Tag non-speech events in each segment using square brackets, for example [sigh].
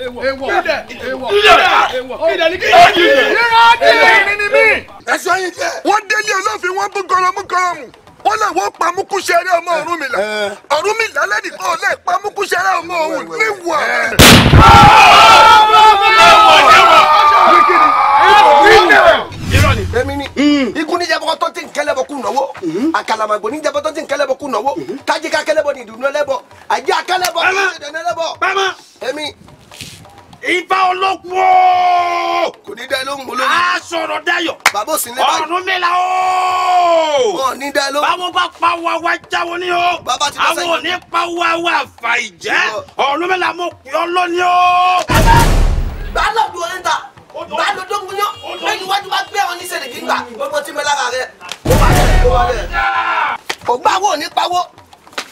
kílẹ̀ kílẹ̀ kílẹ̀ kílẹ̀ yíra kílẹ̀ ní ni mí. ẹ̀sọ́ yín jẹ́. wọ́n délé olófin wọn bú gọlọmú gọlọmù wọ́n lè wọ́n pa mukusẹ́rẹ́ ọmọ eh, Ọ̀rúnmìlà eh. Ọ̀rúnmìlà lẹ́nu kan lè pa mukusẹ́rẹ́ ọmọ òun níwọ̀ rẹ̀. Eh. èmi ni ikú níjàbọ̀ tó ti ń kẹlẹ́bọ̀ kú nọ́wọ́ mm-hmm. àkàlàmàgbò níjàbọ̀ tó ti ń kẹlẹ́bọ̀ kú nọ́wọ́ tajika mm-hmm. kẹlẹ́bọ̀ nìdùnnú ẹlẹ́bọ̀ àjẹ́ akẹlẹ́bọ̀ nìdùnnú ẹlẹ́bọ̀ èmi ìbá ológun o. kò ní dá lóhùn ológun. a sọ̀rọ̀ dayọ̀. bàbá òsín lé báyìí. ọ̀run mi la o. wọn ò ní dá lóhùn. báwo bá pa wa wa jáwọ́ ni o. bàbá ti lọ sẹ́yìn. àwọn ò ní pa wa wa fà ìjẹ́. ọ̀run mi la mo pè ọ́ lónìí o. bàálọ̀ dùn ẹ̀ ń ta bàálọ̀ dùn kúnyọ́ lẹ́yìn iwájú wa gbé ọ ní sẹ́ni kí gbogbo tí mi lára rẹ̀ ó wà rẹ̀ ó wà rẹ̀. ògbà wo ò ní pawó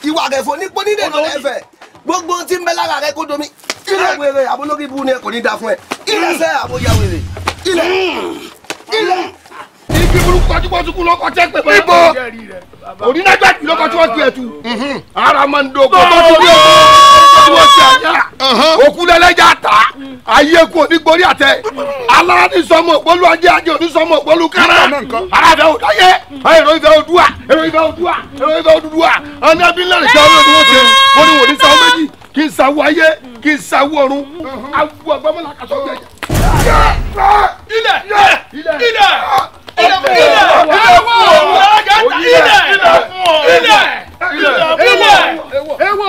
ìwà rẹ̀ fò ní pọ́nídẹ̀ẹ́nà lẹ́fẹ̀ẹ́ gbogbo tí ń lára rẹ̀ kó domi Ilé, wèrè àbólórí ibú ni ẹ kò ní da fún ẹ ilé. sẹ́ àbóyá wèrè ilé. Ilé, igi burúkú kọjúkọjúkú lọkọ tẹ pé bá ibo onínájà tí lọkọ tí wọn tiẹ̀ tu mhm. ara máa ń do kó tó ti dé tí wọn ti àyà uh-huh. òkú lẹlẹjà ta ayé kú onígbórí àtẹ alára ní sọmọ ògbólú ajé ajé onísọmọ ògbólú kára ara fẹ òdáyé èrò ìfẹ́ òdúà èrò ìfẹ́ òdúà èrò ìfẹ́ òdúà ọ̀nà bí lẹ́rìí sọ ọ́ lórí wọn ti wọ́n ní wò ní sọ méjì kì í sawu ayé kì í sawu ọ̀run awu agbamọlá kaso jẹ ilẹ̀ ilẹ̀ ilẹ̀ ilẹ̀ awo ọlọjà ilẹ̀ ilẹ̀ ilẹ̀ ewo ewo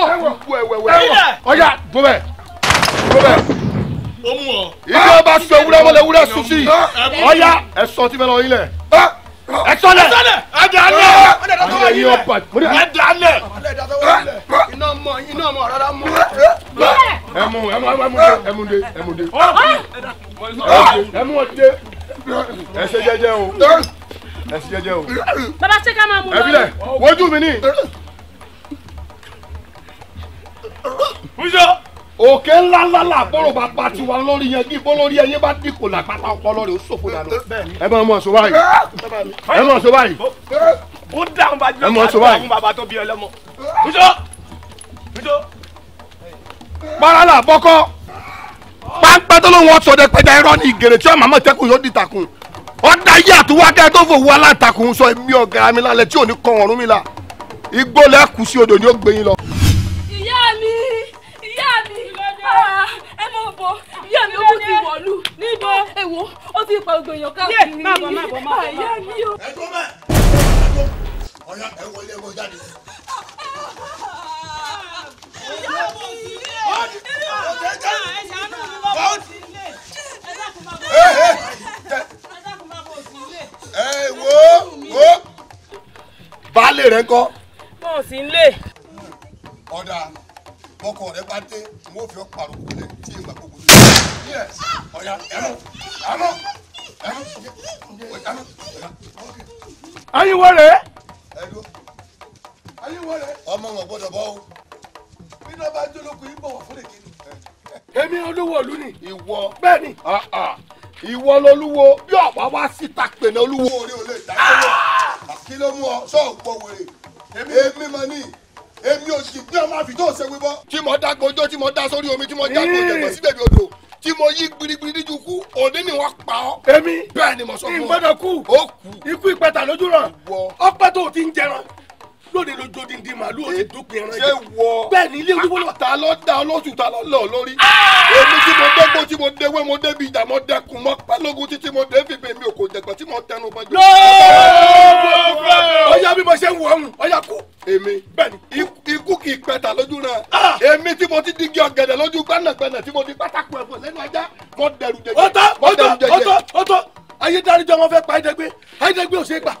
ọya bọbẹ bọbẹ ìjọba sọ ewúrẹ́ wọlé ewúrẹ́ sùn sí ọya ẹ̀sọ́ tí bẹ́ẹ̀ lọ ilẹ̀ ẹ sọlẹ ẹ dalẹ ẹ yí ọba ẹ dalẹ iná mọ iná mọ rárá mọ ẹ mú ẹ mú ẹ mú ẹ mú de ẹ mú de ẹ mú ọtí de ẹ ṣe jẹ́jẹ́ o ẹ ṣe jẹ́jẹ́ o. bàbá ṣé ká máa mú lọ. ẹ bilẹ̀ wojú mi ni. Muso òkè ńlá ńlá làbọ̀rọ̀ bá pa tiwa lórí yẹn kí bó lórí ẹyin bá dínkù làpáta ọpọlọ rẹ ó ṣòfò dànù. ẹ máa mọ ọsọ báyìí ẹ máa sọ báyìí. ó dáhùn bá jẹ́ ká dáhùn bàbá tó bí ọlọ́mọ. níjọ́ níjọ́. parala bọ́kọ́ pápá tó lóun ọ̀sọ̀ dẹ pẹ̀dà irọ́ ni ìgèrè tí ọmọ àmọ́ tẹ́kùn yóò di takùn. ọ̀dà yìí àtúwá kẹ́ tó fòwú aláǹtakùn sọ èmi ọ̀gá mi lálẹ́ tí ò ní kọ́ ọ̀run mi la igbó lẹ́kùsí odò ni ó gbẹ̀yìn lọ. níbo ìyá mi ogún ti wọ̀lú níbo èwo ó ti pa ògbò èèyàn káàkiri má bọ̀ má bọ̀ má bọ̀ àyà mi o. ẹ tó mẹ́ ẹ ẹ wọlé ẹ wọ jáde. ìyá mi ilé ọ̀sẹ̀ jẹ́ ẹ̀ṣánú mi bá bọ̀ sí ilé ẹ̀ṣá ẹ wo wo baálé rẹ kọ. bọ́ọ̀sì ń lé. ọ̀dà bọ́kọ̀ rẹ bá dé n ó fi ọ́ pàrọ̀ ayin wo re. ayin wo re. ọmọ wọn gbọ́dọ̀ bọ o. bí náà bá jólókun yìí bọ̀wọ̀ fún èké ni. èmi olúwo ìlú ni. ìwọ. bẹ́ẹ̀ ni. ìwọ lolúwo bí ọ̀pá wá síta pè ní olúwo. orí olè dákẹ́lẹ́ kí ló mú ọ sọ gbọ wèrè èmi mọ ní èmi ò sì bí ọmọ àfi tó ṣe wíwọ. tí mo dá gbọjọ tí mo dá sórí omi tí mo dá gbọjọ lọ sí bèbí odò tí mo yí gbirigbiri díjú kú òní ni wọ́n pa ọ́. èmi bẹ́ẹ̀ ni mo sọ fún ọ. ìgbọ́dọ̀ kú ikú ìpẹta lójú ràn ọpẹ́ tó ti ń jẹran lóde lójó dídín màálù òde dópin ẹran jẹ bẹ́ẹ̀ ni ilé olúwo lọ. ta ló da ọlọ́sùn ta ló lọ lórí. èmi tí mo dẹ́gbọ́n tí mo dẹ́wé mo débi ìjà mo dẹkùn mo pálógún títí mo dé fìbè mi ò kò dẹ̀gbọ́n tí mo tẹnu bọ́jú. ọyá bí mo ṣe ń wọ ọ̀hún ọyá kú. èmi bẹ́ẹ̀ni ikú kì í pẹta lójú náà. Ah! èmi tí mo ti digi ọ̀gẹ̀dẹ̀ lójú gbẹ́nàgbẹ́nà tí mo di pátákó ẹ̀fọ́ lẹ́nu ajá mo dẹrù jẹjẹ. ọtọ ọtọ ọtọ ayé dáríjọ wọn fẹ́ pa ayédègbé ayédègbé ò ṣe é gbà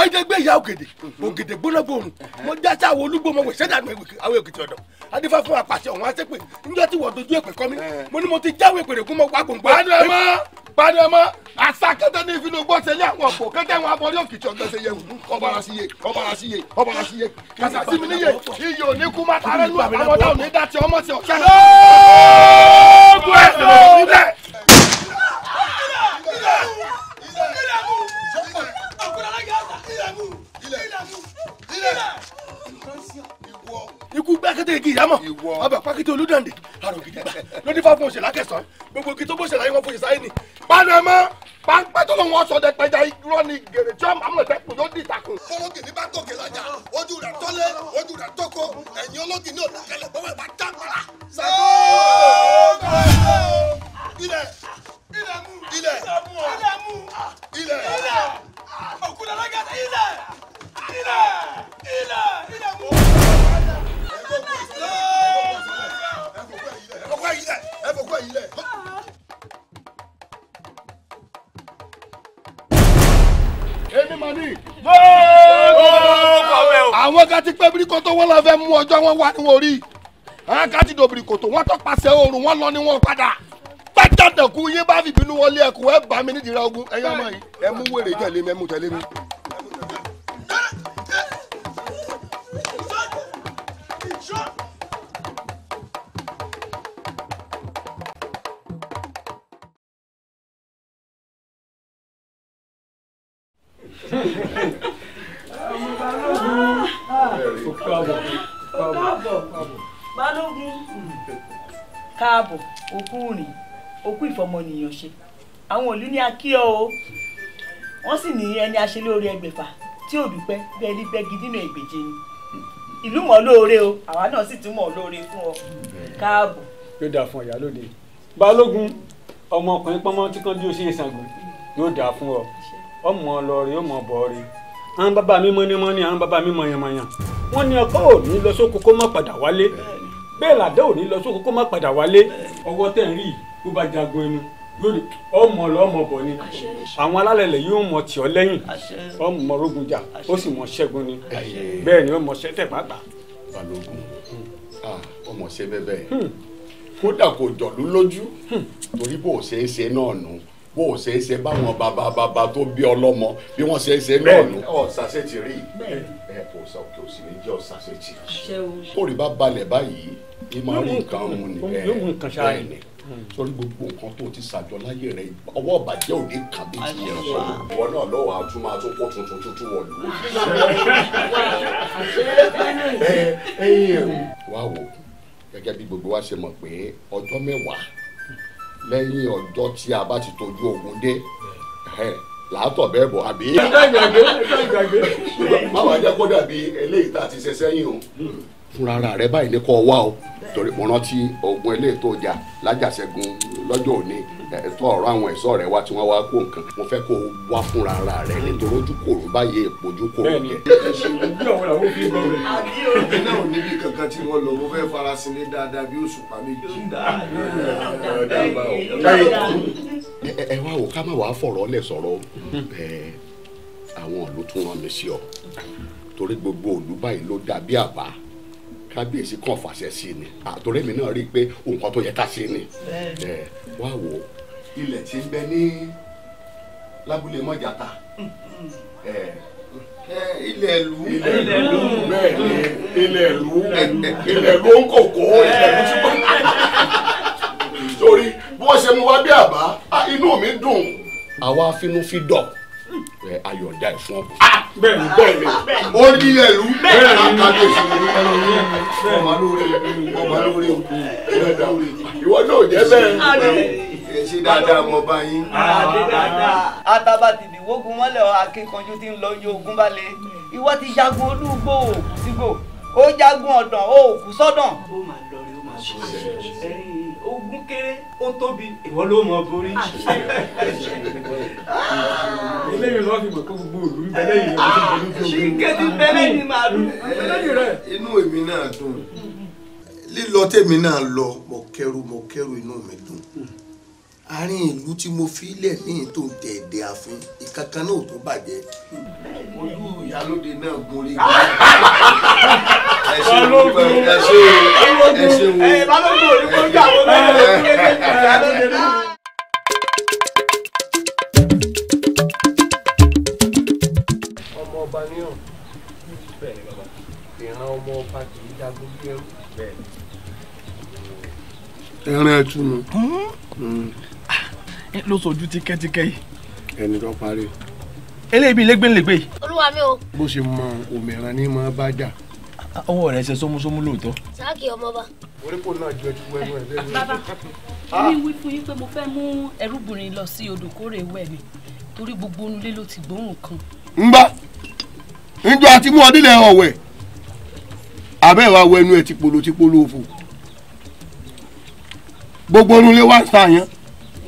àyídẹ́gbẹ́ ìyá ògèdè ògèdè gbónágbóòrùn mo já sí àwọn olúgbò mo wẹ̀ sẹ́dá àwọn èkìtì ọ̀dọ̀ adífá fún apàṣẹ ọ̀hún àṣepè níjọ́ tí wọ́n dojú èpè kọ́ mi eh. mo ní mo ti jáwé èpèrè kún mọ́ gbàgbọ́ngbà. gbádùn ẹ mọ́ gbádùn eh, ẹ mọ́ àṣà kẹtẹ ní ìfínú gbọ́ sẹ́lẹ̀ àwọn ọ̀pọ̀ kẹtẹ wọn abọ́lé òkìtì ọ̀dọ̀ ṣe yẹwù ọbara sí ye ọbara sí ye ọbara sí ye kàtà sí mi níyè iyì òní kú má tààrẹ nù àbámọ́dá òní dá ti ọmọ sí ọ̀kẹ́. ó gbọ́ ẹ̀sìn lọ́wọ́ ikú gbẹ́kẹ́tẹ́ igi ìyá mọ̀ ọbẹ̀ pákítẹ́ olúdàndé àrùn gidi gbà lóní fáfún òṣèlú akẹ́sàn gbogbo igi tó bó ṣèlú ayé wọn fún ìsáyé ni panama pàǹpẹ́ tó lòun ọ̀sọ̀ dẹ̀pẹ̀jà irọ́ ni gèrè tí ọmọ àmọ̀ ìtẹ́kùn yóò di ìtàkùn. olóògì ní bá gòkè lọ́jà ojú rẹ̀ tọ́lé ojú rẹ̀ tóko ẹ̀yìn olóògì ní òdàkẹ́lẹ̀ gbọ́wọ́ ìbá dàgbà ilẹ̀ mú ilẹ̀ ilẹ̀ mú ilẹ̀ ilẹ̀ òkúdàlọ́gà ilẹ̀ ilẹ̀ ilẹ̀ ilẹ̀ mú. ẹ̀fọ̀kú ẹ̀yìn lẹ̀ ẹ̀fọ̀kú ẹ̀yìn lẹ̀. èmi mà ní. àwọn ká ti pẹ́ bí wọ́n ti dòbìrì kòtò wọ́n tó pàṣẹ oòrùn wọ́n lọ ní wọn padà pátátàkù yín bá fi bínú wọlé ẹkùn ẹ bá mi nídìí ra ogun ẹ̀yin ọmọ yìí ẹ mú wèrè tẹ̀lé mi ẹ mú tẹ̀lé mi. Balógun káàbọ̀ òkú rìn ìfọmọnìyàn ṣe àwọn òlú ní akíọ o wọ́n sì ní ẹni aṣelóore ẹgbẹ̀fà tí ò dúpẹ́ bí ẹni bẹ́gi nínú ẹgbẹ̀je ni ìlú mọ̀ lóore o àwa náà sì tún mọ̀ lóore fún ọ káàbọ̀. yóò dáa fún ọ̀yà lóde balógun ọmọkùnrin pọ́nmọ́ tí kan bí ó ṣe ń ṣàngó yóò dáa fún ọ ọmọ ọlọrin ọmọ bọ̀ọ̀rì àwọn bàbá mi mọ́nímọ́ní àwọn bàbá mi mọ̀yànmọ̀yàn wọ́n ní ọkọ ò ní lọ sóko kó má padà wálé bẹ́ẹ̀ làdá ò ní lọ sóko kó má padà wálé ọwọ́ tẹ̀ ń rí yìí bó bá jagun ẹnu yóò ní ọmọ lọmọ bọ ni àwọn alálẹ̀lẹ̀ yóò mọ tì ọ́ lẹ́yìn ọmọ rogun jà ó sì mọ ṣẹ́gun ni bẹ́ẹ̀ ni ọmọ ṣẹ́tẹ̀ pàápàá. balógun ọmọ ṣe bẹ́bẹ́ hmm. kódà kò jọ̀lú lójú hmm. torí bó ṣe é ṣe náà nù bó ṣe é ṣe báwọn bàbá bàbá tó bí ọlọ́mọ bí wọ́n ṣe é ṣe náà nù. ọ ṣàṣẹ ti rí bẹ́ẹ̀ kò sọ kò sì ní jẹ́ ọ ṣàṣẹ ti rí. kórìí balẹ̀ báyìí ìmọ̀ àwọn nǹkan ọ̀hún ni bẹ́ẹ̀ bẹ́ẹ̀ ni sórí gbogbo nǹkan tó ti ṣàjọ láyé rẹ ọwọ́ ìbàjẹ́ ò ní kàn bí ti yẹn ìwọ náà lọ́wọ́ àtún máa tún kó tuntun tuntun wọ̀ wá wò gẹ́gẹ́ bí gbogbo wa ṣe mọ̀ pé ọjọ́ mẹ́wàá lẹ́yìn ọjọ́ tí a bá ti tọ́jú ogun dé làátọ̀ bẹ́ẹ̀ bọ̀ àbí. ẹ ká ìgbàgbé jẹ́ kó dàbí eléyìí tá a ti ṣe sẹ́yìn o fúnra rẹ báyìí ní kọ́ wá o torí mo rántí oògùn eléyìí tó jà lájàṣẹ́gun lọ́jọ́ òní ẹ̀tọ́ ọ̀rọ̀ àwọn ẹ̀ṣọ́ rẹ wá tí wọ́n wá kó nǹkan mo fẹ́ kó wá fúnra ara rẹ nítorí ojú kòrò báyìí èpo ojú kòrò jẹ. bí àwọn làwọn fi gbọ́ rẹ̀. àbí náà ò níbi kankan tí wọ́n lọ mo fẹ́ farasin ní dáadáa bí òṣùpá méjì. ẹ wá wò ká má wàá fọ̀rọ̀ lẹ̀ sọ̀rọ̀ àwọn ìlú tún rán mi sí ọ torí gbogbo ìlú báyìí ló dàbí àbá kábíyèsí kàn fàṣẹ sí ni àtòrẹ́ mi náà rí i pé nǹkan tó yẹ ká ṣe ni wá wò ilẹ̀ tí ń bẹ ní lábúlé mọ́jàta ilẹ̀ ìlú ilẹ̀ ìlú bẹ́ẹ̀ ni ilẹ̀ ìlú ilẹ̀ ìlú ń kòkó ilẹ̀ ìlú ti pọ́n [laughs] torí bí wọ́n ṣe mú wá bí àbá inú mi dùn àwa finúfidọ̀ ẹ ayọ̀dá ẹ̀ fún ọ. Ah, bẹ́ẹ̀ni bẹ́ẹ̀ni ó ní ẹ̀rú bẹ́ẹ̀ni kábíyèsí ni ọmọ lórí ọmọ lórí ìwọ náà jẹ́ bẹ́ẹ̀ ṣe dáadáa mọ bá yín. àtàbà ah, ti dìwógun mọ́lẹ̀ akínkanjú tí ń lọ yí ogun balẹ̀ ìwọ ti jagun olúgbò sígbò ó jagun ọ̀dàn ó kù sọ́dàn. ó máa lọ ó máa ṣe é ogún kéré ó tóbi ìwọ ló mọ borí. eléyìí lọ́ọ́ fi mọ̀ kó gbogbo òlù ń bẹ lẹ́yìn rẹ̀ ló ń bẹ lójú ogun. ṣìkẹ́ ti bẹ lẹ́yìn máa dùn lẹ́yìn rẹ̀. inú èmi náà dùn lílọ tèmi náà lọ mọ̀kẹ́rù mọ̀kẹ́rù inú mi dùn àárín ìlú tí mo fi lẹ̀ ní tó ń tẹ̀ ẹ̀dẹ̀ àfin ìkankan náà ò tó bàjẹ́. ojú ìyálóde náà gun orí mi. ẹ ṣe wo ẹ ṣe wo ẹ ṣe wo. ẹ balógun ò ní kó gbà wọ́n náà. ọmọ ọba ní ọ̀ ìran ọmọ ọba kì í jagun bí ẹrú. ẹran ẹtù nù ló sojú tíkẹ́tíkẹ́ yìí. ẹni tó parí. eléyìí bíi lẹ́gbẹ̀lẹ́gbẹ̀ yìí. olúwa mi o. bó ṣe mọ òmìnira ní mọ bá jà. ọwọ́ rẹ̀ ṣe sómúsómú lóòótọ́. sáàkì ọmọba. orípò náà jọ ju ẹnu ẹ lẹ́nu. bàbá ah. èmi wí fún yín pé mo fẹ́ mú ẹrúbìnrin lọ sí odò kórè wẹ̀ mi torí gbogbo onulé ló ti gbóhùn kan. ń gbá njọ àti mú ọdún lẹ ọwẹ abẹ́ wa wẹnu ẹ̀ tipolo tipolo gbogbo onulé wá ń sàyàn.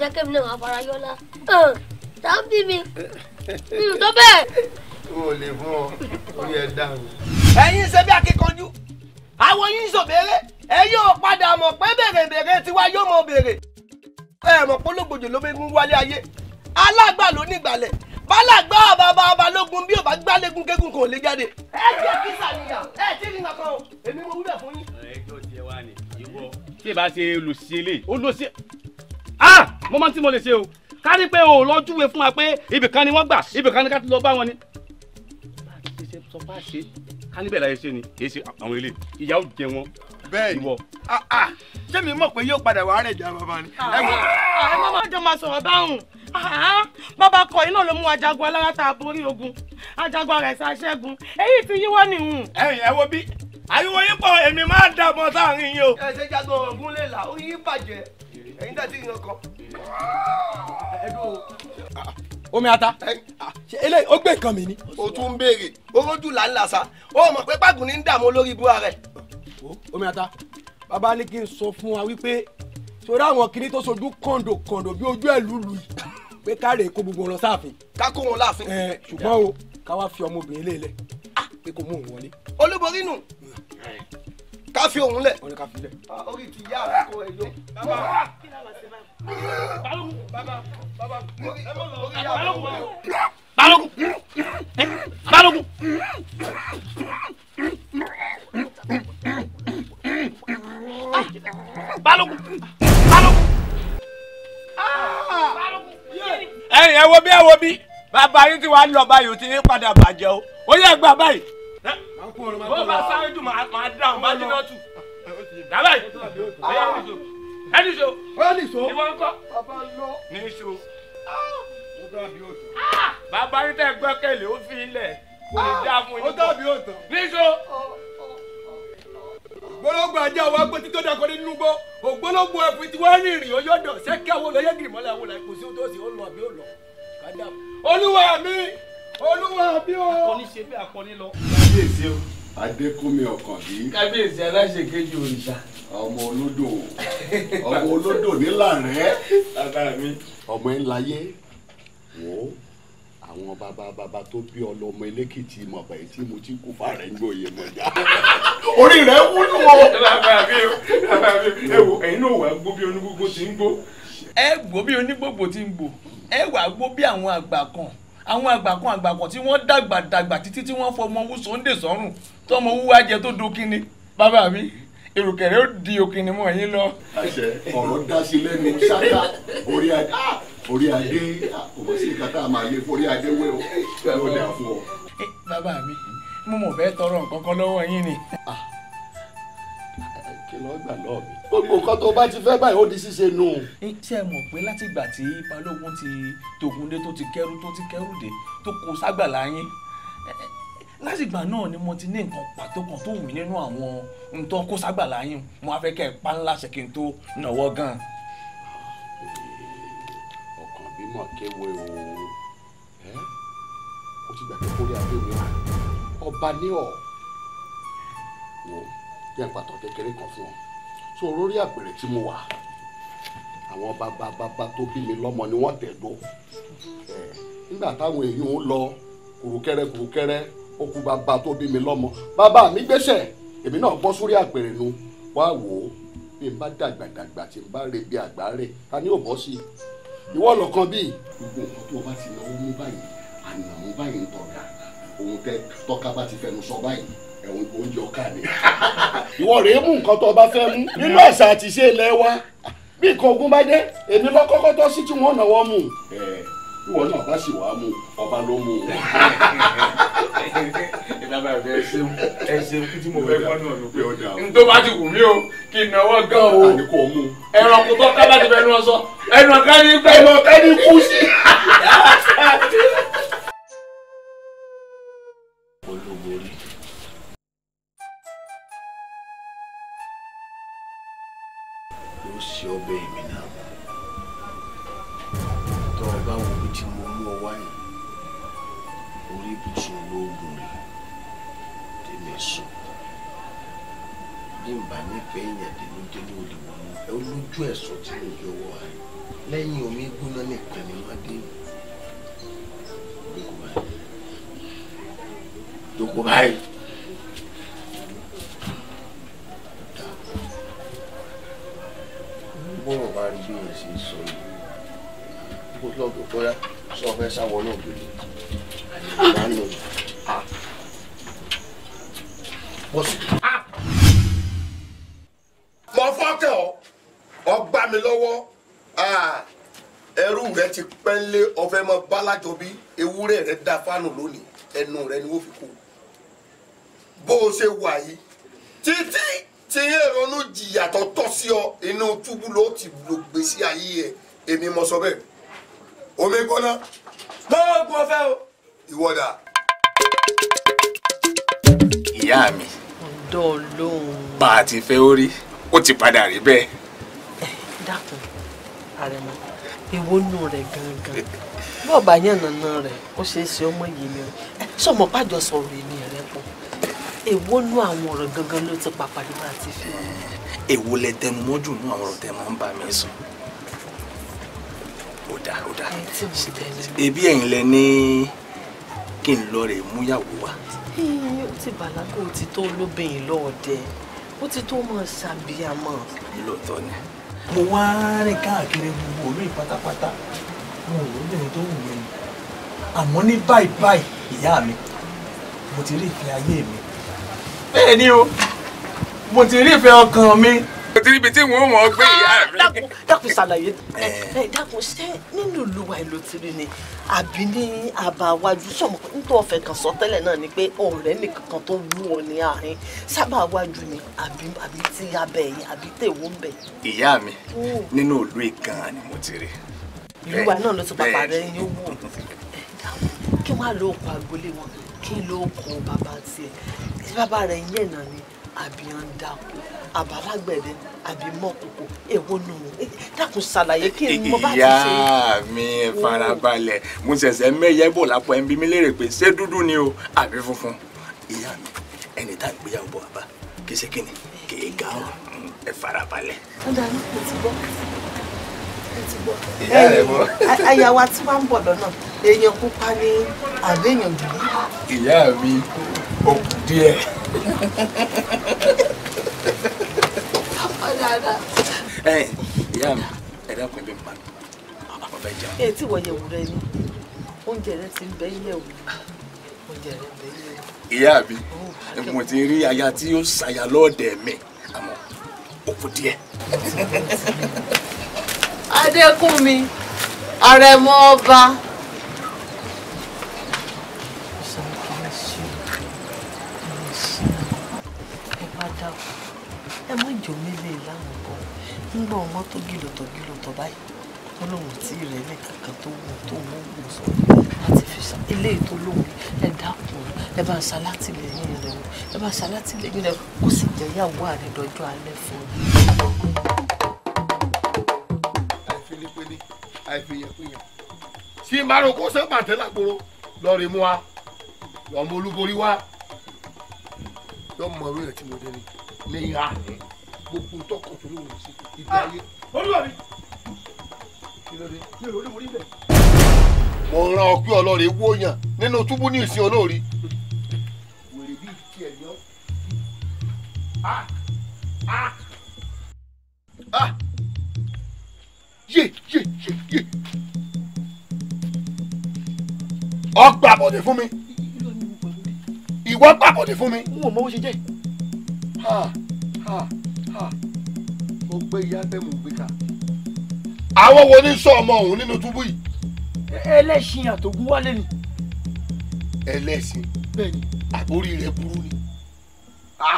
jẹ́ kí èmi náà máa fara yọ́lá tàbí mi tó bẹ́ẹ̀. o ò lè fún ọ orí ẹ dáhùn. ẹ̀yin ṣe bí akíkanjú àwọn yín ṣòbéèrè ẹ yóò padà mọ̀ pé bèrèbèrè tiwa yóò mọ bèrè. ẹ mọ̀ pológbòjò ló mẹ́gun wálé ayé alágbà ló nígbàlẹ̀ bálàgbà bàbá balógun bí ò bá gbálégún kégún kò lè jáde. ẹ jẹ́ kí sàníyàn ẹ tí rí nǹkan o èmi mo wúlò fún yín. ẹ jọ jẹ wa ni ìwọ tí ì ṣe olùsílẹ̀ olùsílẹ̀ ah mo mọ tí mo lè ṣe o ká ní pé o lọ júwe fún wa pé ibìkan ni wọ́n gbà ibìkan ni ká ti lọ bá wọn ni. báàgì ṣe ṣe sọ bá ṣe ká níbẹ̀ láyé ṣe ni kì í ṣe àwọn ilé ìyá ò jẹ wọn. bẹ́ẹ̀ni ìwọ. Ah, ah. ṣé mi mọ̀ pé yóò padà wàá rẹ̀ jà bàbá ni. Ah, ẹ má má máa sọ̀rọ̀ báwùn bàbá kọ iná ló mú ajagun alára tá a borí ogun ajagun ara ẹ̀sà ṣẹ́gun èyí ti yíwọ́ nìhun. ẹ̀yin ẹ wo bí ariwo yín pọ̀ èmi máa dààmú sáàrin yín ẹ̀yin dàtí yan kan. omi ata ah. ṣe eléyìí ó gbé nǹkan mi ni. o tún béèrè orójú là ń là sa ó mọ̀ pé pàgùn ní ń dààmú olórí ibú rẹ̀. omi ata bàbá ní kí n sọ fún wa wípé sórí àwọn kinní tó sojú kọ̀ǹdò kọ̀ǹdò bí ojú ẹ̀ lùlù yìí pé káre kó gbogbo wọn sáàfin. ká kó wọn láàfin. ẹ ṣùgbọ́n o ká wá fi ọmọbìnrin lé e lẹ̀ ah, pé kò mú òun wọlé. olúborí nù ká fi òun lẹ̀. ó ní ká fi lẹ̀. Ah, orí ti yá àkókò ẹ yó. bàbá balógun bàbá bàbá balógun. balógun balógun. balógun ẹ̀yin ẹ wo bí ẹ wo bí bàbá yín ti wá lọ báyìí ó ti ní padà bàjẹ́ o ó yẹ gbà báyìí bó bá sáré jù máa dá àwọn májú náà tù ah! dá fún yín nìṣó ah! gbólógbò ajá wa gbé títọ́ dàkọ́ nínú gbó ògbólógbò ẹ̀fù tí wọ́n rìn rìn ọyọ́ dọ̀ sẹ́kẹ́ àwọn olóyè gírímọ́lẹ̀ àwọn ọ̀la kò sí ohun tó sì ó lọ àbí ó lọ kájà olúwa mi olúwa bí o. akọni ṣe bí akọni lọ. kábíyèsí o adékúnmi ọkàn yìí. kábíyèsí aláṣẹ kejì òrìṣà. ọmọ olódò ọmọ olódò nílànà. bàbá mi. ọmọ ẹ ń láyé wò àwọn bàbá bàbá tó bí ọlọmọ elékìtì mọ̀gbà tí mo ti kú fàrẹ ń gbòye mọ̀já. orí rẹ̀ wúlò. bàbá mi o bàbá mi ẹ wo ẹ̀yin náà wà gbó bí onígbogbo ti ń gbó. ẹ gbó bí onígbogbo ti ń gbó ẹ wà gbó bí àwọn àgbà kan àwọn àgbàkan àgbàkan tí wọ́n dàgbà dàgbà títí tí wọ́n fọmọ owó Sunday sọ́rùn tọmọ owó ajẹ tó do kíni bàbá mi èrò kẹrẹ ó di òkìní mọ yín lọ. àṣẹ ọ̀rọ̀ dá sí lẹ́nu ṣáká orí adé orí adé kò sí nǹkan tá a máa lé adé wé o ẹ̀rọ dà fún ọ. bàbá mi mo mọ̀ bẹ́ẹ̀ tọrọ nǹkan kan lọ́wọ́ yín ni. Ah, kí lọ́ọ́ gbà lọ́ọ̀ mi gbogbo nǹkan tó bá ti fẹ́ báyìí ó di ṣíṣe nù. ṣé ẹ mọ̀ pé láti ìgbà tí balógun ti tògúndé tó ti kẹ́rù tó ti kẹ́rù dé tó kó ságbàlá yín lásìgbà náà ni mo ti ní nǹkan pàtó kan tó wù mí nínú àwọn nǹkan kó ságbàlá yín mo á fẹ́ kẹ́ ẹ pa ńlá ṣe kí n tó nàwọ́ gan. ọkàn bímọ kéwe o ẹ o ti gbàgbé kórè àbẹ̀wò ọba ní ọ̀ wò jẹ́ pàtó kékeré kan fún ọ so lórí àpèrè tí mo wà àwọn bàbá bàbá tó bí mi lọ́mọ ni wọ́n tẹ̀dó nígbà táwọn èèyàn ń lọ kùrùkẹrẹ kùrùkẹrẹ ó kú bàbá tó bí mi lọ́mọ bàbá mi gbéṣẹ̀ èmi náà bọ́ sórí àpèrè nu wá wò ó bí n bá dàgbà dàgbà tí n bá re bí àgbà rè ta ni ò bọ́ sí i ìwọ lọ́kàn bíi gbogbo nǹkan tó o bá ti náwó mú báyìí àná mú báyìí ń tọ̀gà òun tẹ tọ́ka bá ti fẹnu sọ báyìí ẹ̀wọ̀n ìbò oúnjẹ ọ̀ka ni. [laughs] ìwọ rèé mú nǹkan tó o bá fẹ́ mú nínú àṣà àti ìṣe ilé wa bí nǹkan ogun bá dé èmi lọ́kọ́kọ́ tó sí tí wọ́n náwó mú. ìwọ náà bá sì wàá mú ọba ló mú un. ìlànà ìfẹ́ ẹ ṣeun ẹ ṣeun kí tí mo fẹ́ fọ́ náà ló pé ó dà o. n tó bá ti wù mí o kí n náwó gan o. àní kò mú. ẹranko tó ká láti fẹnu ọsọ ẹnu ọ̀ká ní pẹ́. ẹnu ọ̀ká ní kú sí. [laughs] fi kú bó o ṣe wà yìí títí tí yẹn ronú jìyà tó tọ́ sí ọ inú túbú ló ti lò gbèsè ayé ẹ èmi mọ sọ bẹ́ẹ̀ omi gbóná. gbọ́dọ̀ gbọ́ fẹ́ o. ìwọ́dà. ìyá mi. ọ̀dọ́ ọlọ́run. bá a ti fẹ́ ó rí ó ti padà rí bẹ́ẹ̀. dákun àrẹ̀mọ èwo nù rẹ̀ gangan bọ́ọ̀ bá yẹn nànà rẹ̀ ó ṣe é ṣe ọmọ yìí ni o sọmọ pàjọ sọ̀rọ̀ èmi rẹ pọ̀ èwo nú àwọn ọ̀rọ̀ gangan ló ti pàpàdé máa ti fi èwo lẹ tẹnu mọ́jú nú àwọn ọ̀rọ̀ tẹ máa ń bá mi sùn ó dáa ó dáa ebi ẹ̀yin lẹ ní kí n lọ rè múyàwó wa. ó ti bàlágò ó ti tó lóbìnrin lọ́ọ̀dẹ ó ti tó mọ̀ ṣàbíyamọ. lóòótọ́ ni mo wá rìn káàkiri gbogbo olú ìpátápátá mo wò lóbìnrin tó wù mí ni àmọ́ ní báyìí báyìí ìyá mi mo ti rí ìfẹ́ ayé mi bẹ́ẹ̀ ni o mo ti rí ìfẹ́ ọkàn mi. mo ti rí ibi tí wọn ò mọ gbé ah, ìyá rẹ. dákun ṣàlàyé eh. Eh, dákun ṣé nínú ìlú wa ló ti rí ni àbí ní àbáwájú sọmọ nítorí ọ̀fẹ́ kan sọ tẹ́lẹ̀ náà ni pé ọ̀rẹ́ nìkan kan tó wú ọ ní àárín sábàwájú ni àbí àbí tí abẹ yìí àbí tèwọ ń bẹ. ìyá mi hmm. nínú ìlú ìgànnì mo ti rí i ìlú wa náà ló ti pàpà rẹ ní owó kí wọ́n á lo oko agbolé wọn kí n lo oko bàbá tiẹ̀ tí bàbá rẹ̀ ń yẹ̀nà ni àbí ń dáko àbálágbẹ̀dẹ àbí mọ́kòkò èwo nù dákun ṣàlàyé kí ni mo bá ti ṣe. ìyá mi farabalẹ̀ mo ṣẹ̀ṣẹ̀ mẹ́yẹ́ bò lápò ẹ̀ ń bí mi léèrè pé ṣé dúdú ni o àbí funfun ìyá mi ẹni tá ìgbéyàwó bọ̀ bàbá kí ṣe kí ni kì í ga ọ ẹ farabalẹ̀. ó dáa kò tí bọ́ àyàwó àti wàá ń bọ̀ lọ́nà èèyàn pupa ni àbẹ̀yàn dùn. ìyá mi ò kù díẹ̀. ìyá mi ẹ̀dá kan bí n pa àpapọ̀ bẹ́ẹ̀ jẹun. ẹ tí wọ́n yẹ̀wò rẹ ni oúnjẹ rẹ ti ń bẹ́ yẹ̀wò oúnjẹ rẹ ń bẹ́ yẹ̀wò. ìyá mi oh, mo ti rí aya tí ó ṣàyà lọ́ọ̀dẹ̀ mi àmọ́ ó díẹ̀. [laughs] adékúnmi àrẹ̀mọ ọba. ẹ má jọ mí lè e láwọn tó báyìí wọn lòun tí rẹ nìkankan tó wù tó wù wù sọ láti fi sa ilé ètò lòun ẹ dákun ẹ bá ń ṣalátìlẹ́yìn rẹ ẹ bá ń ṣalátìlẹ́yìn rẹ kó sì jẹ ìyàwó àrẹ dọjọ́ fún un pélépélé àìfìyànfìyàn sí márùnkún sẹ́pàtẹ́ lágboro lọ́ọ̀rì mú wa lọ́mọ olúborí wa lọ́mọ ìwé rẹ̀ tí mo dé ni ní ìhà gbogbo tọkọ tó ló wọ̀ sí ìgbà ayé. olúwa mi mi ò lórí mo rí mo ràn ọ pé wó yàn nínú túbú ní ìsìn olóòrí. wèrè bíi tiẹ̀ yọ. ah. ah! ah! yé yé yé yé ọgbà bọ̀dẹ̀ fún mi ìwọ gbà bọ̀dẹ̀ fún mi. n ò mọ bó ṣe jẹ́. ha ha ha mo gbé ìyá bẹ́ẹ̀ mo gbé ká. àwọn wo ni sọ ọmọ òun nínú túbú yìí. ẹlẹ́sìn àtògùn wálé ni. ẹlẹ́sìn bẹ́ẹ̀ni àbórí rẹ̀ burú ni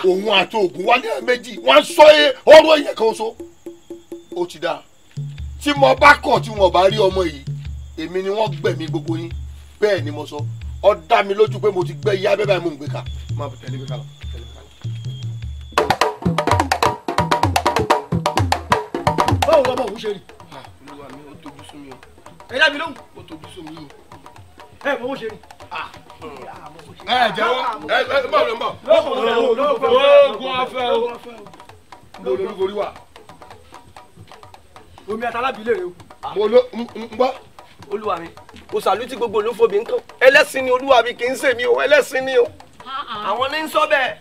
òun àti ògùn wálé méjì wọ́n sọ ọ̀rọ̀ yẹn kan so ó ti dáa tí mo bá kọ̀ tí wọn bá rí ọmọ yìí èmi ni wọ́n gbẹ̀mí gbogbo yín bẹ́ẹ̀ ni mo sọ ó dá mi lójú pé mo ti gbẹ́ yá bẹ́ẹ̀ báyìí mò ń gbé kà má tẹ̀lé mi kà lọ. báwo lọ́mọ òun ṣe rí. Ah, olúwa mi ò tójú sún mi o. ẹ dábìí lóhùn. ó tójú sún mi o. ẹ mọ bó ṣe rí ah. ẹ jẹ́wọ́ ẹ bọ lọ bọ. lóògùn ọ̀fẹ́ o. lóògùn ọ̀fẹ́ o. lóògùn ọ̀fẹ́ o omi àtàlábìlẹ̀ rẹ o. mo ló ń gbọ́. olúwa mi kò sàlùtì gbogbo ló fòbí nǹkan ẹlẹ́sìn ni olúwa mi kì í ṣèmi o ẹlẹ́sìn ni o àwọn ní ń sọ bẹ́ẹ̀.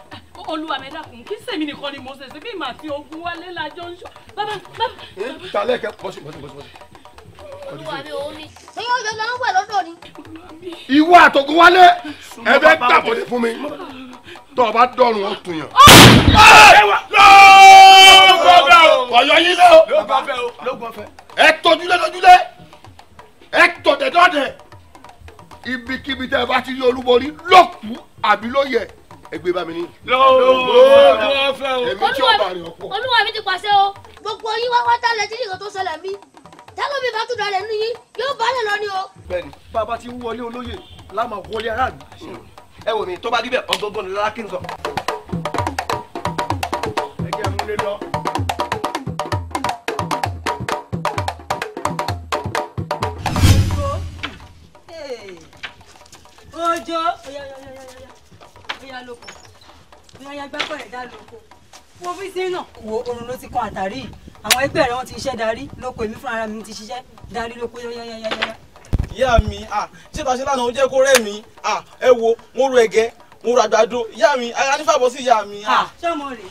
olúwa mi dákun kì í ṣèmi nìkan ni mo ṣe ṣe bí màá fi ogun wálé lájọ ń ṣọ bàbá bàbá. ìtàlẹ́ kẹ́ bọ́sí bọ́sí bọ́sí. olúwa mi ò ní. ṣé yóò jẹ́ máa ń wẹ̀ lọ́dọ̀ ni. ìwọ àtọ̀gùn wálé ẹ bẹ́ẹ̀ gbàgbọ́dé fún mi tó o bá dọ̀rùn ó tuyàn kọ̀yọ́ yín lé o. lóògùn ọ̀fẹ́. ẹ tójúlé lójúlé ẹ tó dẹ̀dọ́dẹ̀ ibikíbi tẹ́ ẹ bá ti rí olúborí lókù àbí lóyè ẹgbẹ́ bá mi ní. lóògùn olúwa mi ti pàṣẹ o. gbogbo yín wá wá tálẹ̀ tí nìkan tó ṣẹlẹ̀ mí tẹ́lọ̀ mi bá tún dalẹ̀ nínú yín yóò balẹ̀ lọ ni o. bẹ́ẹ̀ni bàbá ti ń wọlé olóyè láàmà wọlé aráàlú. ẹ wò mí tó bá rí bẹ́ẹ̀ ọgọgọ ni lálákì sọ. ẹ jẹ́ múlé lọ. òjò oya oya oya oya oya lóko oya oya gbẹ́kọ̀ ẹ̀dá lóko wo fi sí náà. wo oorun ló ti kan àtàrí àwọn ẹgbẹ́ rẹ̀ wọ́n ti ṣiṣẹ́ darí lóko èmi fúnra mi ti ṣiṣẹ́ darí lóko oya oya oya oya. ìyá mi ṣé bá ṣe lánàá ó jẹ́ kó rẹ́ mi ẹ wo mo ro ẹ̀gẹ́ mo ro àgbàdo ìyá mi ara nífàbọ̀ sí ìyá mi. sọmọ rè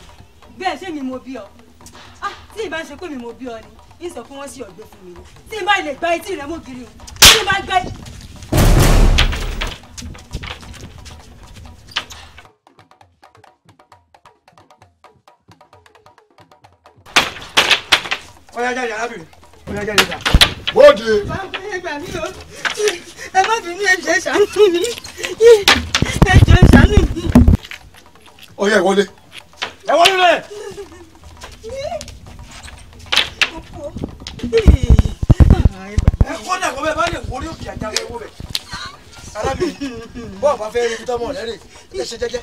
bẹ́ẹ̀ ṣé mi mo bí ọ tí ì bá ṣe pé mi mo bí ọ ni ń fún wọn sí ọgbẹ fún mi tí ì bá ilẹ̀ gba etí rẹ mú kiri o tí ì bá gba ọ̀yá jáde arábìnrin ọ̀yá jáde jà. bóde. bàbá ẹ gbà mí o ẹ má bínú ẹ jẹ́ ṣàánú mi ẹ jẹ́ ṣàánú mi. ọ̀yá ìwọlé. ẹ wọlé rẹ. ẹ kọ́ náà kọ́ bẹ́ẹ̀ bá lè wọlé òkè àjà rẹ wọ bẹ́ẹ̀ bọ́ọ̀ bá fẹ́ rí ibi tọ́mọ rẹ ṣe jẹ́jẹ́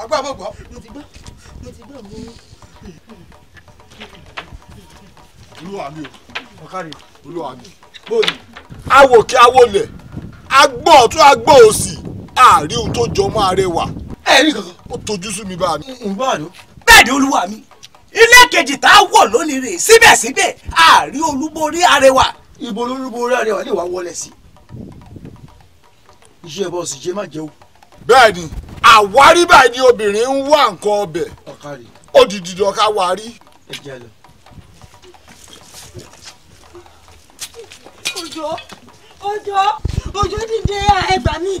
agbábọ̀ gbọ́. mo ti gbọ́ mo ti gbọ́ mo olúwa mi o ọ̀kárí olúwa mi bóyì. awo kí awo lẹ̀ agbọ́ ọ̀tún agbọ́ òsì àárí ohun tó jọ mọ́ arẹwà. ẹ rí kankan. ó tojú sú mi bá mi. ǹgbọ́n àná. bẹ́ẹ̀ ni olúwa mi ilé kejì tá a wọ̀ lónìí rè síbẹ̀síbẹ̀ àárí olúborí arẹwà. ibo olúborí arẹwà lè wá wọlé sí. iṣẹ́ bọ́ sì ṣe má jẹ́ o. bẹ́ẹ̀ ni àwárí báyìí ni obìnrin ń wá nǹkan ọbẹ̀ ó di dídọ̀ ká wárí. ẹ jẹ́ lọ. òjò òjò òjò dìde ẹgbà mi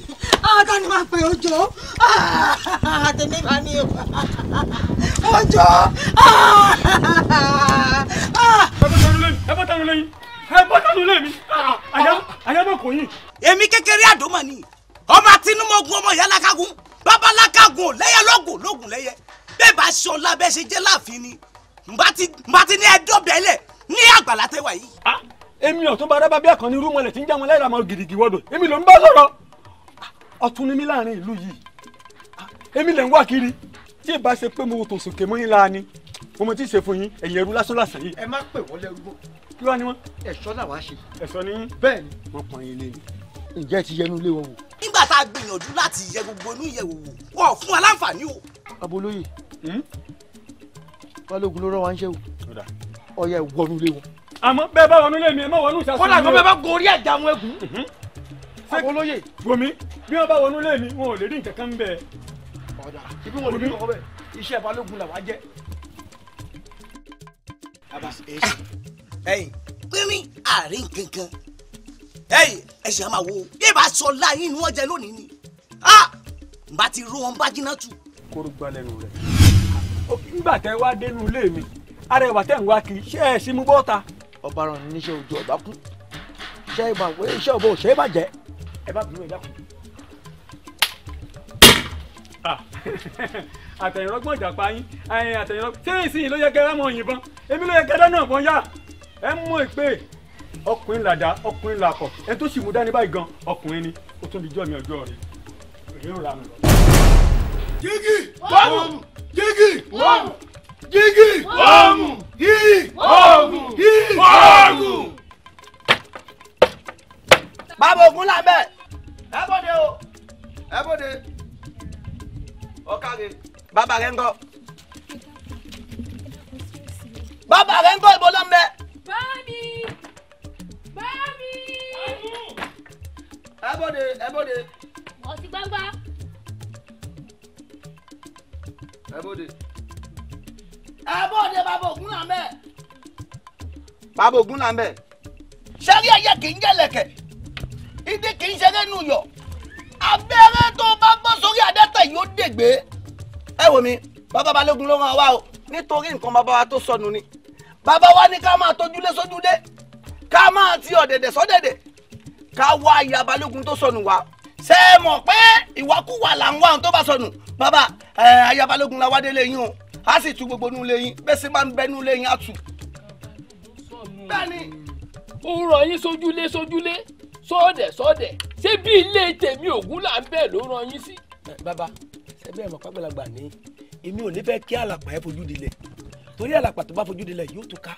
ọ̀tá ni máa pè òjò ah, tèmi máa ní o òjò. Ah. ẹ bọ́ tanu lẹ́yìn ẹ bọ́ tanu lẹ́yìn ah, àyà bọ̀ kò yín. èmi kékeré àdómọ̀ ni ọba tinúmọ̀gùn ọmọ ìyá lákàgùn babalákàgùn lẹ́yẹ lọ́gùn lọ́gùn lẹ́yẹ bẹ́ẹ̀ bá ṣe ọ̀la bẹ́ẹ̀ ṣe jẹ́ láàfin ni nbá ti ní ẹjọ́ bẹ́ẹ̀ lẹ̀ ní àgbàlá tẹ́wà yìí èmi ọ̀tún bá rábà bí àkànní irú mọ̀lẹ̀ tí ń já wọn láìra mọ́ gidigidi wọ́dọ̀ èmi ló ń bá sọ̀rọ̀ ọ̀tún ni mí láàrin ìlú yìí èmi lè ń wá kiri tí ì bá ṣe pé mo tò sòkè mọ́ yín la ni mo mọ tí ì ṣe fún yín ẹ̀yìn ẹrú lásán làṣà yìí. ẹ má pè wọ́n lẹ́rú kí wá ni wọ́n. ẹ̀ṣọ́ là wá ṣe. ẹ̀ṣọ́ ni bẹ́ẹ̀ ni. wọ́n pọn ilé ni ǹjẹ́ ti yẹnu lé wọn wò àmọ́ bẹ́ẹ̀ bá wọnú lẹ́mí ẹ má wọnú ìṣàsùn mi o. kódà tó bẹ́ẹ̀ bá gorí ẹ̀dá àwọn ẹ̀kú. Mhm. àwọn olóyè. gomi bí wọn bá wọnú lẹ́mí wọn ò lè rí nǹkan kan bẹ́ẹ̀. ọ̀dà ibi wọn ò ní kọ́kọ́ bẹ́ẹ̀ iṣẹ́ balógun làwọn á jẹ́. ẹ̀yin pínrín àárín kankan ẹ̀yin ẹ̀ṣẹ̀ máa wo bí ìbá sọ láyé inú ọjà lónìí ni n bá ti rú wọn bá jiná tù. kóró gbá lẹ́nu rẹ̀. nígbà tẹ wá dénú ilé mi arẹwà tẹ̀ ń wá kiri ṣé ẹ sí mú bọ́ta ọba ràn ní níṣẹ́ ojú ọba kú iṣẹ́ ìbá wọ iṣẹ́ ọba òṣèré bàjẹ́ ẹ bá bínú ìdákùn. àtẹ̀yìnrọ́gbọ̀n ìjàpá yín àtẹ̀yìnrọ́gbọ̀n tẹ́yìnsì yìí ló yẹ kẹ́rẹ́ mọ̀ yìnbọn èmi ló yẹ kẹ́rẹ́ náà bọ́n yá ẹ mú ìpè ọkùnrin làdá ọkùnrin làkọ̀ ẹ tó sì mú dání báyìí gan ọkùnrin ni ó tún di jọ́ mi ọjọ́ rẹ̀ èyí ń ra mi lọ. jígì wọ́ọ̀mù jígì jígì oògùn yíyí oògùn yíyí oògùn. bàbá ogun lábẹ́ ẹ bóde o ẹ bóde ọkàgé bàbá rẹ ń kọ́ bàbá rẹ ń kọ́ ìbò lọ́nbẹ. báàmì báàmì. ẹ bóde ẹ bóde. ọtí gbangba. ẹ bóde ẹ bó de bàbá ògún náà mẹ. bàbá ògún náà mẹ. sẹ́rí ẹyẹ kì í jẹ́lẹ̀kẹ̀ ìdí kì í ṣeré nù yọ abẹ́rẹ́ tó bá bọ́ sórí adẹ́tẹ̀ yóò dègbé. ẹ wò mí bàbá balógun ló ràn wá o nítorí nǹkan bàbá wa tó sọnù ni bàbá wa ní ká máa tójúlé sójúlé ká máa ti ọ̀dẹ̀dẹ̀ sọ́dẹ̀dẹ̀ ká wá ìyá balógun tó sọnù wá ṣe é mọ̀ pé ìwàkuwà là ń wá ohun tó bá sọnù bàbá ayabalógun la wá délé yín o a sì tu gbogbo nulẹ̀ yín bẹ́ẹ̀ sì máa ń bẹ́ nulẹ̀ yín á tù. bẹ́ẹ̀ni. ó rọ yín sójúlé sójúlé sọ́ọ̀dẹ̀ sọ́ọ̀dẹ̀ ṣé bí ilé tèmi ògún là ń bẹ̀ ló rán yín sí. bàbá ṣẹbi ẹ̀ mọ̀ pàgbàlagbà ni èmi ò ní fẹ́ kí àlàpà ẹ̀ fojú dilẹ̀ torí àlàpà tó bá fojú dilẹ̀ yóò tún ká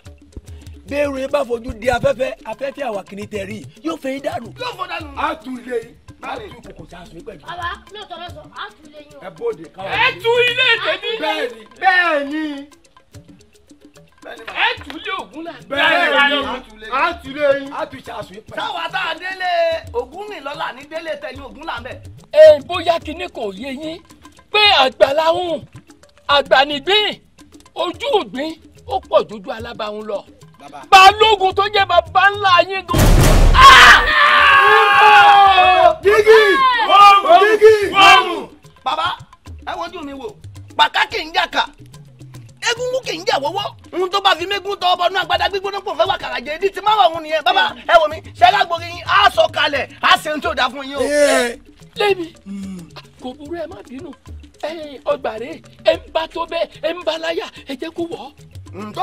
bẹ́ẹ̀rù yẹn bá fojú di afẹ́fẹ́ afẹ́fẹ́ àwàkìní tẹ̀ rí yóò fẹ́ yín dànù. yóò fọ dànù. a tù ilé a tù kòkò tí a sùn pẹ̀lú. àwa mi ò tọrọ sọ a tù ilé yín o. ẹ bóde káwa. ẹ tù ilé tèmi. bẹ́ẹ̀ni bẹ́ẹ̀ni. ẹ tù ilé ògún náà. bẹ́ẹ̀ni a tù ilé yín. a tù tí pẹ̀lú. sáwà tá a délé ògún mi lọ́la ní délé tẹ̀yìn ògún là ẹ bóyá kinní kò yé yín pé àgbà láhùn ojú ògbín ó pọ̀ jójú alábàáhùn lọ balógun tó jẹ́ bàbá ńlá yín gan. jígì wọ́ọ̀mù jígì wọ́ọ̀mù. bàbá ẹ wojú mi wò pàká kì í jàkà egungun kì í jà wọ́wọ́ ohun tó bá fi mégún tọ́ ọbọ̀ náà gbadá gbígbóná pò fẹ́ wà kàràjẹ́ ìdí tí máwọ̀ ọ̀hún nìyẹn bàbá ẹ wò mí ṣẹlá gbòòrò yín á sọ kalẹ̀ á ṣe ohun tí ò fún yín o. lẹ́mi hmm. kò burú ẹ má bínú ọgbà rẹ̀ ẹ ń bá tó bẹ́ẹ̀ ẹ ń bá láyà ẹ jẹ́ kó wọ̀ ọ́. Mm, tó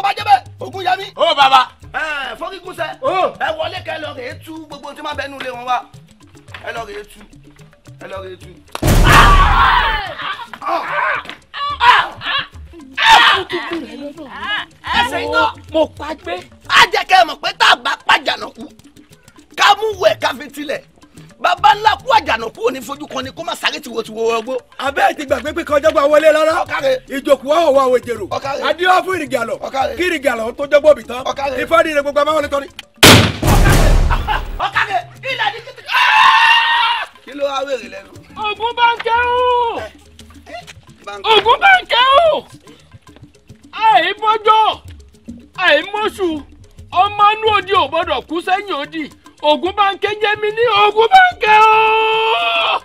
ogun yẹ ó bàbá. ẹ fọ́kíkún sẹ́ ẹ wọlé kẹ lọ rèé tú gbogbo tí máa bẹnu lé wọn wá ẹ lọ rèé tú ẹ lọ rèé tú. ẹsẹ̀ iná mo pa gbé. á jẹ́ kẹ́ ẹ mọ̀ pé tá a bá pàjánà kú ká mú wẹ̀ ká fi bàbá ńlá kú àjànà kú òní fojú kan ni kó má sáré tiwo tiwo ọgbó. abẹ́ ti gbàgbé pé kọjá gba wọlé rárá ìjòkó ọ̀hún wa òwe jèrò adíọ́ fún ìrìgàlọ̀ kí ìrìgàlọ̀ tó jẹ́ gbòbí tán ifá rire gbogbo amáwọn tọ́ni. ọ̀kadì ilẹ̀ kìtì. Ah! kí ló wá wèrè lẹ́nu. ògùn bá o ògùn bá ń kẹ́ o àìbọ́jọ́ àìmọ́sù ọmọ inú òdì ò gbọ́dọ̀ kú sẹ́yìn òdì. Ògúnbánkẹ́ jẹ́ mi ní Ògúnbánkẹ́ o.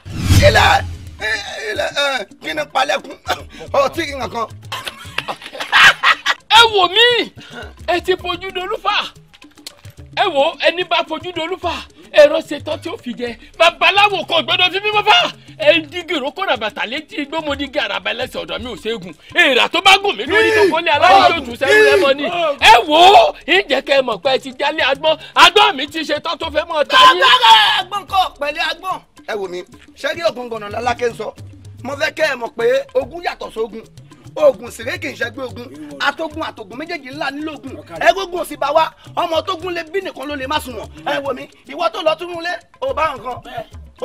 ilẹ̀ ilẹ̀ kí ni palẹ̀kùn ọtí nǹkan. ẹ wò mí ẹ ti fojú dolúfà ẹ wò ẹni bá fojú dolúfà ẹ̀rọ ṣetán tí ó fi jẹ babaláwo kan gbọ́dọ̀ fi mí mọ́fà ẹ̀ẹ́dígèrò kó rabata létí gbọ́mọdígé àràbà ẹlẹ́sẹ̀ ọ̀dọ̀ mi ò ṣẹ́gun èèrà tó bá gùn mí lórí tó kọ́lé aláìjòjù sẹ́yìn lẹ́mọ ni ẹ wò ó ìjẹ́kẹ́ ẹ mọ̀ pé ẹ ti jálé agbọ́n agbọ́n mi ti ṣetán tó fẹ́ mọ́ ta yín. bàbá agbọ́n kọ pẹ̀lú agbọ́n. ẹ wò mí ṣẹ́rí ògùn gbọ̀nà lálákẹ́ oògùn sèré kì í ṣẹgbẹ́ ogun atógun Atogun, méjèèjì ńlá nílò ogun ẹgbógun òsì bá wá ọmọ tógun lé bí nìkan ló lè má sùn wọn ẹ wò mí ìwọ tó lọ túnú lé ò bá nǹkan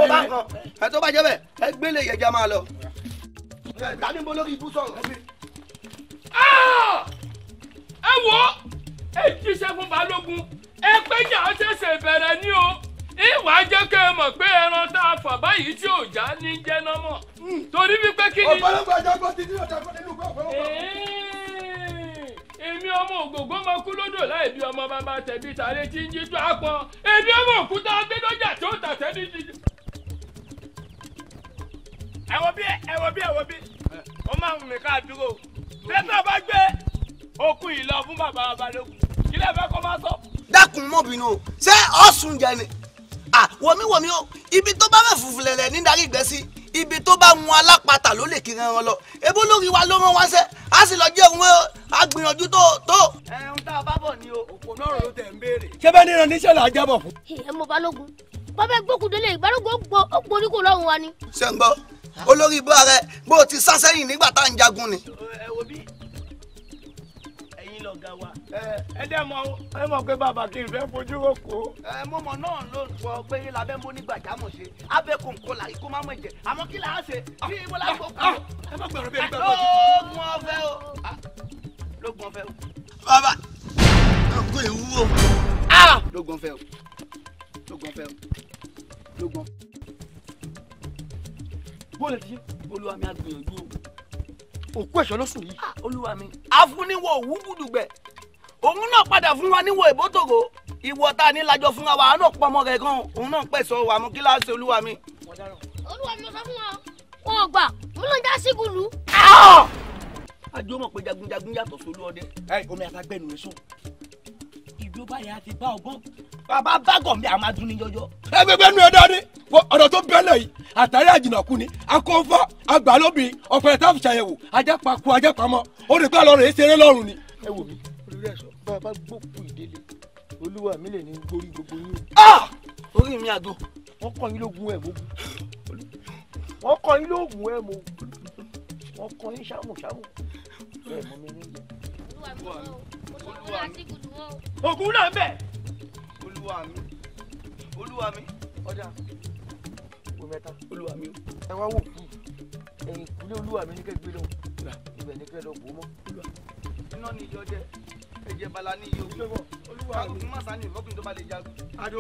ò bá nǹkan ẹ tó bá jẹ́ bẹ́ẹ̀ ẹ gbélé ìyẹ̀jẹ̀ máa lọ. tani mo lórí ibú sọ̀rọ̀ ah! ẹ wo ẹ jíṣẹ́ fún balógun ẹ pé jà ṣẹ̀ṣẹ̀ bẹ̀rẹ̀ ní o ìwà jẹ́ kí ẹ mọ̀ pé ẹran tá a fà báyìí tí ò já ní jẹ́ nọ́mọ̀ hmm, torí wípé kí ni. ọ̀pọ̀lọpọ̀ àjọpọ̀ ti ní ọ̀dà fún inú pé èmi ọmọ ògògbó máa kú lódò láì bí ọmọ bàbá tẹ̀bí tàrí tí ń jíjọ àpọ̀n èmi ọmọ òkúta gbẹdọ́jà tó tà tẹ́bí jíjọ. ẹ bí ẹ bí ẹ bí ó máa wù mí ká tẹ́tà bá gbé okùn ìlọ fún bàbá balógun ilé ẹ̀fẹ́ kọ́ máa sọ. dákun mọ́bìnrin o ṣé ọ̀sùn jẹ ni à wọmíwọmí o ibi tó bá fẹ́ fùfùlẹ̀lẹ̀ ní darí ìgbẹ́ sí ibi tó bá mu alápatà ló lè kíran wọn lọ ebó lórí wa ló rán wá sẹ́ a sì lọ jẹ́ òun a gbìyànjú tó tó. ẹun tá a bá bọ̀ ni òpó náà ló tẹ̀ ń béèrè. ṣé bẹ́ẹ̀ ni níṣẹ́ là jábọ̀ fún. ẹ mọ balógun bàbá gbókun délé ìbálòpọ̀ ó gborí kò lọ́rùn wa ni. ṣé ń gbọ́ olórí ibú ààrẹ bó o ti sá sẹ́yìn nígbà tá à ń jagun ni. ẹ wo bí ọ̀gá wa. ẹ dẹ́ mọ̀ ẹ mọ̀ pé bàbá kì í fẹ́ fojú òkú. ẹ mo mọ̀ náà ló sọ pé labẹ́ mo nígbà jámọ̀ ṣe abẹ́ kò ń kó la ikú má mọ̀ jẹ àmọ́ kí là á ṣe bí mo là á gbó ẹ má gbẹ̀rù bí ẹni bẹ́ẹ̀ bọ́ sí. lóògùn o ah, lóògùn ọ̀fẹ́ o. bàbá ọkọ ìwúwo. Ah! lóògùn ọ̀fẹ́ o lóògùn ọ̀fẹ́ o lóògùn bó o lè ti olúwa mi á gbìyànjú o òkú ẹ̀ṣọ́ ló sùn yìí. Ah, olúwa mi afúníwọ̀ òwú gùdùgbẹ̀ òun náà padà fún wa níwọ̀ ìbótòrò ìwọ̀ ta ni lajọ fún wa wa náà pọ̀ ọmọ rẹ̀ gan òun náà pẹ̀sọ̀ wà mú kíláàsì olúwa mi. olúwa mi mo sọ fún wọn wọn ò gbà wọn ló ń já sígùlù. Ah! àjọ mọ̀ pé jagunjagun yàtọ̀ sólú ọdẹ. ẹ omi àtàgbẹ́nu rẹ sùn tó bá yà á ti bá ọgbọ́n bàbá bágọ̀ mi àwọn adùn ní jọjọ. ẹgbẹgbẹ nu ẹ dání wọ ọ̀dọ̀ tó bẹ́lẹ̀ yìí àtàrí àjìnàkú ni akọ́fọ́ agbálóbì ọ̀pẹ̀rẹ̀ tá a fi ṣàyẹ̀wò ajápakú ajápamọ́ ó lè gbà lọ́rùn èsì eré lọ́rùn ni. ẹ wò mí olórí ẹ̀ṣọ́ bá a gbókù ìdílé olúwa mi lè ní gorí gbogbo yín. Ah! orí mi àgọ́ wọ́n kọ́ yín lóògùn ẹ̀ mọ́gùn wọ́n kọ́ yín lóògùn ẹ̀ mọ́gùn wọ́n kọ́ yín ṣámùṣámù bẹ́ẹ̀ mọ́ mi ní ìyẹn olúwa mi ògùn náà bẹ̀. olúwa mi olúwa mi ọjà wo mẹ́ta olúwa mi ẹ wá wò kú ẹ̀yìn kúlé olúwa mi ní kẹ́ gbé lọ ibẹ̀ ní kẹ́ lọ bò ó mọ́. iná ni iyọ̀ jẹ ẹ̀jẹ̀ bala ní iye òkú olúwa mi má sani ìfọ́kùn tó bá lè jagun. àdó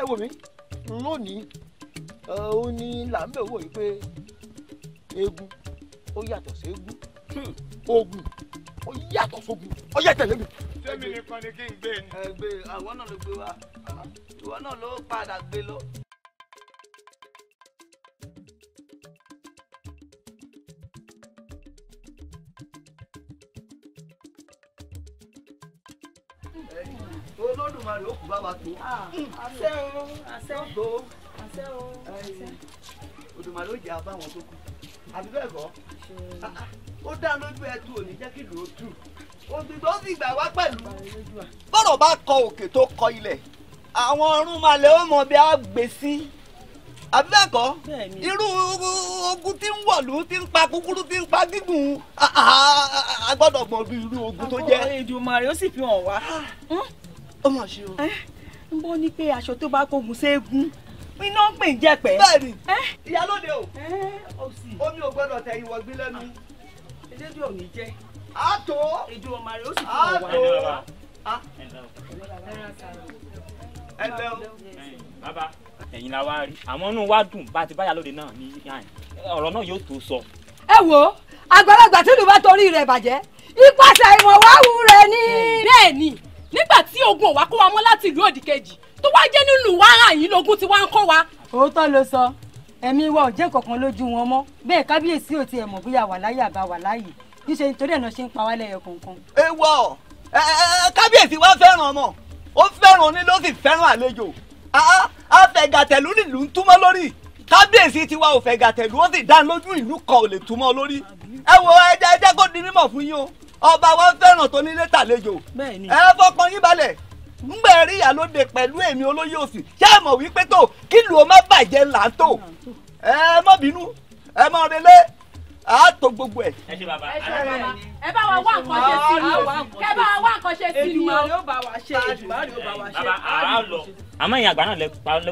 ẹ wò mí lónìí ó ní là ń bẹ̀ wò yìí pé eégún ó yàtọ̀ sí eégún oògùn ó yàtọ̀ sóògùn ó yẹ tẹ̀lé mi. sẹ́mi nìkan ni kí n gbé ni. ẹ gbé àwọn náà ló gbé wa ìwọ náà ló padà gbé lọ. olódùmarè ó kù bá wa tó. Ah, àṣẹ o àṣẹ o tó. àṣẹ o àṣẹ. olódùmarè ó jẹ́ abáwọn tó kù àbí bẹ́ẹ̀ kọ́ ó dá lójú ẹtù òní jẹ́ kí lòó tù òbí tó sì gbà wá pẹ̀lú. bọ́rọ̀ bá kọ òkè tó kọ ilẹ̀ àwọn ọ̀run malẹ̀ ó mọ bí a gbé sí àbẹ́ẹ̀kọ́ irú ogun tí ń wọ̀lú tí ń pa kúkúrú tí ń pa gígùn a gbọ́dọ̀ mọ bí irú ogun tó jẹ́. àbọ̀ Èdùmàrè ó sì fi hàn wá. Ah. ó mọ̀ ṣe o. ń eh, bọ́ ní pé aṣọ tó bá kógun ségun iná ń pè ń jẹ̀pẹ́. bẹ́ẹ̀ni eh? ìyálóde o eh? omi ò gbọ́dọ̀ tẹ ìwọ̀gbìn lẹ́nu dédé òní jẹ́. a tó. èdè ọmọ rẹ ó sì fi wà wá. a tó. ẹ lẹ o. bàbá ẹ̀yin la wá rí àmọ́ inú wa dùn bá a ti báyà lóde náà ní yàn ọ̀rọ̀ náà yóò tó sọ. ẹ wo àgbàlagbà tí olùbá torí rẹ̀ bàjẹ́ ipasẹ̀ ìmọ̀ wá wù rẹ̀ ni. bẹ́ẹ̀ ni nígbà tí ogun ọ̀wá kó wa mọ́ láti ìlú òdìkejì tó wá jẹ́ nínú wàhálà yìí lógún tí wá ń kọ́ wa. òótọ́ ló sọ. So ẹ̀mí wa ò jẹ́ kankan lójú wọn mọ́ bẹ́ẹ̀ kábíyèsí ò tiẹ̀ mọ̀ bóyá wà láyé àbá wà láyé níṣẹ́ nítorí ẹ̀nà ṣe ń pa wá lẹ́yọ kankan. ẹ wọ kábíyèsí wa fẹ́ràn ọmọ ó fẹ́ràn oní ló sì fẹ́ràn àlejò àfẹ̀gàtẹ̀lú nílùú ń túmọ̀ lórí kábíyèsí tiwa ò fẹ̀gàtẹ̀lú ó sì dá lójú ìlú kan ò lè túmọ̀ lórí ẹ wo ẹjẹ ẹjẹ kó di mímọ̀ fún yín o ọba wa fẹ́ràn tó nílé tàlejò ẹ fọkàn yín balẹ̀ ngbẹ rí ìyálóde pẹ̀lú èmi olóyè òsì ṣé ẹ mọ̀ wípé tó kí o má bàjẹ́ là ń tò ẹ bínú ẹ relé a tó gbogbo ẹ. ẹ ṣe bàbá ẹ ṣe bàbá ẹ bá wa wá nǹkan sí ni kẹ o. èdùmá yóò bá wa ṣe èdùmá yóò bá wa ṣe. àmọ́ àgbà lẹ pa pé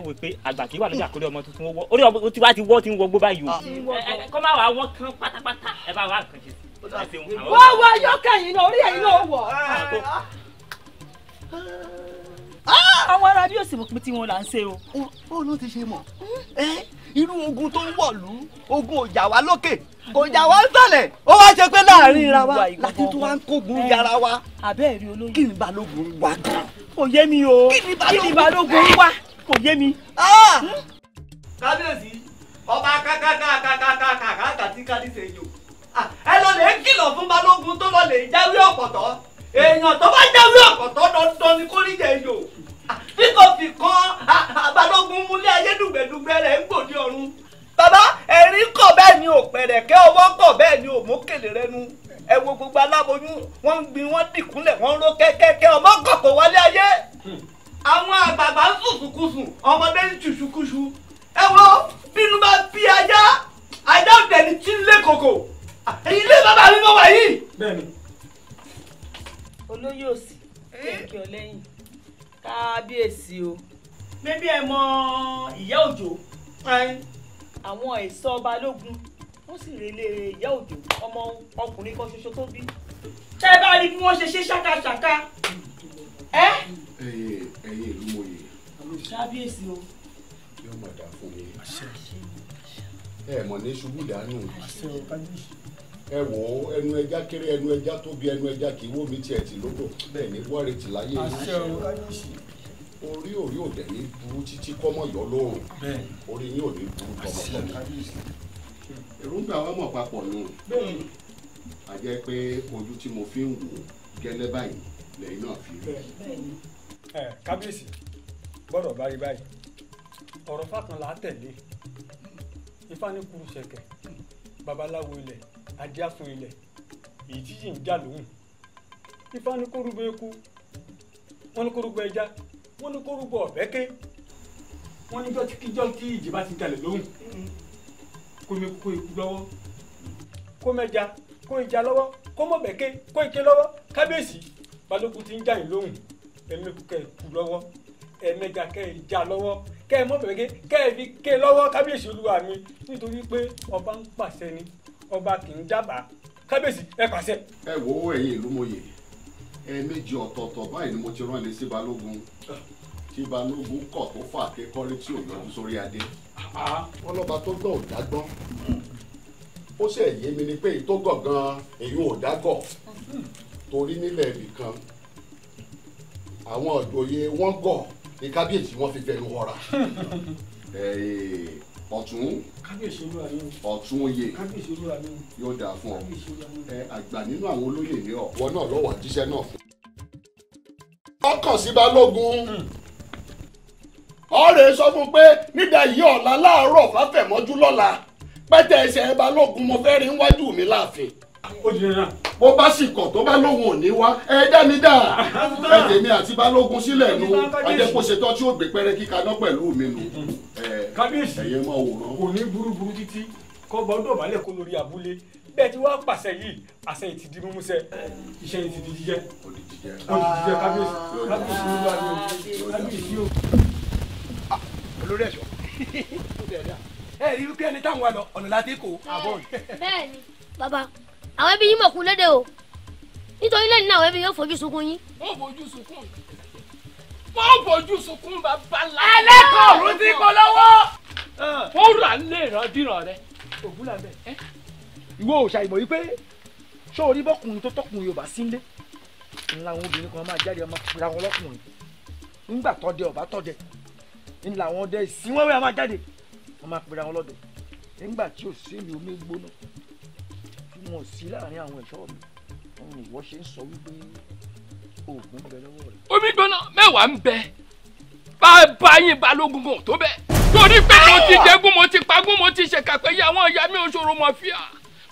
ọmọ tuntun wọ́ ọmọ tí ti ti ń báyìí o. kọ́ máa wà wọ́n kan pátápátá ẹ bá ṣe sí. wọ́n wọ Ah! àwọn ará bí yóò sì mọ̀ pé tí wọn là ń ṣe o. ó ló ti ṣe mọ̀ irú ogun tó ń wọ̀lú ogun ọjà wa lókè ọjà wa ń sàlẹ̀ ó wá ṣe pé láàrin ra wa láti tún wá ń kógun yàrá wa abẹ́ẹ̀rí olóyè kí ni balógun wa gan. kò yé mi o kí ni balógun wa kò yé mi. Ah! Hmm? kábíyèsí ọba kákákákákákákákákà tí kádìsẹ̀ yìí o ẹ lọ lè kìlọ̀ fún balógun tó lọ èèyàn tó bá jáwé ọ̀pọ̀tọ́ dandan ni kó níjẹ̀ yìí o bí kò fi kan àbádọ́gun múlé ayédùgbẹ̀dùgbẹ̀ rẹ̀ ń gbòdì ọ̀run bàbá ẹ̀rín kọ̀ bẹ́ẹ̀ ni ò pẹ̀rẹ̀kẹ́ ọwọ́ kọ̀ bẹ́ẹ̀ ni ò mókèlè rẹnu ẹ wo gbogbo aláboyún wọ́n ń gbin wọ́n dìkúnlẹ̀ wọ́n ń ró kẹ́kẹ́kẹ́ ọmọ kọ̀kọ̀ wálé ayé àwọn àgbààgbà ń sùsùkùsùn ọmọdé ń ṣùṣùkùṣù ẹ wo bínú bá bí ajá ajá ọ̀dẹ̀ ni tí ń lé kòkò ilé bàbá mi mọ̀ wáyé. bẹ́ẹ̀ni olóyè òsì kéèké ọlẹ́yìn kábíyèsí o. bébí ẹ mọ ìyá òjò. àwọn ẹ̀ṣọ́ balógun wọ́n sì relé ìyá òjò ọmọ ọkùnrin kan ṣoṣo tó bí. tẹ́ ẹ bá rí bí wọ́n ṣe ṣe ṣàkàṣàkà. ẹ. ẹyẹ ẹyẹ ìlú mòye. kábíyèsí o. yóò máa dà fún mi. ẹ mọ̀ ní ṣubú dànù ẹ wò ó ẹnu ẹja kéré ẹnu ẹja tóbi ẹnu ẹja kì í wó mi tiẹ̀ tì lódò bẹ́ẹ̀ ni wọ́ọ̀rẹ́ tì láyé yìí orí òrí òdẹ ní burú títí kọ́mọ yọ lóòrùn orí yín ò ní burú tọmọtọmọ èròǹgbà wa mọ̀ papọ̀ nù a jẹ́ pé ojú tí mo fi ń wò ó gẹ́lẹ́ báyìí lẹ́yìn náà fi rí. ẹ kábíyèsí gbọ́dọ̀ bá rí báyìí ọ̀rọ̀ fàkànlá tẹ̀lé ifá ní kuru ṣẹ̀kẹ̀ babaláwo ilẹ̀ adíasun ilẹ̀ èyí tí yìí ń jà lóhùn ifá ní kó rúbọ eku wọn ní kó rúbọ ẹja wọn ní kó rúbọ ọ̀bẹ́kẹ́ wọn ní jọ́tíkíjọ́ tí ìjì bá ti jalè lóhùn kó mi kó ikú lọ́wọ́ kó mẹ́ja kó ìjà lọ́wọ́ kó mọ̀bẹ́kẹ́ kó ike lọ́wọ́ kábíyèsí balógun ti ń jà yín lóhùn ẹ̀mẹ́kù kẹ́ ẹ̀ kú lọ́wọ́ ẹ̀mẹ́ja kẹ́ ẹ̀ já lọ́wọ́ kẹ́ ẹ̀ mọ̀bẹ́kẹ́ kábíyèsí olúwa mi nítorí pé ọba ń pàṣẹ ni ọba kì í dábàá kábíyèsí ẹ pàṣẹ. ẹ wo ẹ̀yin ìlú mòye ẹ̀ẹ̀mejì ọ̀tọ̀ọ̀tọ̀ báyìí ni mo ti rán ilé sí balógun tí balógun kọ̀ tó fà kékọ́rí tí ò yọjú sórí adé. wọn lọba tó gbọ́ ò dágbọ́n ó sì yé mi ni pé èyí tó gọ̀ gan-an èyí ò dágọ̀ torí nílẹ̀ nìkan àwọn ìjòyè wọn gọ̀ ní kábíyèsí wọn fi fẹnu họra [laughs] ọ̀tún ọ̀tún oyè yóò dáa fún ọ ẹ àgbà nínú àwọn olóyè ní ọ. wọn náà lọ wà jíṣẹ́ náà fún. ọkàn sí balógun ọ̀rẹ́ sọ fún pé nígbà yìí ọ̀la láàárọ̀ fàfẹ̀mọ́jú lọ́la pẹ́tẹ́ ẹsẹ̀ balógun mo fẹ́ rí níwájú mi láàfin bó bá sì kọ̀ tó bá lóhùn òní wá ẹ dání dà ẹ tèmi àti balógun sílẹ̀ nu ajẹ́pọ̀ṣẹ́ tó tí ó gbé pẹ́rẹ́ kíka náà pẹ̀lú mi nu mm-hmm. kábíyèsí ẹ̀yẹ mọ̀ wòran. kò ní burúburú títí kọ́ bọ́ dọ̀bálẹ̀ kó lórí abúlé bẹ́ẹ̀ tí wọ́n pàṣẹ yìí àṣẹ yìí ti di mímú sẹ́ iṣẹ́ yìí ti di jíjẹ́ ó di jíjẹ́ kábíyèsí kábíyèsí ló wà ní o kábíyèsí o. Ah, olórí ẹ̀ṣọ́ [laughs] ẹ rí wípé ẹni táwọn àlọ́ ọ̀nà láti kó àbọ̀. bẹ́ẹ̀ ni bàbá àwọn ẹbí yín mọ̀ léde o nítorí lẹ́yìn náà àwọn ẹbí yóò fojú sunkún yín. wọ́n fojú sunkún wọ́n fojú sunkún bàbá la. ẹlẹ́kọ̀ọ́ ọ̀run ti kọ́ lọ́wọ́. ó rà lé ìrandíran rẹ ògúnlà bẹ́ẹ̀. ìwọ ò ṣàìmọ̀ yìí pé ṣó orí bọ́kùnrin tó tọkùnrin Yorùbá sílé ńlá àwọn obìnrin kan máa jáde ọmọ fúra wọn lọkùnrin ńgbà tọ́dẹ ọ̀bá tọ́dẹ ńlá àwọn ọdẹ ìsínwẹ́wẹ́ máa jáde wọn máa pera wọn lọ́dọ̀ nígbà tí ò sí èmi omi gbóná wọn ò sí láàrin àwọn ẹ̀ṣọ́ mi òun ni ìwọ ṣe ń sọ wípé oògùn bẹ lọ́wọ́ rẹ̀. omi gbóná mẹ́wàá ń bẹ bá a bá yín balógun kò tó bẹ́ẹ̀ torí pé mo ti jẹ́gún mo ti pagún mo ti ṣèkàpẹ́ yẹ àwọn ìyá mi òṣòro mọ̀ fíà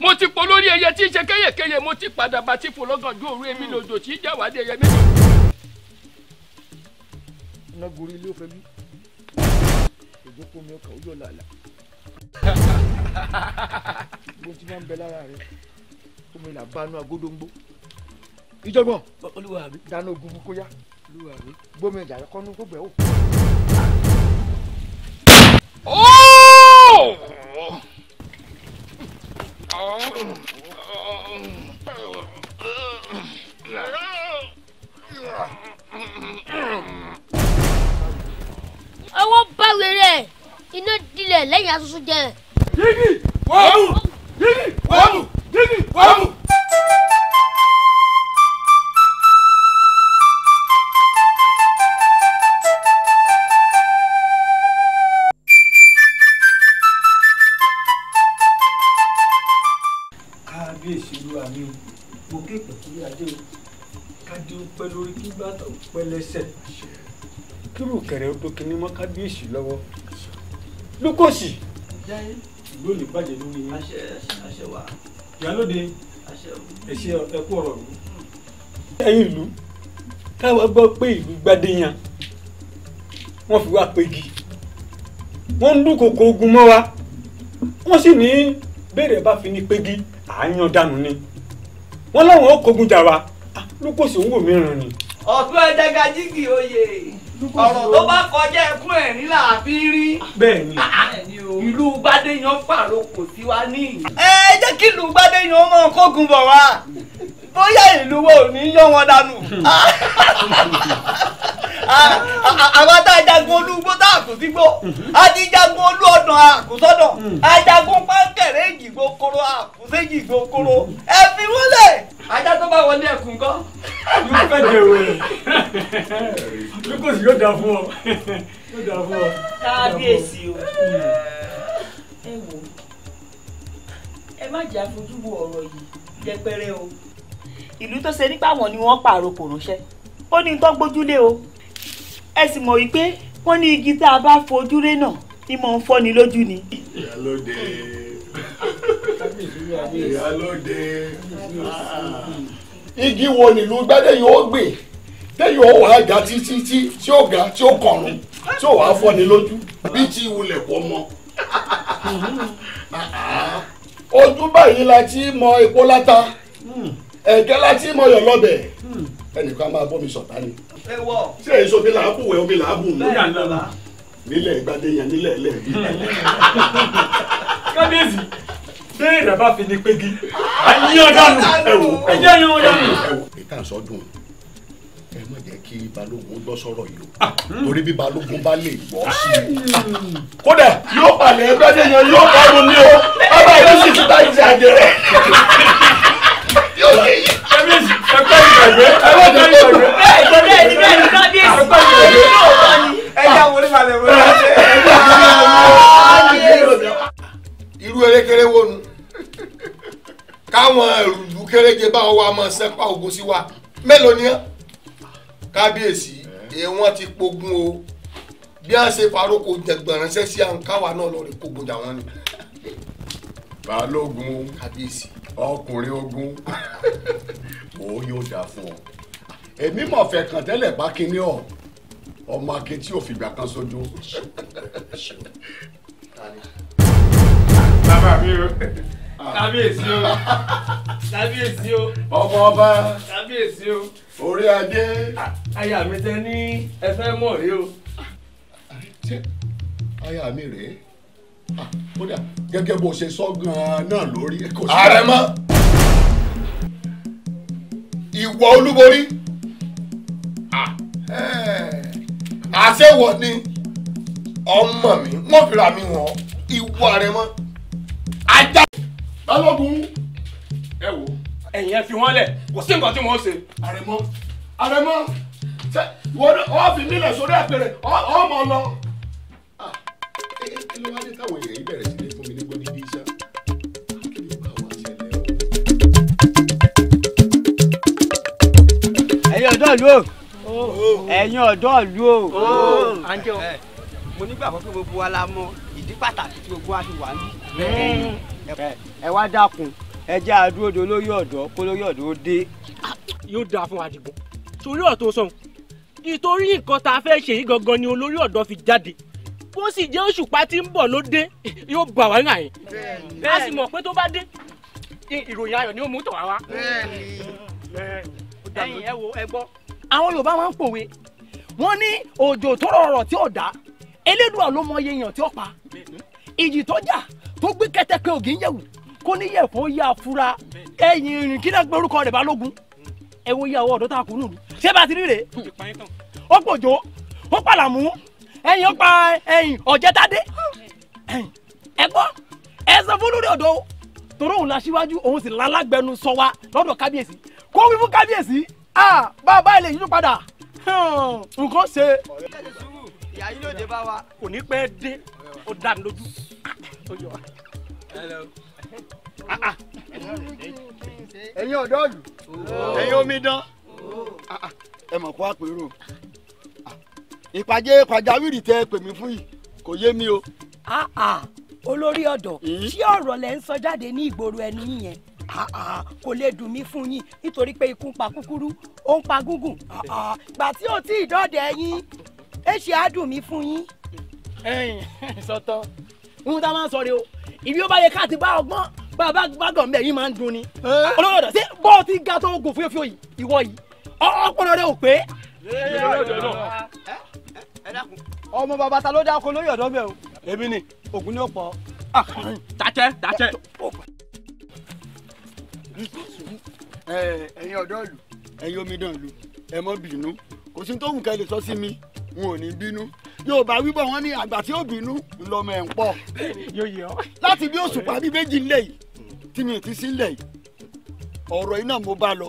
mo ti pọ̀ lórí ẹyẹ tí ń ṣe kéyèkéyè mo ti padà bá ti fò lọ́gànjú òru èmi lòdò tí ìjà dé ẹyẹ méjì. iná gorí ilé òfé bí òjò mi ọkà ó yọ làálàá gbogbo [laughs] tí wọn ń bẹ lára rẹ omi là bá nu agódóńgbó ìjọgbọ́n olúwa mi dáná ogun kó yá olúwa mi gbómi ìjà rẹ kọ́nú gbogbo ẹ̀ wò. ọwọ́ bá wẹ̀rẹ̀ iná dilẹ̀ lẹ́yìn asusun jẹ. yéèyì wọ́ọ̀mù yéèyì wọ́ọ̀mù. Vamos! kábíyèsí olúwa mi mo ké pẹ̀kí adé kádé ó pẹ́ lórí kí bàtà ó pẹ́ lẹ́sẹ̀ kírù kẹ̀rẹ́ ó dókè ní mọ́ kábíyèsí ló lè bàjẹ́ lórí yín. àṣẹ àṣẹ wa ìyálóde ẹ̀ṣẹ̀ ẹ̀kú ọ̀rọ̀ mi. ẹ̀yin ìlú káwa gbọ́ pé ìlú gbadéyan wọ́n fi wá pegi wọ́n ń dúnkokò ogun mọ́ wa wọ́n sì ní béèrè bá fi ní pegi àáyàn dànù ni wọ́n láwọn ó kógun jà wa ah, lókòsí òun wò mí ràn ni. ọ̀pẹ ọ̀dàgàjìgì oyè ọ̀rọ̀ tó bá kọjá ẹkún ẹ̀rín là fi rí. bẹ́ẹ̀ni ah, ah, ìlú gbadéyan fàrokò tiwa ní. ẹ jẹ́ kí ìlú gbadéyan ọmọ kógun bọ̀ wá bóyá ìlú wo ò ní yọ wọn dànù àwọn tá a jagun olúgbó tá a kò sí gbó a ti jagun olú ọ̀dàn a kò sọ́dàn a jagun pákẹ́rẹ́ ìjìgbó koro a kò sí ìjìgbó koro ẹ fi wọ́n lẹ̀ ajá tó bá wọlé ẹkùn kọ́ yóò fẹ́ dèrò rẹ̀ lukosi yóò dà fún ọ yóò dà fún ọ. kábíyèsí o hmm. ẹ wò ẹ má jà fojú wo ọ̀rọ̀ yìí jẹpẹrẹ o ìlú tó ṣe nípa wọn ni wọ́n pààrọ̀ kò ránṣẹ́ ó ní tó gbójúlé o ẹ sì mọ̀ wípé wọ́n ní igi tá a bá fojú ré náà ni mò ń fọ́ni lójú ni. ìyálóde ìyálóde igi wo nílùú gbẹ́dẹ̀ yóò gbè tẹ́yìn ó wàá ga títí tí ó ga tí ó kọ̀rùn tí ó wàá fọ́ni lójú bí ti wulẹ̀ pọ̀ mọ́ ojú báyìí la ti mọ epo láta. Hmm ẹ̀kẹ́ láti mọ yọ̀ lọ́bẹ̀ hmm. ẹnìkan máa bọ́ mi sọ̀tá ni. ṣé èso mi làá kúwẹ̀ omi làá bù mí. nílẹ̀ ìgbàdé yẹn nílẹ̀ ilẹ̀ bí. kábíyèsí bẹ́ẹ̀ rẹ̀ bá fi ní pégi. ayé ọ̀dánù ẹ̀wò ẹ̀jẹ̀ ayé ọ̀dánù. ìtàn sọdún ẹ má jẹ́ kí balógun gbọ́ sọ̀rọ̀ yìí o ah, hmm. torí bí balógun bá lè gbọ́ sí i. Hmm. kódà yóò palẹ̀ ẹgbẹ́ yẹn yóò bá wọn ní o bàbá yóò sì ti bá jẹ àjẹrẹ kábíyèsí ẹ̀kọ́ ìgbàgbé ẹ̀kọ́ ìgbàgbé ẹ̀kọ́ ìgbàgbé kábíyèsí ẹ̀kọ́ ìgbàgbé ẹ̀yà wọlé balẹ̀ wọlé balẹ̀ irú erékeré wo nu káwọn ìlú kéréje báwọn wa máa sẹ́pà ògùn sí wa mélòó ni ẹ́ kábíyèsí èèwọ̀n ti pogun o bí a ṣe faróko jẹgbọn ránṣẹ́ sí àǹkáwá náà lọ rè kógun jà wọn ni. balógun kábíyèsí ọkùnrin ogun òun [laughs] yóò dáa fún ọ èmi mọ̀ fẹ́ kàn tẹ́lẹ̀ bá kíní ọ̀ ọmọ akin tí ò fìgbà kan sójú. bàbá mi o ah. kábíyèsí o kábíyèsí o ọmọ ọba kábíyèsí o orí adé. aya mi tẹ ní ẹ fẹ́ rí o. aya mi rèé kódà gẹ́gẹ́ bó ṣe sọ gan-an náà lórí. ààrẹ mọ́ ìwọ olúborí àṣẹwọ̀ ni ọmọ mi wọ́n fira mi wọ̀n ìwọ ààrẹ mọ́ ajá. balógun ẹ wo ẹ̀yin ẹ fi wọ́n lẹ̀ kò sí nǹkan tí wọ́n ṣe. ààrẹ mọ́ ààrẹ mọ́ wọ́n fi mílẹ̀ sórí àpẹẹrẹ ọmọ lọ kí ló wá dé táwọn èèyàn yìí bẹ̀rẹ̀ sí ní fún mi ní gbóni bí iṣẹ́. ẹ̀yin ọ̀dọ́ ìlú o ẹ̀yin ọ̀dọ́ ìlú o. àǹjẹ́ o mo nígbàgbọ́ pé gbogbo wa la mọ ìdí pàtàkì tí gbogbo wa fi wà ní. ẹ wá dákun ẹ jẹ́ àdúródó lórí ọ̀dọ́ kó lórí ọ̀dọ́ ó dé. yóò dáa fún Àdìgún torí ọ̀tún sọ̀hún ìtorí nǹkan tá a fẹ́ ṣe yìí gangan ni olórí ọ̀dọ́ fi jáde bó sì jẹ́ òṣùpá tí ń bọ̀ ló dé yóò bà wá náà yìí a sì mọ̀ pé tó bá dé ìròyìn ayọ̀ ni ó mú tọ̀ wá wá. ẹ̀yin ẹ wo ẹ gbọ́. àwọn Yorùbá máa ń pòwe wọ́n ní òjò tó rọrọ̀ tí ò dá Elédùà ló mọ iye èèyàn tí ó pa ìjì tó jà tó gbé kẹtẹkẹ ògì ń yẹ̀wò kó ní yẹ̀fọ́ yá fura ẹ̀yìn ìrìn kí náà gbé orúkọ rẹ̀ Balógun ẹ wo iye àwọn ọ̀dọ́ tá a kú nù ṣé bá ti rí rèé ó pòjò ó pàlàmú ẹ̀yin ọ̀pá ẹ̀yin ọ̀jẹ̀tadé ẹ̀yin ẹ̀gbọ́ ẹ̀sán fún lórí ọ̀dọ́ torí òun la síwájú òun sì lálágbẹnu sọ wa lọ́dọ̀ kábíyèsí kó wí fún kábíyèsí bàbá ilé yìí padà nǹkan ṣe. ìyá yìí ló dé bá wa. kò ní pẹ́ dé ó dá mi lójú ó yọ wa. ẹ̀yin ọ̀dọ́ ìlú ẹ mọ̀ kó àpérò ìpàdé pàjáwìrì tẹ pè mí fún yìí kò yé mi o. olórí ọ̀dọ̀ ṣé ọ̀rọ̀ lẹ ń sọ jáde ní ìgboro ẹnu yín yẹn kò lè dùn mí fún yín nítorí pé ikú ń pa kúkúrú ó ń pa gúngùn gbà tí ò tí ì dọ́dẹ̀ yín ẹ ṣe á dùn mí fún yín. sọtọ ohun tá a máa ń sọ rèé o ìbí ó bá yẹ ká ti bá ọgbọ́n bàbá gbàgbọ́ mbẹ yìí máa ń dun ni. olórí ọ̀dọ̀ ṣé bọ́ọ̀ ti ga tó gùn fúyọ́fúyọ́ yìí ìwọ yìí ọpọlọ rẹ ò pé ọmọ bàbá ta ló dáko lórí ọ̀dọ́ bẹ́ẹ̀ o èmi ni ògùn ni ó pọ̀. Ah, dàtẹ dàtẹ. ẹ̀yin ọ̀dọ́ ìlú ẹ̀yin omidan ìlú ẹ mọ́ bínú kò sí tó wù lè sọ sí mi n ò ní bínú yóò bá wọn ní àgbà tí ó bínú lọmọ ẹ̀ ń pọ̀ láti bí òṣùpá bí méjì ńlẹ̀ yìí tí mi ò ti sí ńlẹ̀ yìí ọ̀rọ̀ iná mo bá lọ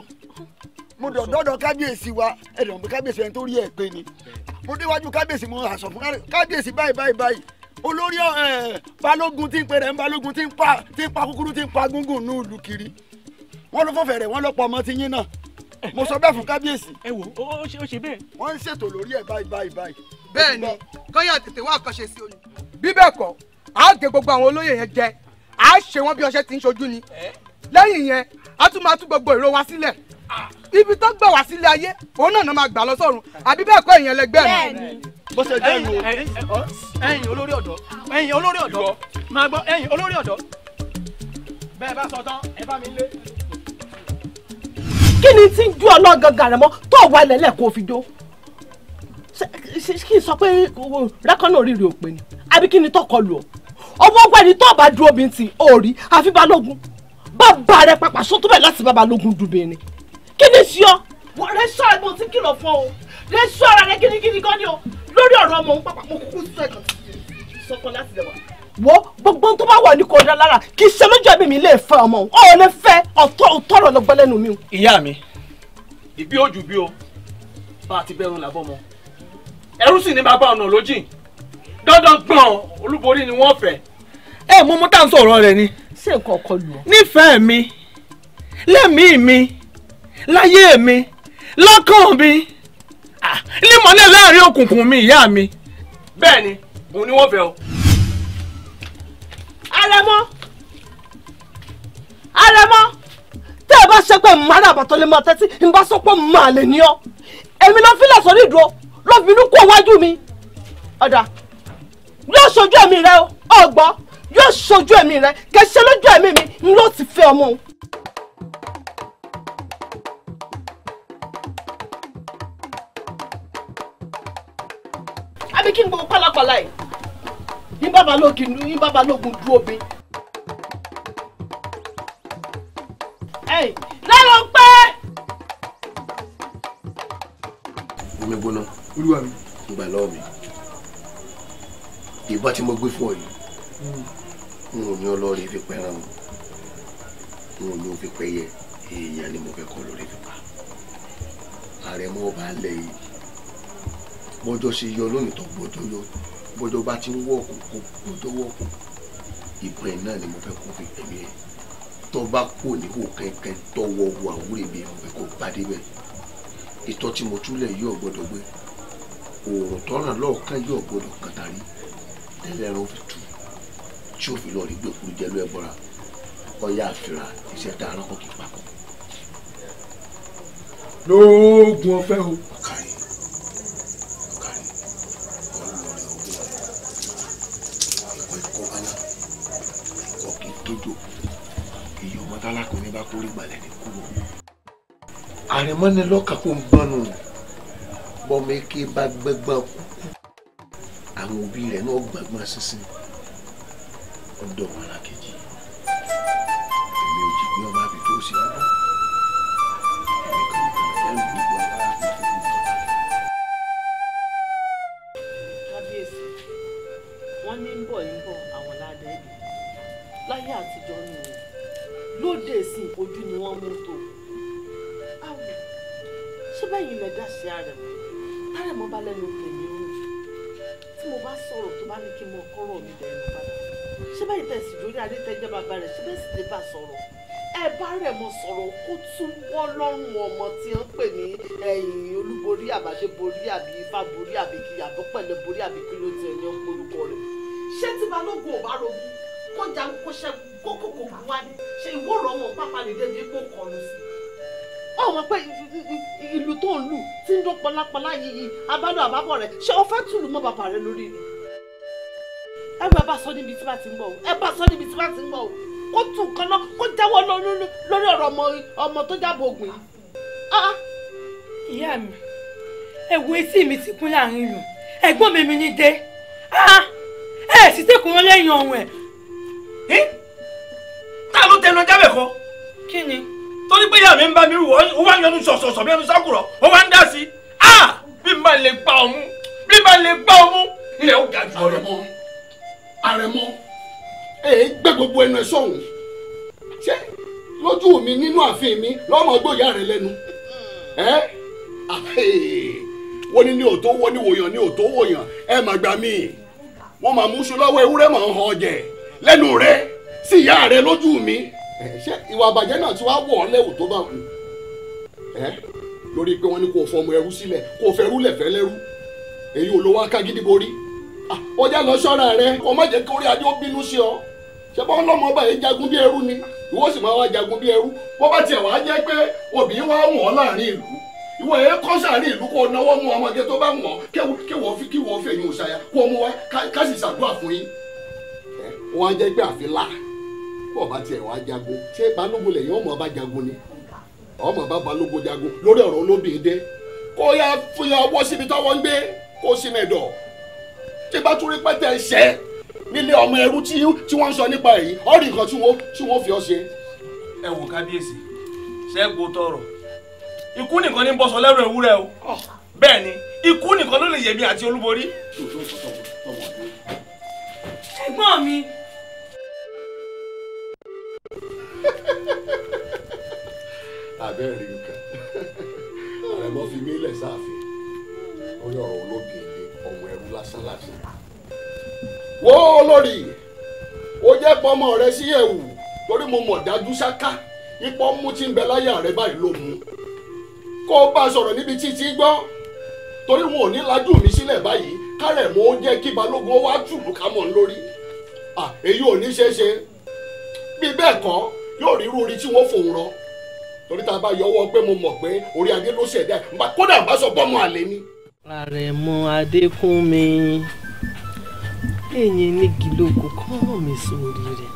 mo dọ̀dọ̀ kábíyèsí wa ẹ̀dọ̀ pé kábíyèsí ẹni tó rí ẹ̀ pé ni mo déwájú kábíyèsí mo àṣọ fún kábíyèsí báyìí báyìí báyìí olórí balógun tí ń pè rẹ̀ ń balógun tí ń pa tí ń pa kúkúrú tí ń pa gúngùn ní ìlú kiri wọ́n ló fọ́fẹ́ rẹ̀ wọ́n lọ́pọ̀ ọmọ ti yín náà eh, mo sọ bẹ́ẹ̀ fún eh, kábíyèsí. ẹ eh, wo ó ṣe bẹ́ẹ̀. wọ́n ń ṣètò lórí ẹ̀ báyìí báyìí báyìí. bẹ́ẹ̀ ni kọ́yà tètè wá àkànṣe sí oyún. bí bẹ́ẹ̀ kọ́ a gé gbogbo àwọn olóyè yẹn jẹ a ṣe wọn bí ọṣẹ ti ń ṣojú ni lẹ́yìn yẹn a tún máa tú gbogbo ìró wa sílẹ̀ ibi tó gbà wá sílé ayé òun náà máa gbà lọ sọ́run àbí bẹ́ẹ̀ kọ́ èèyàn lẹgbẹ́ mi. bó ṣe jẹ́ ìlú ẹ̀yin olórí ọ̀dọ́ ẹ̀yin olórí ọ̀dọ́ máa gbọ́ ẹ̀yin olórí ọ̀dọ́ bẹ́ẹ̀ bá sọ tán ẹ bá mi lé. kí ni tí ń ju ọlọ́gàn gàrẹ́ tó wà lẹ́lẹ̀ kó fi jó kí n sọ pé rẹ́kọ́nà oríire ò pè àbí kí ni tó kọlù ọ́ ọwọ́ ọgbẹ́ni tó bá dúró bí ti òòrí àfi balógun bàbá rẹ pàpà sótúbẹ̀ láti bàbá lógun dùbìnrin kí sí ọ rẹ sọ ẹ mo ti kìlọ̀ fún ọ rẹ sọ ara rẹ gidigidi gan ni o lórí ọ̀rọ̀ ọmọ òun pàpà mo kúkú sọ ẹ̀kan sọkọ láti lẹ̀ wo gbogbo tó bá wà ní kò dá lára kì í ṣe lójú ẹbí mi lè fẹ́ ọmọ òun ọ lè fẹ́ ọtọrọ lọgbọ lẹ́nu mi. ìyá mi ìbí ojú bí o bá a ti bẹ̀rù làbọ̀ mọ́ ẹrú sì ní bàbá ọ̀nà lójì dandan gbọ̀n olúborí ni wọ́n fẹ́. ẹ mọ mọ tá à ń sọ̀rọ̀ rẹ ni. ṣé nǹkan ọkọ lù ọ. nífẹ̀ẹ́ mi lẹ́mìí mi láyé mi lọ́kàn mi límọ̀lẹ́ láàrin òkùnkùn mi ìyá mi. bẹ́ẹ̀ni òun ni wọn fẹ́ o. àrẹ̀mọ àrẹ̀mọ tẹ́ ẹ bá ṣe pé màdà àbàtọ́ lè máa tẹ́tí ń bá sọ pé màá lè ní ọ èmi ló fílẹ̀ sọ nídùú ló fi kó wájú mi ọ̀dà yóò ṣojú ẹ̀mí rẹ ọgbọ́n yóò ṣojú ẹ̀mí rẹ kẹṣẹ́ lójú ẹ̀mí mi ń lọ́ọ́ ti fẹ́ ọmọ òun. àbí kí n gbọ́ pálapàla yìí ní babalógun ní babalógun dúró bí. lẹ́nu pé. omi gbóná olúwa mi gbà lọ́wọ́ mi ìbá tí mo gbé fún ọ yìí hmm. n ò ní ọlọ́ọ̀rẹ́ fi pẹ́ràn o n ò ní o fi pẹ́ yẹ èèyàn ni mo fẹ́ kọ́ lórí fipá ààrẹ mọ́ ọba alẹ́ bọ́jọ́ ṣe yọ lónìí tó bọ́jọ́ yọ bọ́jọ́ bá ti ń wọ̀kù kó bọ́jọ́ wọ̀kù ìbọn iná ni mo fẹ́ kó fi tẹ̀mí ẹ̀ tó bá kò níhò kẹ́kẹ́ tọ́wọ́ wo àwúrè mi mo fẹ́ kó bá débẹ̀ ìtọ́ tí mo túlẹ̀ yóò gbọ́dọ̀ gbé òòrùn tọ́ràn lọ́ọ̀kan yóò gbọ́dọ̀ kàn tàrí tẹ́lẹ̀ ẹran fi tù tí òfin lọ́ọ̀rí gbẹ̀kúrú jẹ́lú ẹ̀ bọ́ra ọyá àfìrà iṣẹ́ tá a rán kọ́kì papọ̀. lóògùn ọ̀fẹ́ o. tálá kò ní bá kó rí gbalẹ̀ ní kúrò àrẹ̀mọ́ni lọ́kà kó ń gbọ́nù bọ́mọ eke bá gbẹ́gbọ́n kú àwọn òbí rẹ̀ náà gbàgbọ́n sísìn ọ̀dọ̀ wọn làkejì èmi ò jì gbé ọba àbí tó ṣe ọdún. bẹ́yìn lẹ dá sí ara mi tárẹ̀ mọ́ bá lẹ́nu tèmi oúnjẹ tí mo bá sọ̀rọ̀ tó bá ní kí n mọ kọ́rọ̀ mi dẹnu padà ṣé bẹ́yìn tẹ̀sí lórí adétẹ́jẹ́ bàbá rẹ̀ ṣé bẹ́ẹ̀ sì lè bá sọ̀rọ̀ ẹ bá rẹ̀ mọ sọ̀rọ̀ kó tún wọ́ lọ́rùn ọmọ tí ó ń pè ní ẹ̀yìn olúborí àbáṣe borí àbí ifá borí àbí kí àbí pẹ̀lẹ́ borí àbí kí ló ti ẹni ọ̀pọ̀ orúkọ rẹ̀ ṣé tí balógun ò bá rogún kó jagun kó ṣẹ́gun kó kókó wá ní ṣe ìwọ́rọ̀ wọn pápá lè débi kó kọlu sí i ó mọ̀ pé ìlú tó ń lù tí ń dún pọlápọlá yìí abádùn àbábọ̀ rẹ̀ ṣé o fẹ́ tùlù mọ́ bàbá rẹ lórí ni. ẹ bá bá sọ níbi tí bá ti ń bọ̀ o ẹ bá sọ níbi tí bá ti ń bọ̀ o kó tún nǹkan náà kó jáwọ́ lórí ọ̀rọ̀ ọmọ tó jábọ̀ ògùn yìí. Ah, ah. ìyá mi ewu etí mi ti kún láàrin yàn ẹ̀gbọ́n mi mi ní dé ah, ẹ sì tẹkùn wọn lẹ́yìn ọrùn ẹ. ta tẹnu ọjà bẹ̀ kọ́. kí ni torí pé ìyá mi ń bá mi wò ó wá yọnu sọ̀sọ̀sọ̀ bí ẹnu sákùrọ̀ ó wá ń dá sí i bí n bá lè gbá ọmú bí n bá lè gbá ọmú ilẹ̀ ó ga jù ọ lọ. àrẹ̀mọ àrẹ̀mọ èyí gbé gbogbo ẹnu ẹ sọ̀hún ṣé lójú mi nínú ààfin mi lọ́mọ gbòòyà rẹ lẹ́nu wọ́n ní ní òtó wọ́n ní wòyàn ní òtó wòyàn ẹ mà gbà mí wọ́n máa mú sùn lọ́wọ́ ewúrẹ́ mọ̀ ń hàn jẹ lẹ́nu rẹ sí ìyá rẹ lójú mi. Eh, ṣé ìwà àbàjẹ́ náà ti wá wọ̀ ọ́ lẹ́wù tó bá wọn eh, lórí pé wọ́n ní kò fọmọ ẹrú sílẹ̀ kò fẹ́rú lẹ̀fẹ́ lẹ́rú èyí ò ló wá ká gidi borí ọjà ah, lọ sọ́ra rẹ kò má jẹ́ kí orí adé ó bínú sí ọ ṣé bọ́n lọ́mọ ọba yìí jagun bí ẹrú ni ìwọ sì máa wá jagun bí ẹrú bó bá tiẹ̀ wá jẹ́ pé òbí wá wa ká sì ṣàdúrà fún yín eh, bọ̀ bá tiẹ̀ wá jagun ṣé balógun lẹ́yìn ọmọ bá jagun ni ọmọ bá balógun jagun lórí ọ̀rọ̀ olóbìnrin dé kó yá fún yà ọwọ́ síbi tọ́wọ́ ń gbé kó sí mẹ́dọ̀ tí bá tún rí pẹ́tẹ́ ṣẹ́ nílé ọmọ ẹrú tí wọ́n ń sọ nípa èyí ọ̀rìn kan tí wọ́n fi ọ́ ṣe. ẹ wò kábíyèsí ṣẹ́gun tọrọ ikú nìkan ní bọ́sọ̀ lẹ́rù ewúrẹ́ o bẹ́ẹ̀ ni ikú nìkan ló lè yẹ̀mí àti olúborí. ẹ̀gbọ́n mi [laughs] abẹ́rẹ́ nǹkan àrẹ̀mọ́ fi mí lẹ̀ sáàfin lórí ọ̀rọ̀ ológele ọmọ ẹrú lásán lásán. wo olórí o jẹ́ pọ́nmọ rẹ sí ẹ̀wù torí mo mọ̀ dájú ṣáká ipò mú tí ń bẹ láyà rẹ báyìí ló mú kó o bá a sọ̀rọ̀ níbi tí tí gbọ́ torí wọn ò ní lajú mi sílẹ̀ báyìí kárẹ̀ mo jẹ́ kí balógun wá tùlù ká ń lórí èyí ò ní ṣeé bí bẹ́ẹ̀ kọ́ yóò rí irú orin tí wọ́n fòun rọ torí tá a bá yọwọ́ pé mo mọ̀ pé orí adé ló ṣẹ̀dá ẹ̀ kódà bá sọ bọ́mọ àlè ni. àrẹ̀mọ adékúnmi èyí ní gílógún kọ́ mọ̀ mi sórí rẹ̀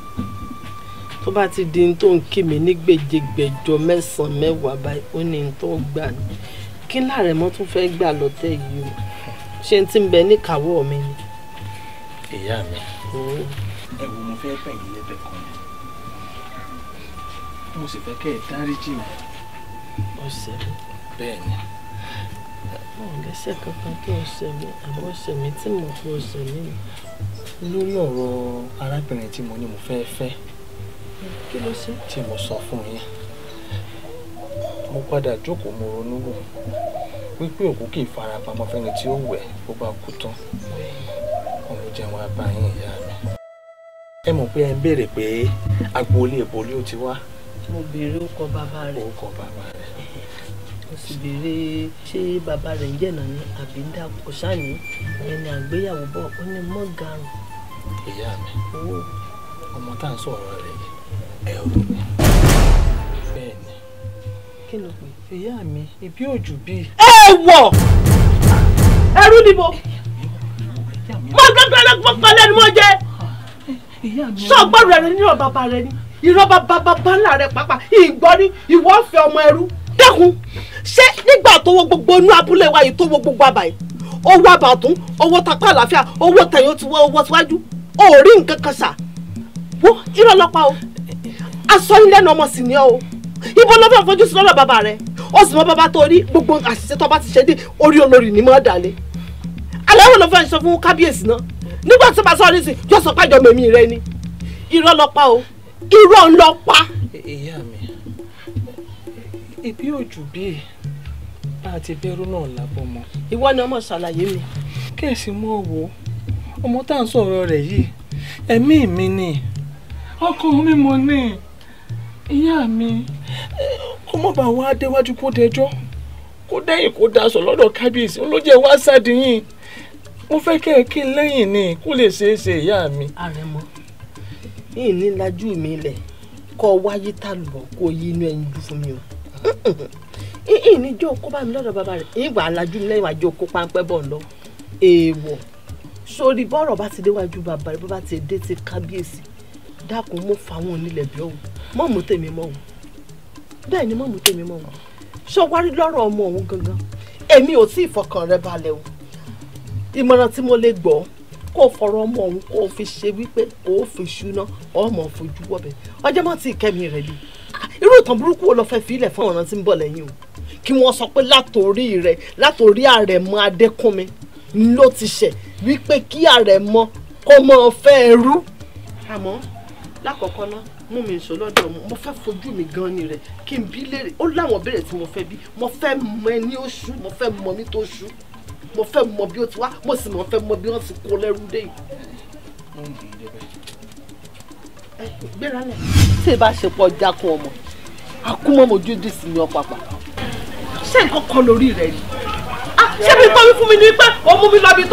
tó bá ti di tó ń kí mi ní gbèjègbèjọ mẹ́sàn-án mẹ́wàá báyìí ó ní tó gbà ní kí làrẹ̀mọ tún fẹ́ gbà lọ́tẹ̀ yìí o ṣé ti ń bẹ níkàáwọ́ mi ni. ìyá mi ẹ wo mo fẹ́ pẹ̀yìn lẹ́bẹ̀ẹ́ kọ́ mo sì fẹ́ kẹ́ ẹ dáríjì mi. mo ṣẹ̀ mí. bẹ́ẹ̀ ni. mo ò lẹ́sẹ̀ kankan kí o ṣẹ̀ mí àmọ́ ṣẹ̀ mí tí mo fi ṣẹ̀ mí ni. lórí ọ̀rọ̀ arábìnrin tí mo ní mo fẹ́ fẹ́ kí ló ṣe tí mo sọ fún yín mo padà jókòó mo ronú wò wípé òkú kì í fara pamọ́ fẹ́ni tí ó wẹ̀ bó bá kú tán ọmọ jẹun abáyín ìyá mi. ẹ mọ̀ pé ẹ ń béèrè pé agboolé ìbòlí ó ti wá mo béèrè orúkọ bàbá rẹ̀ orúkọ bàbá rẹ̀ mo sì béèrè ṣé bàbá rẹ̀ ń jẹ̀nà ní àbí dàpọ̀ sáni ìyẹn ni àgbéyàwó bọ̀ ó ní mọ́gàrún. ìyá mi ọmọ tá à ń sọ̀rọ̀ rẹ̀ ẹ̀ ò bẹ́ẹ̀ ni. kí ló pè ìyá mi ìbí òjò bíi. ẹ wọ ẹrú níbo mo gbẹgbẹrẹ gbọgbọ lẹnu mo jẹ sọ gbọrọ rẹ nínú bàbá rẹ ni irọ́ bàbá bàbá ńlá rẹ pàápàá ìgbọ́rí ìwọ fẹ́ ọmọ ẹrú dẹ́kun ṣé nígbà tó wo gbogbo inú abúlé wa yìí tó wo gbogbo àbàyè owó àbàtún owó tapá àlàáfíà owó tẹ̀yìn tiwọ́ owó síwájú ò rí nǹkan kan ṣà wo irọ́ lọ́pàá o aṣọ ilé ẹnu ọmọ sì ni ọ o ibo ló fẹ́ fojú sí lọ́dọ̀ bàbá rẹ ó sì mọ bàbá tó rí gbogbo àṣìṣe tó bá ti ṣe dé orí olórí ni mọ́ dàlẹ́ alẹ́ wo ló fẹ́ sọ fún kábíyèsí náà nígbà tí bá sọ ọ́ nísìn yóò sọ pàjọ́ mẹ́mí rẹ ni irọ́ lọ́pàá o irọ́ ń lọ pa. ìyá mi ibi òjò bíi bá a ti bẹ̀rù náà lábọ́ mọ́. ìwọ ni ọmọ ṣàlàyé mi. kẹ̀sì mọ́ wo ọmọ tá à ń sọ̀rọ̀ rẹ̀ yìí ẹ̀mí mi ni ọkọ mi mo ní ìyá mi kó má bàa wá déwájú kó dẹjọ́ kó dẹ́yìn kó daṣọ lọ́dọ̀ kábíyèsí ló jẹ́ wá sádìyìn mo fẹ́ kẹ́ ẹ kí n lẹ́yìn ni kó lè ṣeé ṣe ìyá mi. ààrẹ yìí ní lajú mi lẹ̀ kọ́ wáyé tá lù ọ́ kó yí inú ẹyin dùn fún mi o yìí ní jó kó bá mi lọ́dọ̀ bàbá rẹ̀ ìgbà lajú mi lẹ́yìn àjò kó páńpẹ́ bọ̀ lọ èèwọ̀ sórí bọ́rọ̀ bá ti déwájú bàbá rẹ̀ bó bá ti dé ti kábíyèsí dákun mo fà wọn nílẹ̀ bí ọ̀hún mọ́ mú tèmi mọ́ ọ̀hún bẹ́ẹ̀ ni mọ́ mú tèmi mọ́ ọ̀hún sọ wárí lọ́rọ̀ ọmọ ọ̀hún gangan èmi ò tí ì fọkàn rẹ balẹ̀ o ìmọ̀ràn tí mo lè gbọ́ kó fọ̀rọ̀ ọmọ òun kó fi ṣe wípé kó fi ṣúná ọmọ fojú wọ̀bẹ̀ ọjọ́ mọ́ tí ìkẹ́mi rẹ̀ lè ah, irú ìtàn burúkú wo lọ fẹ́ fi ilẹ̀ fún ọ̀ràn tí ń bọ̀ lẹ́yìn o kí wọ́n sọ pé látòrí rẹ̀ látòrí àrẹ̀mọ adékúnmi ló ti ṣẹ̀ wípé kí àrẹ̀mọ kó mọ fẹ́ ẹrú. àmọ́ lákọ̀ọ́kọ́ náà mú mi sọ lọ́dọ̀ mo mo fẹ́ fojú mi gan ni rẹ̀ kí n bí léèrè ó láwọn béèrè tí mo fẹ́ bí mo fẹ́ mọ ẹni ó ṣú mo fẹ́ mọ mi tó ṣú mo fẹ́ mọ bí ó ti wá mo sì mọ fẹ́ mọ bí wọ́n ti kó lẹ́rú dé yìí. ẹ gbéra lẹ. tí ì bá ṣe pọ̀ jákun ọmọ akúmọ̀mọ̀ ojú dì sí ni ọ pàpà. ṣé nǹkan kan lórí rẹ ni ah, ṣé bí tọ́ mi fún mi ní pé òun mi lọ bí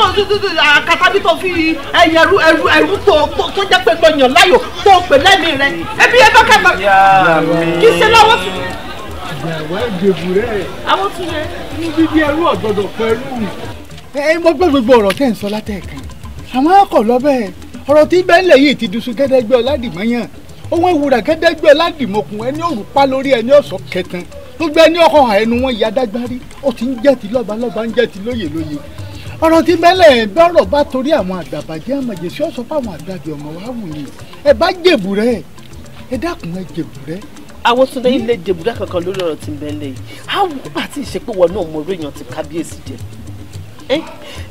àkàtà bí tọ́ fi ẹyìn ẹrú ẹrú ẹrú tó jẹ́ pé gbọ̀nyàn láyò tó pè lẹ́mìí rẹ ẹbí ẹ bá kẹ́ bá kí ṣe lọ́wọ́ sí i ìyàwó ìdèbù rẹ̀. àwọn tún yẹ. ní bíbí ẹrú ọ̀gbọ́dọ̀ pẹ̀lú. ẹ mo gbọ́ gbogbo ọ̀rọ̀ tẹ́ ń sọ látẹ̀ẹ̀kan àwọn akọ̀ lọ́bẹ̀ ọ̀rọ̀ tí bẹ́ẹ̀ lẹ̀ yìí ti dusu gẹ́dẹ́gbẹ́ ọ̀làdìmọ́yàn ohun ìwúrà gẹ́dẹ́gbẹ́ ọ̀làdìmọ́kùn ẹni òrùpa lórí ẹni ọ̀sọ́ kẹtàn gbogbo ẹni ọkọ̀ ẹnu wọn yà dágbárí ó ti ń jẹ́ ti lọ́ba lọ́ba ń jẹ́ ti lóye lóye ọ̀rọ̀ tí bẹ́lẹ̀ bọ́rọ̀ bá torí àwọn àgbàbàjẹ́ àmọ̀jẹ̀sí ọ̀sọ́ fáwọn àgbàbẹ̀ ọ̀mọ̀ wá wù yìí ẹ bá jèbù rẹ̀ ẹ dákun ẹ jèbù rẹ̀ Awótúndé ilé dèbúdà kankan lórí ọ̀rọ̀ tí ń bẹ lẹ́yìn àwọn nígbà tí ìṣepọ̀ wọn náà mọ orí èèyàn ti kábíyèsí jẹ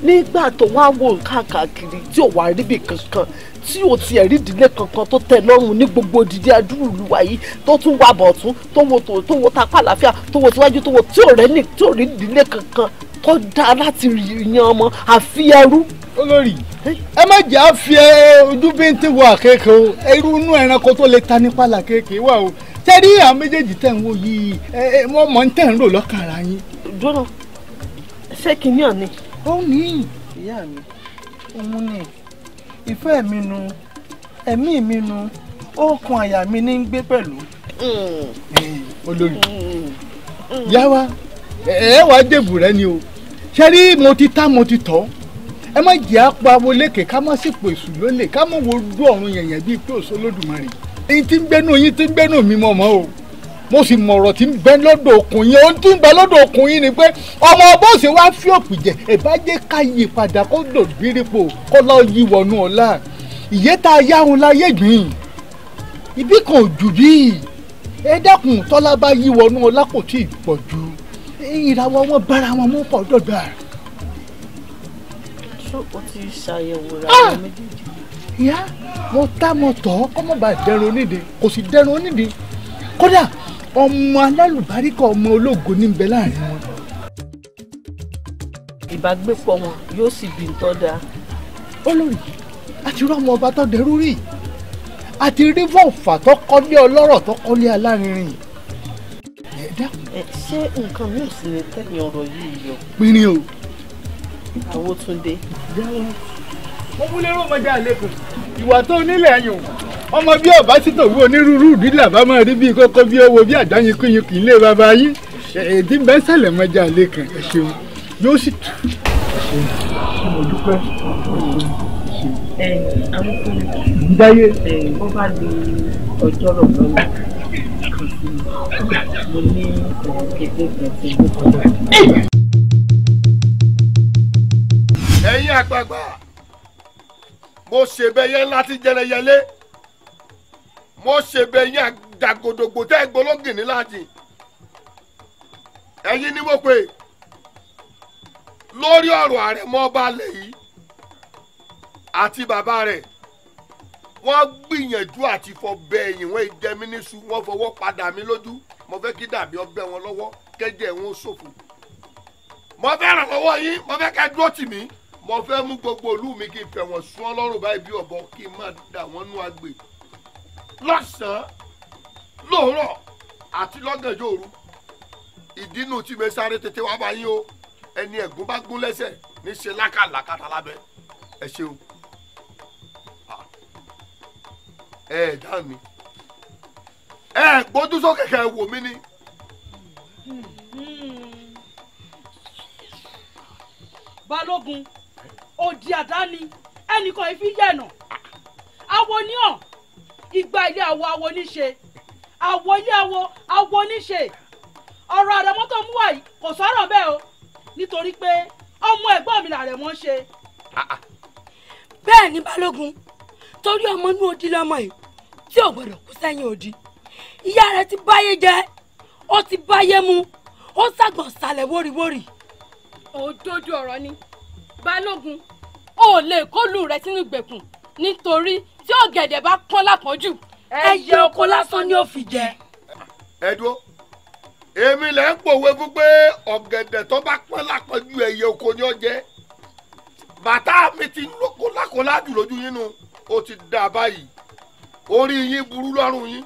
nígbà tó wá wò káàkiri tí ò wá ríbi kankan tí ò tiẹ̀ rí ìdílé kankan tó tẹ́ lọ́rùn ní gbogbo òdìdí adúrúluwà yìí tó tún wà bọ̀ tún tó wo tò tó wo tapá àlàáfíà tó wo síwájú tó wo tí ò rẹ́ nì tí ò rí ìdílé kankan tó dáa láti yan ọmọ àfi ẹrú olórí ẹ má jẹ́ àfi ojú bíntín wọ àkẹ́kẹ́ o irú inú ẹranko tó lè ta nípa làkẹ́kẹ́ wà o tẹ́rí àwọn méjèèjì tẹ̀ ń wò yìí wọ́n mọ̀ ń tẹ̀ ń rò lọ́kàn ara yín. dúró ṣé kìíní ọ̀ ni. ó ní ìyá mi òun ni ìfẹ́ mi nu ẹ̀mí mi nu okùn àyà mi ní ń gbé pẹ̀lú. Hmm. olórí hmm. hmm. yá wa ẹ wàá dèbù rẹ ni o ṣe rí mo ti ta mo ti tọ́ ẹ má jẹ́ àpawọlékè ká má sì pèsè lólè ká má wo ojú ọ̀run yẹ̀yẹ̀ bíi pé òṣèlódùmarè yín tí ń gbénu yín tí ń gbénu mi mọ̀ mọ́ o mo sì mọ ọ̀rọ̀ tí ń bẹ lọ́dọ̀ òkun yín ohun tí ń bẹ lọ́dọ̀ òkun yín ni pé ọmọ bọ́ọ̀sì wá fí òpìjẹ ìbájẹ́ ká yí padà kó dòdìrípò kó lọ́ọ́ yí wọnú ọ̀la ìyẹ́ tá a yá òun láyé gbìn ibi kan ò jù bíi ẹ dákun tọ́lá bá yí wọnú ọ̀la kò tí ì pọ̀ jù ìràwọ̀ wọn bára wọn mú pọ̀ dọ̀gbà. ṣé o ti ṣàyẹ̀wò ra ah! ọmọ méjèèjì? ìyá mo tá mo tọ̀ ọ́ kọ́ mọ̀ bá dẹrun onídìí kò sì dẹrun onídìí kódà ọmọ alálùbáríkà ọmọ ológo ní bẹ láàrin wọn. ìbágbépọ̀ wọn yóò sì bí ntọ́ da. olórí a ti rí ọmọ ọba tó dẹrú rí a ti rí vọ́ọ̀fà tó kọ́lé ọlọ́rọ̀ tó kọ́lé alárinrin ṣé nǹkan mi ò sì lè tẹ̀yìn ọ̀rọ̀ yìí yọ. pinni o. àwọn Túndé. yàrá mo mú lérò ọmọdé àlékún ìwà tó nílẹ̀ ẹ̀yìn ọmọ bí ọba sí tòwú onírúurú ìdílé àbámọ́ rí bí kókó bí owó bí àdáyín kúyin kì í lé bàbá yín èdè ń bẹ sẹ̀lẹ̀ ọmọdé àlékún ẹ ṣeun yóò sì tù. ẹ àwọn kan ìdáyé wọn bá di ọjọ́ rọ̀ lọ́la kan sí mi mo ní kékeré kan sí mi mo ṣèbẹ̀yẹ ńlá tí jẹrẹyẹlé mo ṣèbẹ̀yẹ àgàgòdògbò tẹ́ gbológì ní láti ẹ̀yin ni mo pè lórí ọ̀rọ̀ ààrẹ mọ́ balẹ̀ yìí àti bàbá rẹ̀ wọ́n gbìyànjú àti fọbẹ̀ ẹ̀yìn wọ́n jẹ́ mi níṣu wọ́n fọwọ́ padà mi lójú mo fẹ́ kí dàbí ọbẹ̀ wọn lọ́wọ́ kẹ́jẹ́ wọn ṣòfò mo fẹ́ ràn lọ́wọ́ yín mo fẹ́ kẹ́ tì mí mo fẹ́ mú gbogbo ìlú mi kí n fẹ̀ wọ́n sún ọlọ́run báyìí bí ọ̀bọ kí n máa dà wọ́n nú agbè lọ́sàn-án lóòrọ̀ àti lọ́gànjọ́ òru ìdínú tí mi sáré tètè wá bá yín o ẹni ẹ̀gún bá gún lẹ́sẹ̀ ní ṣe lákàlàkàtà ẹ ṣeun ẹ ẹ dá mi ẹ gbójú sókè kẹ wò mí ni. balógun òdì àdáni ẹnìkan ìfi yẹ̀nà awo ní ọ̀ ìgbà ilé awo awo níṣe awo ilé awo awo níṣe ọ̀rọ̀ àrẹ̀mọ́tò mú wáyé kò sọ̀rọ̀ bẹ́ẹ̀ o nítorí pé ọmọ ẹ̀gbọ́n mi làrẹ̀mọ́ ṣe. Ah, ah. bẹ́ẹ̀ ni balógun torí ọmọ inú odi lọmọ yìí tí ò gbọdọ̀ kú sẹ́yìn odi ìyá rẹ̀ ti báyé jẹ́ ó ti báyé mu ó sàgbọ̀n sàlẹ̀ wóríwórí. òdodo ọ̀rọ̀ ni balógun ò lè kólu rẹ sínú ìgbèkùn nítorí tí ọ̀gẹ̀dẹ̀ bá pọ́n lápọ́njù. ẹyẹ oko lásán ni ó fi jẹ. ẹ dúró èmi lẹ ń pòwe fún pé ọ̀gẹ̀dẹ̀ tó bá pọ́n lápọ́njù ẹyẹ oko ni ó jẹ bàtà mi ti lóko lákòólá jù lójú yín nu ó ti dà báyìí orí yín burú lọ́rùn yín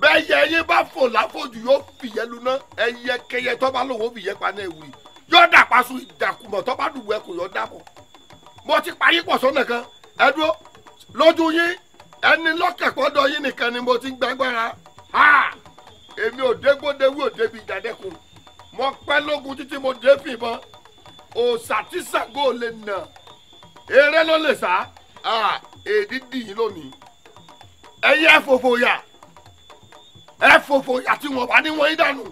bẹ́ẹ̀ yẹ yín bá fò láfòjù yóò fìyẹ́ luná ẹyẹ kẹyẹ tó bá lòun ó fìyẹ́ paná ewì yọ dàpasù ìdàkùmọ̀ tó bá dùbò ẹ kò yọ dàpọ̀ mo ti parí pọ̀ sọ́nà kan ẹ dúró lójú yín ẹni lọ́kẹ̀kọ́dọ̀ yín nìkan ni mo ti gbàgbára ha èmi ò dégbòdéwì ò débi ìdádẹ́kun mo pẹ́ lógun títí mo dé fìbọn òòsà tí Ṣàngó lè nà eré ló lè sá èdè dìyín lónìí ẹ̀yin ẹ̀fòfò yà ẹ̀fòfò yà tí wọ́n bá ní wọ́n yín dànù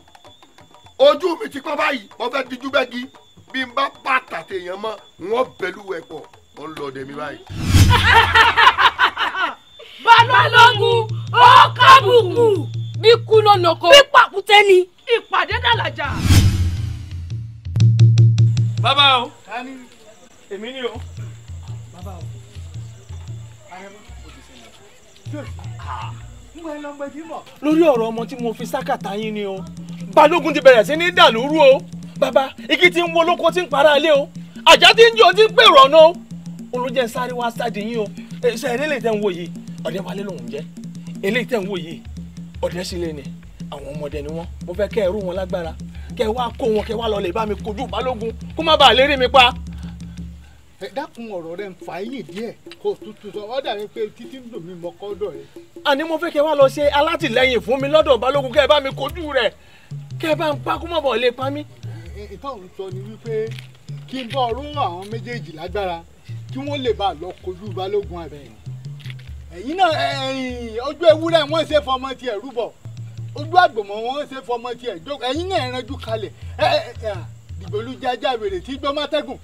ojú mi ti pọ́n báyìí mo fẹ́ dijú bẹ́gi bí n bá bàtà tèèyàn mọ́ wọ́n bẹ̀lú ẹ̀ pọ̀ mo lọ ọdẹ mi báyìí. [laughs] balógun ó kábùkù bí kú ló bí pàkúté ni ìpàdé dàlàjà. bàbá o èmi ni o. bàbá o lórí ọ̀rọ̀ ọmọ tí mo fi sákàtà yín ni o balógun ti bẹ̀rẹ̀ sí ní dà lóru o bàbá igi ti ń wo olóko ti ń para ilé o àjà ti ń jò ti ń pèrò ọ̀nà o olójẹ́ sáré wá sáde yín o ṣe eré lè tẹ́ ń wò yìí ọ̀dẹ́ wálé lòún jẹ́ eléyìí tẹ́ ń wò yìí ọ̀dẹ́ sílé ni àwọn ọmọdé ni wọ́n mo fẹ́ kẹ́ ẹ̀rú wọn lágbára kẹ́ wá kó wọn kẹ́ wá lọ lè bá mi kojú balógun kó má bàa lérí mi pa ẹ dákun ọ̀rọ̀ rẹ ń fa eyín díẹ̀ o tutù sọ ọ́ dàbí pé títí ń dùn mí mọ́kọ́ dọ̀ rẹ. àní mo fẹ́ kẹ́ wá lọ ṣe alátìlẹyìn fún mi lọ́dọ̀ balógun kẹ́ ẹ bá mi kojú rẹ̀ kẹ́ ẹ bá ń pa kúmọ̀bọ̀ lè pa mí. ìtọ́hún sọ ni wípé kí n bọ́ ọrún àwọn méjèèjì lágbára kí wọ́n lè bá a lọ kojú balógun àbẹ̀yìn. ẹ̀yin náà ẹ̀yìn ojú ewúrẹ́ wọ́n ṣe fọmọ tiẹ̀ rúbọ ojú àgbọ̀mọ̀ wọ́n ṣe fọmọ tiẹ̀ jókòó ẹ̀yin náà ẹ̀ranjú kalẹ̀ ẹ̀ ẹ̀ wèrè tí gbọ́mọ́tẹ́gùn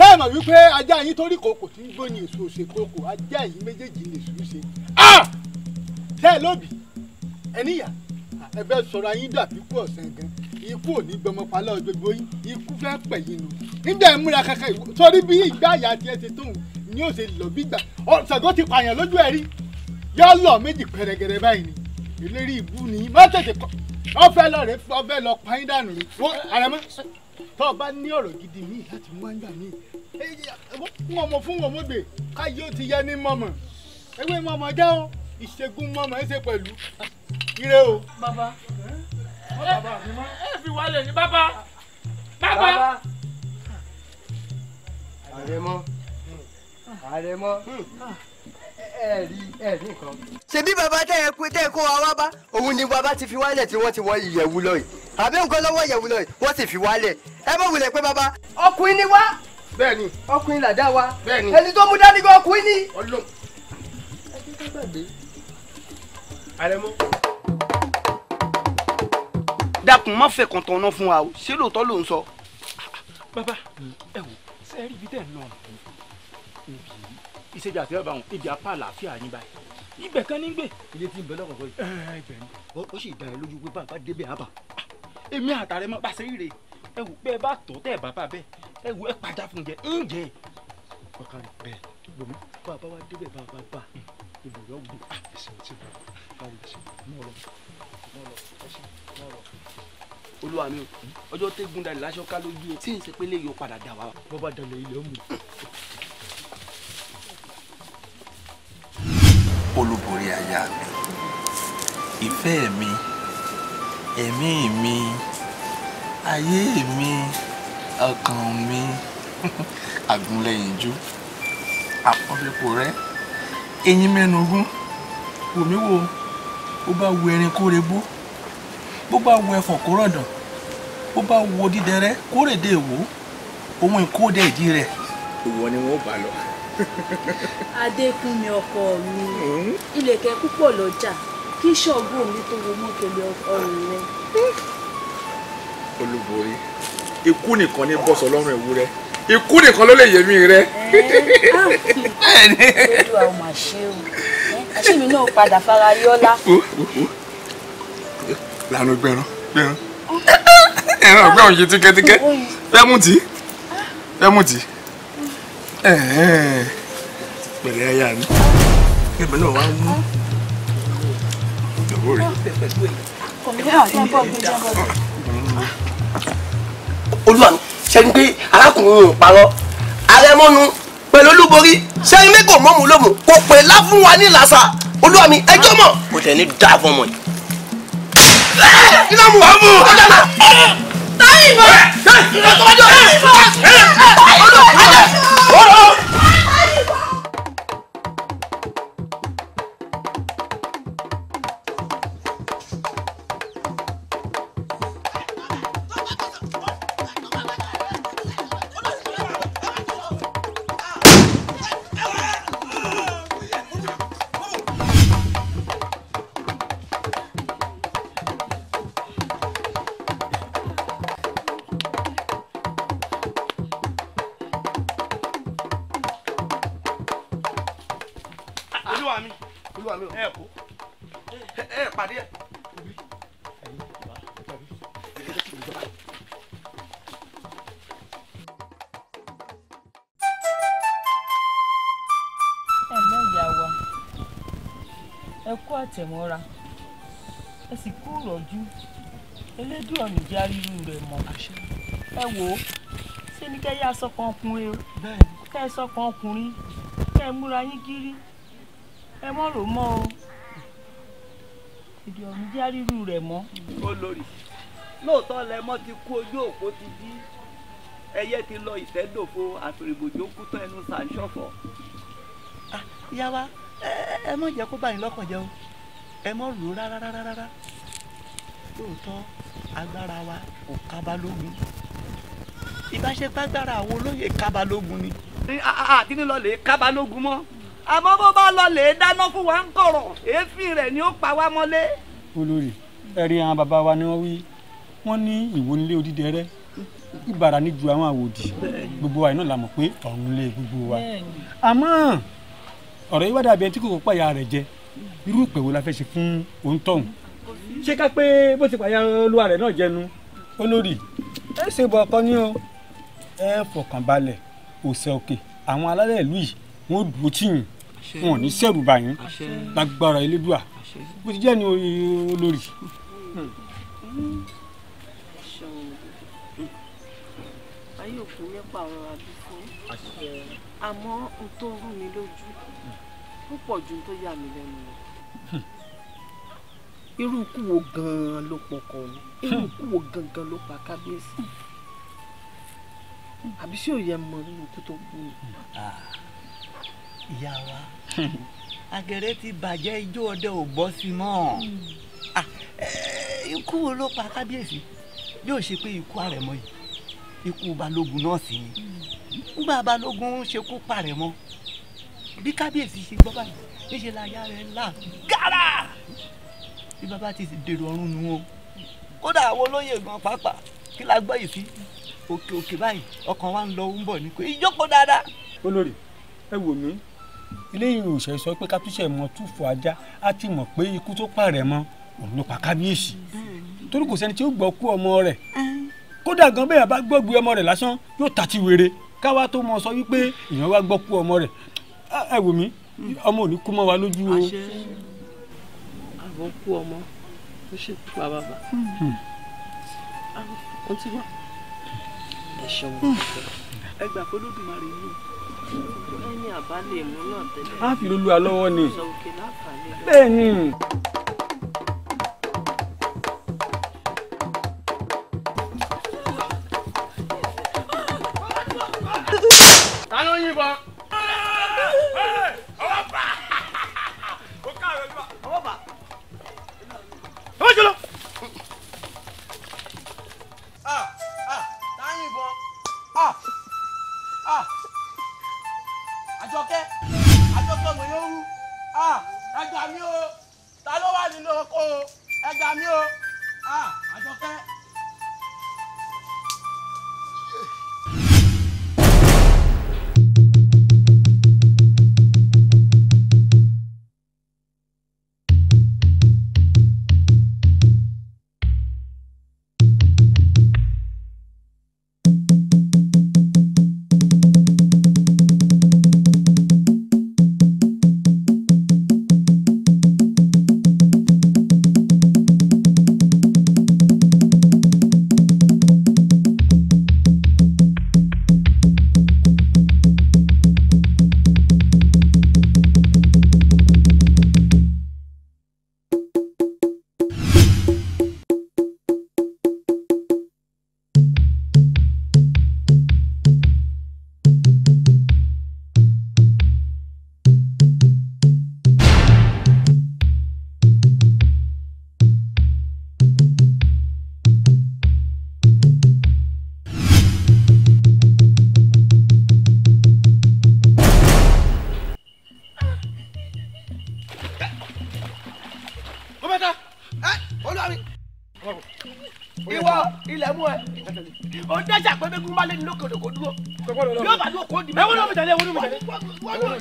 tẹ́ ẹ̀ mọ̀ wípé ajá yín torí kòkò tí ń gbó ni èso ṣe kòkò ajá yín méjèèjì ni èso ṣe tẹ́ ẹ lóbì ẹníyà ẹ fẹ́ sọ̀rọ̀ ayín dàbí kú ọ̀sẹ̀ gan ikú ò ní gbọmọ palẹ́ ọ̀gbẹ́gbẹ́ yín ikú fẹ́ pẹ̀ yín nù nígbà ẹ̀ múra kankan sọrí bí ìgbà àyà tiẹ̀ ṣe tóun ni yóò ṣe lọ bí gbà ṣàgó ti pààyàn lójú ẹ̀ rí yọ́ lọ méjì pẹ̀rẹ̀gẹ̀rẹ̀ báyìí ni ìlérí ìbú ni má tètè kọ́ ọfẹ lọ rẹ ọfẹ lọ pààyàn dànù ni àrẹmọ tọ ọ bá ní ọ̀rọ̀ gidi míì láti mú àgbà míì wọn mọ fún wọn mọgbè káyé ó ti yẹ ní mọmọ ewé mọmọ já o ìṣègùn mọmọ ẹ ṣe pẹ̀lú ire o. bàbá ẹ fi wálé ní bàbá bàbá. àrẹmọ àrẹmọ. Hmm ṣebí baba, tẹ ẹ pé tẹ ẹ kó wa wá bá òun ni bàbá ti fi wálẹ̀ tí wọ́n ti wọ ìyẹ̀wù lọ yìí àbí nǹkan lọ́wọ́ ìyẹ̀wù lọ yìí wọ́n sì fi wálẹ̀ ẹ bá wulẹ̀ pé bàbá. ọkùnrin ni wá. bẹ́ẹ̀ni. ọkùnrin làdá wa. bẹ́ẹ̀ni. ẹni tó mú dání gan ọkùnrin ni. ọlọ́run. ẹ ti tó gbàgbé. àrẹ̀mọ. dákun má fẹ́ kàn tán náà fún wa o ṣé lóòótọ́ ló ń sọ. bàbá ẹ wò sẹ́ẹ̀rì bíi tẹ̀ ń lọ ìṣèjà àti ọba àwọn ìjà apá àlàáfíà yín báyìí ibẹ̀ kan ní gbé. ilé tí ń bẹ lọ́kọ̀ọ́kọ́ yìí. ẹ eh, ibẹ̀ ni. ó sì dá ẹ lójú pé bàbá débẹ̀ àbà. Ah, èmi àtàrẹ mọ bá ṣe rí re ẹ wò bẹ́ẹ̀ bá tọ́ tẹ́ bàbá bẹ́ẹ̀ ẹ wò ẹ padà fún jẹ ń jẹ. ọkà rẹ bẹ́ẹ̀ gbòmí bàbá wa débẹ̀ bàbá bá ibùdó gbò. ẹsẹ̀ ti bọ̀ kárí ẹsẹ̀ mọ́ lọ mọ́ lọ ẹsẹ̀ mọ́ lọ olúwa mi o ọjọ́ tẹ́gun dalẹ̀ láṣọ ká lójú o e, tí n ṣe pé lè yọ padà dà wá. bọ́bá dalẹ̀ ilẹ̀ ọ̀mù. olúborí aya mi ìfẹ́ mi ẹ̀mí mi ayé mi ọkàn mi [laughs] àgúnlẹ̀yìnjú àpọ́nfipò rẹ eyín mẹ́nugún wòmí wo bó bá wo erin kó rebó bó bá wo ẹfọ̀n kó rọ̀dàn bó bá wo dídẹrẹ́ kó rèdè èwò ohun ìkódẹ ìdí rẹ̀. ìwọ ni wọn ò bá lọ. [laughs] adékúnmi ọkọ mi ìlẹ̀kẹ̀ púpọ̀ lọ́jà kí ṣọ́ọ̀bù mi tó wo mọ́kẹ́lẹ́ ọrùn rẹ. olúborí ikú nìkan ní bọ́sọ̀ lọ́rùn ewúrẹ́ ikú nìkan ló lè yẹmí rẹ. [laughs] olúwa ò mà ṣe o ṣé mi náà padà fara rí lànà gbẹran gbẹran [laughs] ẹran ọgbẹ́ òun yìí tíkẹ́tíkẹ́ fẹ́ mú tí ah. fẹ́ mú tí pẹ̀lẹ́ aya mi kébẹ̀ náà wá mú ìyàwó rẹ̀. olúwa ṣẹ́ni pé arákùnrin ò parọ́ arẹ́mọ́nu pẹ̀lú olúborí ṣẹ́ni pé kò mọ́mú lómù kò pè láfún wa ní làṣà olúwa mi ẹjọ́ mọ̀. kò tẹ̀ ní dáa fún ọmọ yìí. iná mu wà mú ọjà náà. táyì bọ̀ táyì bọ̀ táyì bọ̀ táyì bọ̀. oh, on! Oh, àtẹ̀mọ́ra ẹ sì kú ìrọ̀jú elédùn ọ̀nì jẹ́ ríru rẹ̀ mọ́ ẹ wò ó ṣé ní kẹ́ yá sọ́kàn ọkùnrin o kẹ́ ẹ sọ́kàn ọkùnrin kẹ́ ẹ múra yín gírí ẹ mọ́ rò mọ́ o èdè ọ̀nì jẹ́ ríru rẹ̀ mọ́. olórí lóòótọ́ lẹ́mọ́ ti kú ojú òpó ti dí ẹyẹ ti lọ ìtẹ́dòfo àtòrìbòjò kú tán ẹnu sàǹṣọ̀fọ̀. Ah, ìyá wa ẹ mọ̀ jẹ́ kó bá yín lọ́kàn jẹ́ o ẹ mọ̀ rò rárá rárá rárá lóòótọ́ agbára wa kò kábálógun ìbáṣepọ̀ agbára àwọn olóyè kábálógun ni. àdínlọ́lẹ̀ kábálógun mọ́ àmọ́ bó bá lọlẹ̀ dáná fún wa ń kọ̀rọ̀ èéfín rẹ̀ ni ó pa wá mọ́lé. olórí ẹ̀rí àwọn bàbá wa ni wọ́n wí wọ́n ní ìwò nílé odídẹ rẹ ìbàrà ní ju àwọn àwòdì gbogbo wa iná la mọ̀ pé ọ̀run lé gbogbo wa àmọ́ ọ̀rọ̀ yìí wá dàbí ẹni tí kò kó pàyà rẹ̀ jẹ irú ìpè wo la fẹ́ ṣe fún òǹtọ̀hún ṣé ká pé bó ti pàyà olúwa rẹ̀ náà jẹnu olórí ẹ ṣe bọ̀ ọkọ ní o ẹ fọkàn balẹ̀ òsè òkè àwọn alálẹ̀ ìlú yìí wọ́n dúró tì wọn ò ní ṣẹ̀rù bà lágbára elédùà bó ti jẹ́ ní olórí. àmọ́ ohun tó rú mi lójú púpọ̀ ju tó yà mí lẹ́nu lọ irú ikú wo gan-an ló pọkọ ni irú ikú wo gan-an ló pa kábíyèsí àbí ṣé òye mọ nínú ikú tó gbó ni. ìyá wa agẹrẹ ti bàjẹ́ ijó ọdẹ ò bọ́ sí mọ́ ikú wo ló pa kábíyèsí bí ó ṣe pé ikú àrẹ̀mọ yìí ikú balógun náà sì ni nígbà balógun ṣekú parẹ̀mọ bí kábíyèsí ṣe gbọ́ báyìí níṣẹ́ la yá rẹ̀ là gàrà bí bàbá ti dèrò ọ̀run nu wọn kódà àwọn olóyè gan pàápàá kí la gbọ́ yìí sí òkè òkè báyìí ọkàn wa ń lọ ń bọ̀ ní pé ìjókòó dáadáa. olórí ẹ wò mí eléyìí ò ṣe sọ pé kátúṣe mọ túfò ajá á ti mọ̀ pé ikú tó pààrẹ̀ mọ́ òun ló pa kábíyèsí torí kò sẹ́ni tí ó gbọ́ kú ọmọ rẹ̀ kódà gan bẹ́ẹ̀ bá gbọ́gbé ọmọ rẹ̀ lásán yóò tàti wèrè káwa tó mọ sọ wípé èèyàn wá gbọ́ kú ọmọ rẹ̀ ẹ wò mí ọmọ ò ní kú mọ́ wa lójú o. àwọn kú ọmọ ó ṣe kú pa bàbá hmm. àwọn tí wà ẹ ṣeun hmm. ẹ gbà pé lódùmarè ni ẹni àbálẹ̀ èmi náà tẹ́lẹ̀. a lólu alọ́wọ́ ni bẹ́ẹ̀ ni. ta ló yìnbọn.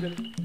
Morgan.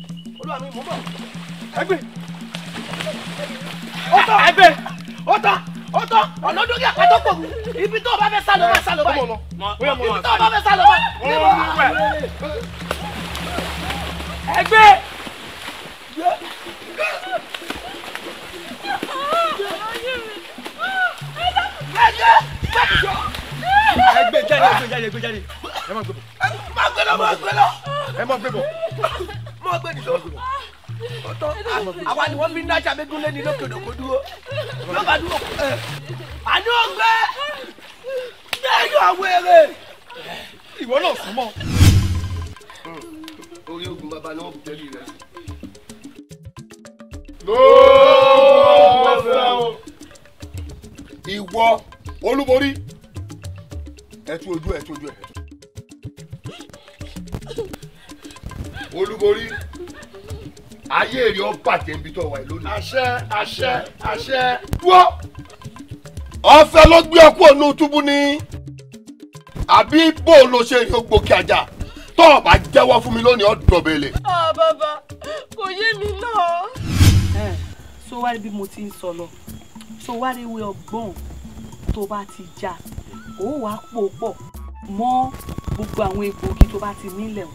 gúnlé ní lókèdè kò dúró ló bá dúró kú ẹ àní ọgbẹ bẹ́ẹ̀ni àwọn èrè ìwọ náà sún mọ́. Hmm. orí ogun bàbá náà bù tẹ́lẹ̀ rẹ. ìwọ olúborí ẹ tú ojú ẹ tú ojú ẹ olúborí ayé èrè ọ bàjẹ́ ibi tó wà lónìí. àṣẹ àṣẹ àṣẹ. dúró ọ̀fẹ́ ló gbé ọkú ònú túbú ni àbí bó ló ṣe rí ògbókè ajá tó o bá jẹ́wọ́ fún mi lónìí ó dọ̀bẹ̀lẹ̀. ah bàbá kò yé mi náà. ẹ so wá rí bí mo ti ń sọ lọ so wá rí ewé ọgbọ́n tó bá ti já ó wàá pò pọ̀ mọ́ gbogbo àwọn egbòogi tó bá ti nílẹ̀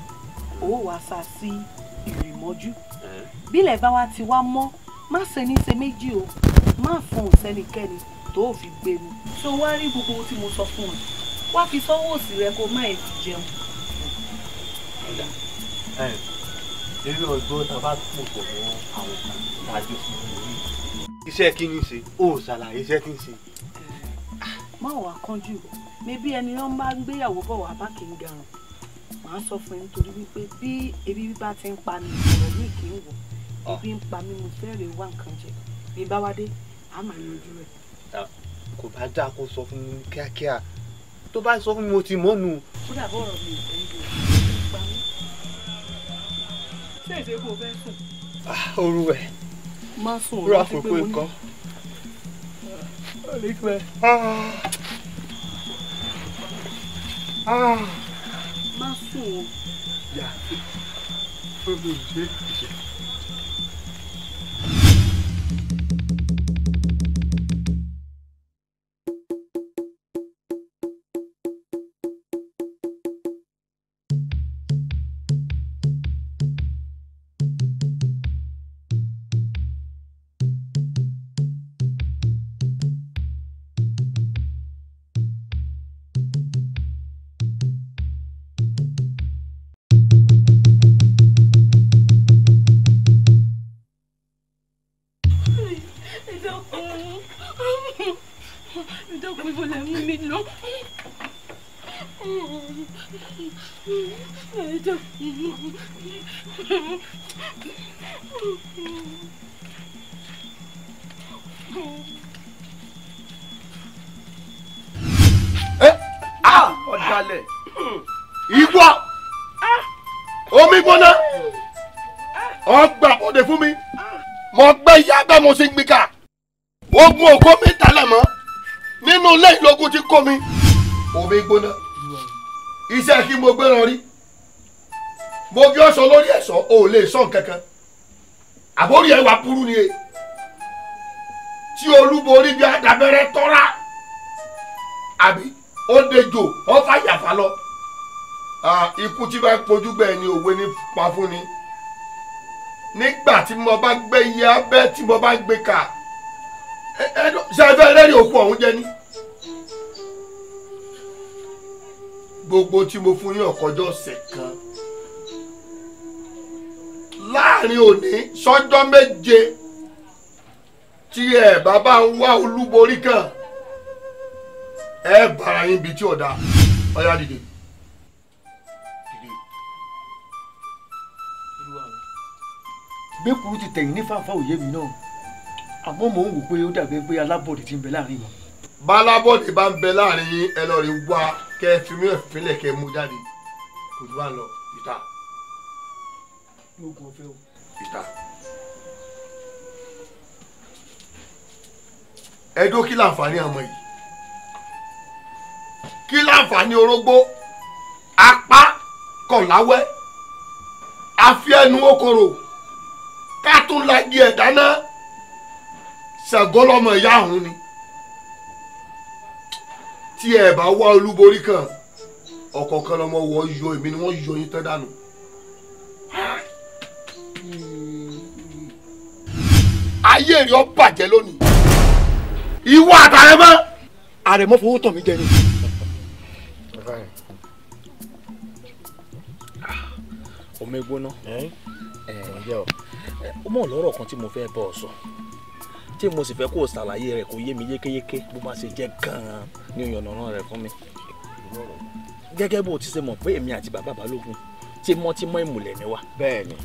ó wàá sá sí. Si ìrìn mọ́jú bílẹ̀ bá wa ti wá mọ́ má ṣe ní ṣe méjì o má fún un sẹ́nikẹ́ni tó o fi gbèrú tó wá rí gbogbo ohun tí mo sọ fún ọ wá fi sọ́wọ́ òsì rẹ kó má ètò jẹun. eré ọjọ́ tá a bá tún pọ̀ mọ́ àwọn kan lájọ sí i. iṣẹ́ kí ni ṣe ó ṣàlàyé iṣẹ́ kí ni ṣe. má wàá kánjú mebí ẹni wọn bá ń gbéyàwó bọ̀ wá bá kì í garun màá sọ fún ẹ nítorí wípé bí ebi bíbá ti ń pa mi ọ̀rọ̀ yìí kì í wọ̀ ah. ebi ń pa mi mo fẹ́ rè wá nǹkan jẹ bí bá wá dé a máa yanjú rẹ̀. Ah, kò bá dáa kó sọ fún mi kíákíá tó bá sọ fún mi mo ti mọ́nu. ó dàbọ̀ ọ̀rọ̀ mi ò ń bọ̀ pa mí. ṣé èdè kò fẹ́ sùn. Ah, oru ẹ̀ má sùn ọ̀rọ̀ àti pé mo ní. ọ̀rẹ́ ìfẹ́. Ah. má sùn o yà fún mi lè sọ nǹkan kan àbórí ẹ burú ni e tí olúborí bí adabẹ́rẹ́ tọ́ra àbí ó dejò ó yàfà lọ ikú tí bá pojú bẹ́ẹ̀ ni òwe ní pa fún ni nígbà tí mo bá gbé iye abẹ́ tí mo bá gbé kà ṣe ẹ òkú ọ̀hún jẹ ní. gbogbo tí mo fún yín ọ̀kọ́jọ́ ọ̀sẹ̀ kan láàrin òní sọ́jọ́ méje tí ẹ bàbá ń wá olúborí kan ẹ bàrà yín bíi tí ò dáa ọyá dìde. gbẹ́kùrú ti tẹ̀yìn ní fàáfàá òye mi náà àmọ́ mò ń wò pé ó dàbí pé alábọ̀dé ti ń bẹ láàrin wọn. bálábọ̀dé bá ń bẹ láàrin yín ẹ lọ rí wá kẹ́ fi mí ẹ̀ fílẹ̀ kẹ́ ẹ mú jáde kò tó bá lọ ní oògùn ọ̀fẹ́ o. peter ẹjọ́ kí láǹfààní àmọ́ yìí kí láǹfààní orógbó apá kọ̀láwẹ́ àfi ẹnu okòrò ká tún lagi ẹ̀ dáná ṣàgọ́lọ́mọ ìyá ọ̀hún ni tí ẹ bá wá olúborí kan ọ̀kọ̀ọ̀kan lọmọ wọ yọ èmi ni wọ́n yọ yín tán dànù. ayé rẹ̀ ọ bàjẹ́ lónìí. ìwọ àtàrẹmọ. àrẹmọ fowó tàn mí jẹ ni. ọmọ egbóná ẹ ẹ ó mọ̀ lọ́rọ̀ kan tí mo fẹ́ bọ́ ọ sọ tí mo sì fẹ́ kó o ṣàlàyé rẹ̀ kó yé mi yékéyéké bó má ṣe jẹ́ gan-an ní ìyànnà rẹ̀ fún mi gẹ́gẹ́ bó o ti ṣe mọ̀ pé èmi àti bàbá balógun ti mọ́ ti mọ́ ìmùlẹ̀ ni wa. bẹ́ẹ̀ni.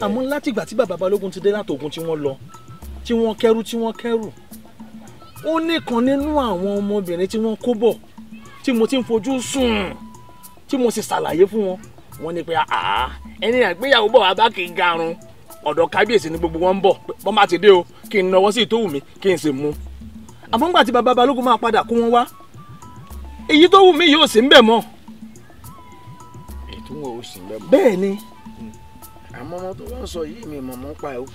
àmọ́ látìgbà tí bàbá balógun ti dé látògùn tí wọ́n lọ tí wọ́n kẹ́rù tí wọ́n kẹ́rù ó nìkan nínú àwọn ọmọbìnrin tí wọ́n kó bọ̀ tí mo ti ń fojú sùn tí mo sì ṣàlàyé fún wọn wọ́n ní pé àá ẹni àgbéyàwó bọ̀ wá bá kì í garun ọ̀dọ̀ kábíyèsí ni gbogbo wọn ń bọ̀ wọ́n bá ti dé o kí n nọwọ́ sí ìtòwù mi kí n sì mú àmọ́ ńgbà tí baba balógun máa padà kó wọn wá èyí tó wù mí yóò sì ń bẹ̀ mọ́. èyí tó wù ó sì ń bẹ̀ mọ́. bẹ́ẹ̀ ni. àmọ́ ọmọ tó wọ́n sọ yìí mi mọ̀mọ́ pa ẹ́ o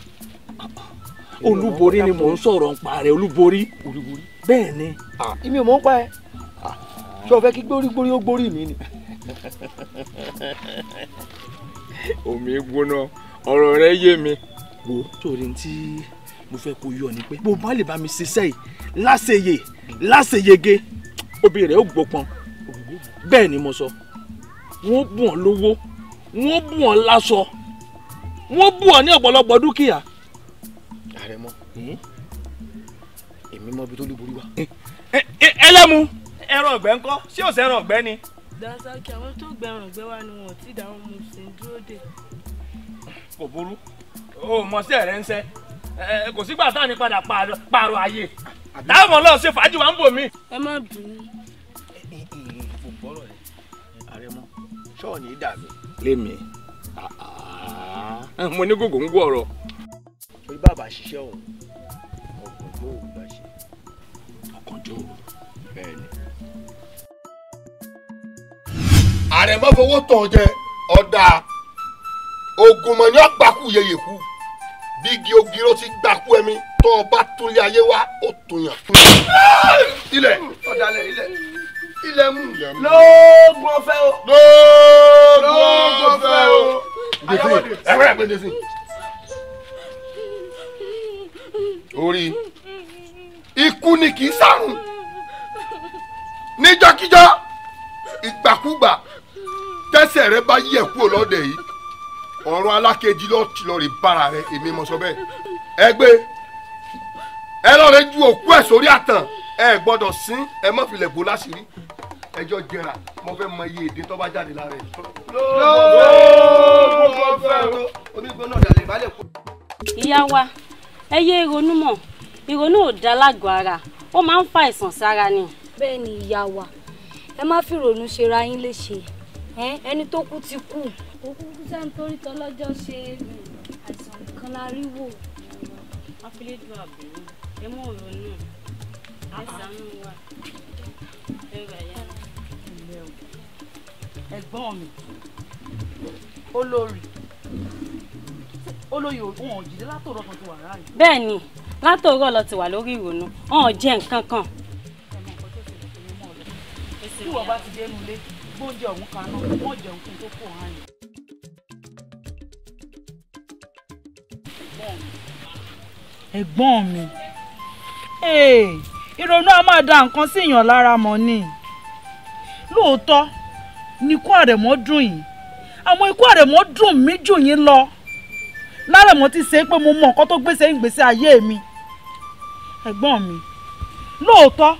olúborí ni mò ń sọ̀rọ̀ ń pa rẹ̀ olúborí bẹ́ẹ̀ ni. èmi ò mọ̀ ń pa ẹ́ ṣé o fẹ́ kí gbórígbórí ó gbórí mi ni. omi gbóná ọ̀rọ̀ rẹ yé mi. wo torí tí mo fẹ́ kó yọ ni pé bó bá lè bá mi ṣiṣẹ́ yìí láṣeyè láṣeyege obìnrin rẹ̀ ó gbọ́pọn bẹ́ẹ̀ ni mo sọ wọ́n bù ọ́ lówó wọ́n bù ọ́ láṣọ wọ́n bù ọ́ ní ọ̀pọ̀lọpọ̀ dúkìá àrẹ̀mọ hmm? èmi mọ ibi tó lóborí wa. Eh, eh, eh, ẹlẹ́mu ẹran ọ̀gbẹ́ ńkọ́ ṣé ò sẹ́ran ọ̀gbẹ́ ni. dasaki àwọn tó gbẹrun ọ̀gbẹ́ wa ni wọn ti dáhùn mo sì ń dúró dè. kò burú o mọ sí ẹ̀rẹ́ ńsẹ́ kò sígbà tá à ní padà pààrọ̀ àyè táwọn ọlọ́ọ̀ ṣe fàájì wa ń bò mí. ẹ má bínú. kò gbọ́rọ̀ rẹ̀ àrẹ̀mọ ṣọ́ọ̀nì dàbí. lémi ah, ah. mo ní gògó ọ̀rọ̀ pé bàbá ṣiṣẹ́ òun ọ̀gànjọ́ òru la ṣe. ọ̀gànjọ́ òru bẹ́ẹ̀ ni. ààrẹ má fọwọ́ tàn jẹ ọ̀dà ògùnmọ̀ ni ọ̀gbàkú yẹyẹ kú bí ogi ló ti gbàkú ẹ̀mí tó o bá túnlé ayé wá ó tòyàn. ilẹ̀ ọ̀dàlẹ̀ ilẹ̀ ilẹ̀ mú lóògùn ọ̀fẹ́ o. lóògùn ọ̀fẹ́ o. ẹ̀wẹ̀rẹ̀ gbèdési. orí ikú ni kì í sàrùn níjọ́kíjọ́ ìgbàkúgbà tẹ́sẹ̀ rẹ bá yẹ̀ kúrò lọ́dẹ̀ yìí ọ̀rọ̀ alákejì lọ ti lọ rí bára rẹ èmi mọ̀ sọ bẹ́ẹ̀ ẹ gbé ẹ lọ rẹ ju òkú ẹ sórí àtàn ẹ gbọ́dọ̀ sín ẹ má filẹ̀ bò láṣìírí ẹjọ́ jẹrà mo fẹ́ mọ iye èdè tó bá jáde lára ẹ. lóòótọ́ mo fẹ́ o onígbóná ọ̀dàlẹ̀ ìbálẹ̀ kú. ìyá wa ẹ yé ìrònú mọ́ ìrònú ò dá lágọ̀ọ́ ara ó máa ń fa àìsàn sára ni. bẹ́ẹ̀ ni ìyá wa ẹ má fi ìrònú ṣera yín léṣe ẹni tó kú ti kú. òkú kú sáà ń torí tọ́lọ́jọ́ ṣe hmm, àìsàn kan la rí wò. afilédùn àbúrò ẹ mọ ọ̀rọ̀ náà ẹ wa ẹ rà yá. mi olórí olóyè òun ò jìdí látòrọ kan ti wà ráàyè. bẹ́ẹ̀ ni látòrọ lọ ti wà lórí ìrònú wọn ò jẹ nǹkan kan. tí wọ́n bá ti dénú ilé gbóúnjẹ ọ̀hún kan náà wọ́n jẹun kí n tó kó hàn yín. ẹ̀gbọ́n mi ìrònú a máa da nǹkan sí èèyàn lára mọ́ ni lóòótọ́ ni ikú àrẹ̀mọ́ dùn yìí àwọn ikú àrẹ̀mọ́ dùn mí jù yín lọ lára mo ti ṣe pé mo mọ nǹkan tó gbèsè ìgbésí ayé mi ẹ̀gbọ́n mi lóòótọ́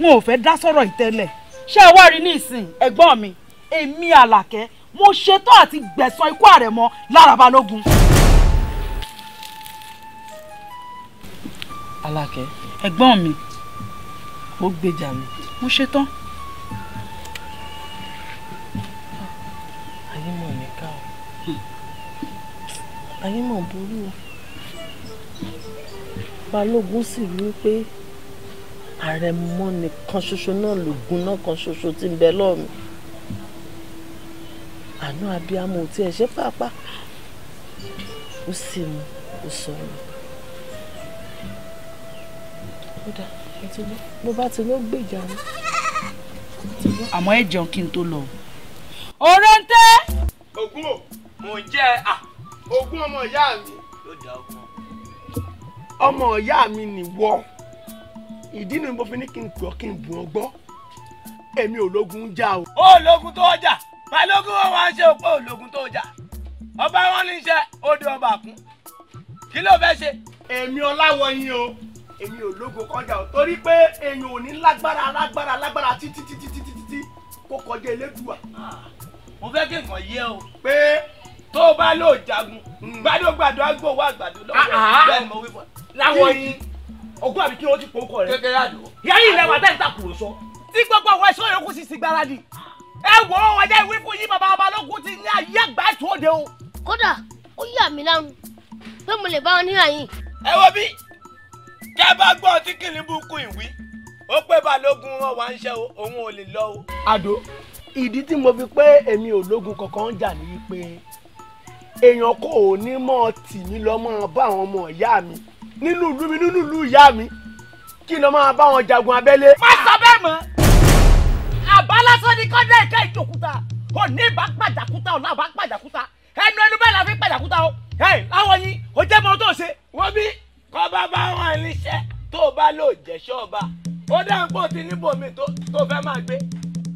wọn ò fẹ́ dá sọ̀rọ̀ ìtẹ́lẹ̀ ṣé ẹ wá rí ní ìsìn ẹ̀gbọ́n mi èmi àlàkẹ́ mo ṣetán àti gbẹ̀san ikú àrẹ̀mọ lára balógun. àlàkẹ́ ẹ̀gbọ́n mi ó gbèjà mi mo ṣetán ayé mọ̀ burú o balógun sì rí pé àrẹ̀mọ nìkan ṣoṣo náà lògùn náà kan ṣoṣo tí ń bẹ lọ́ọ̀mì àánú abiyamọ ò tiẹ̀ ṣe pàápàá ó sì mú ó sọ̀rọ̀ kódà bó bá ti ló gbèjà ni. àmọ́ ẹ jẹun kí n tó lọ. òrèǹtẹ́. ògún o mò ń jẹ à ogún ọmọ ìyá mi ọmọ ìyá mi nìwọ ìdí ni mo fi ní kí n pọ̀ kí n bù ọ́ gbọ́ èmi ológun jà o. ológun tó jà balógun wọn wá ń ṣe òpó ológun tó jà ọba wọn ní iṣẹ́ odò ọba kún kí ló fẹ́ ṣe. èmi ọláwọ yín o èmi ológun kọjá o torí pé èèyàn ò ní lágbára lágbára lágbára títí títí títí kó kọjá elédùà. Ah, mo fẹ́ kí nǹkan yé o. pé tó o bá lóò jagun gbadógbadó agbóhùn àgbàdo lọ́wọ́ ah, ah. bẹ́ẹ̀ ni mo wí fún ẹ. láwọn yìí ogún àbí kí wọ́n ti pò ó kọ rẹ. kékeré àdó. yẹ́yìn ilẹ̀ wa bẹ́ẹ̀ ń takùrọ̀ sọ. tí gbogbo àwọn ẹ̀ṣọ́ yòókù sì sì gbáradì. ẹ wò ó wọlé ìwé fún yín bàbá balógun ti ní ayé àgbà ètò òde o. kódà ó yà mí lánàá pé mo lè bá wọn nílà yìí. ẹ wo bí kẹ bá gbọ́ tí kìnìún bukú ìwí ó pé balógun wọn wá ń ṣe òun ò lè lọ o. àdó ìdí tí mo fi pé èmi ò lógun kankan ń jà ní pé èèyàn kò ní mọ́ tì mí lọ mọ́ bá àwọn ọmọ ìyá mi nínú ìlú mi nínú ìlú ìyá mi kí lọ máa bá wọn jagun abẹ́lé. má sọ bẹ́ẹ̀ mọ́ àbá lásán ni kọ́ńdé ìka ìjòkúta òní bá pàjàkúta ọ̀la bá pàjàkúta ẹnu ẹnu bẹ́ẹ̀ la fi pàjàkúta o ẹ láwọn yín o jẹ́ mọ́ tó ṣe. wọ́n bí kọ́ bá bá wọn níṣẹ́ tó o bá lò jẹ́ ṣọ́ọ̀bà ó dá nǹkan tí níbo mi tó fẹ́ máa gbé.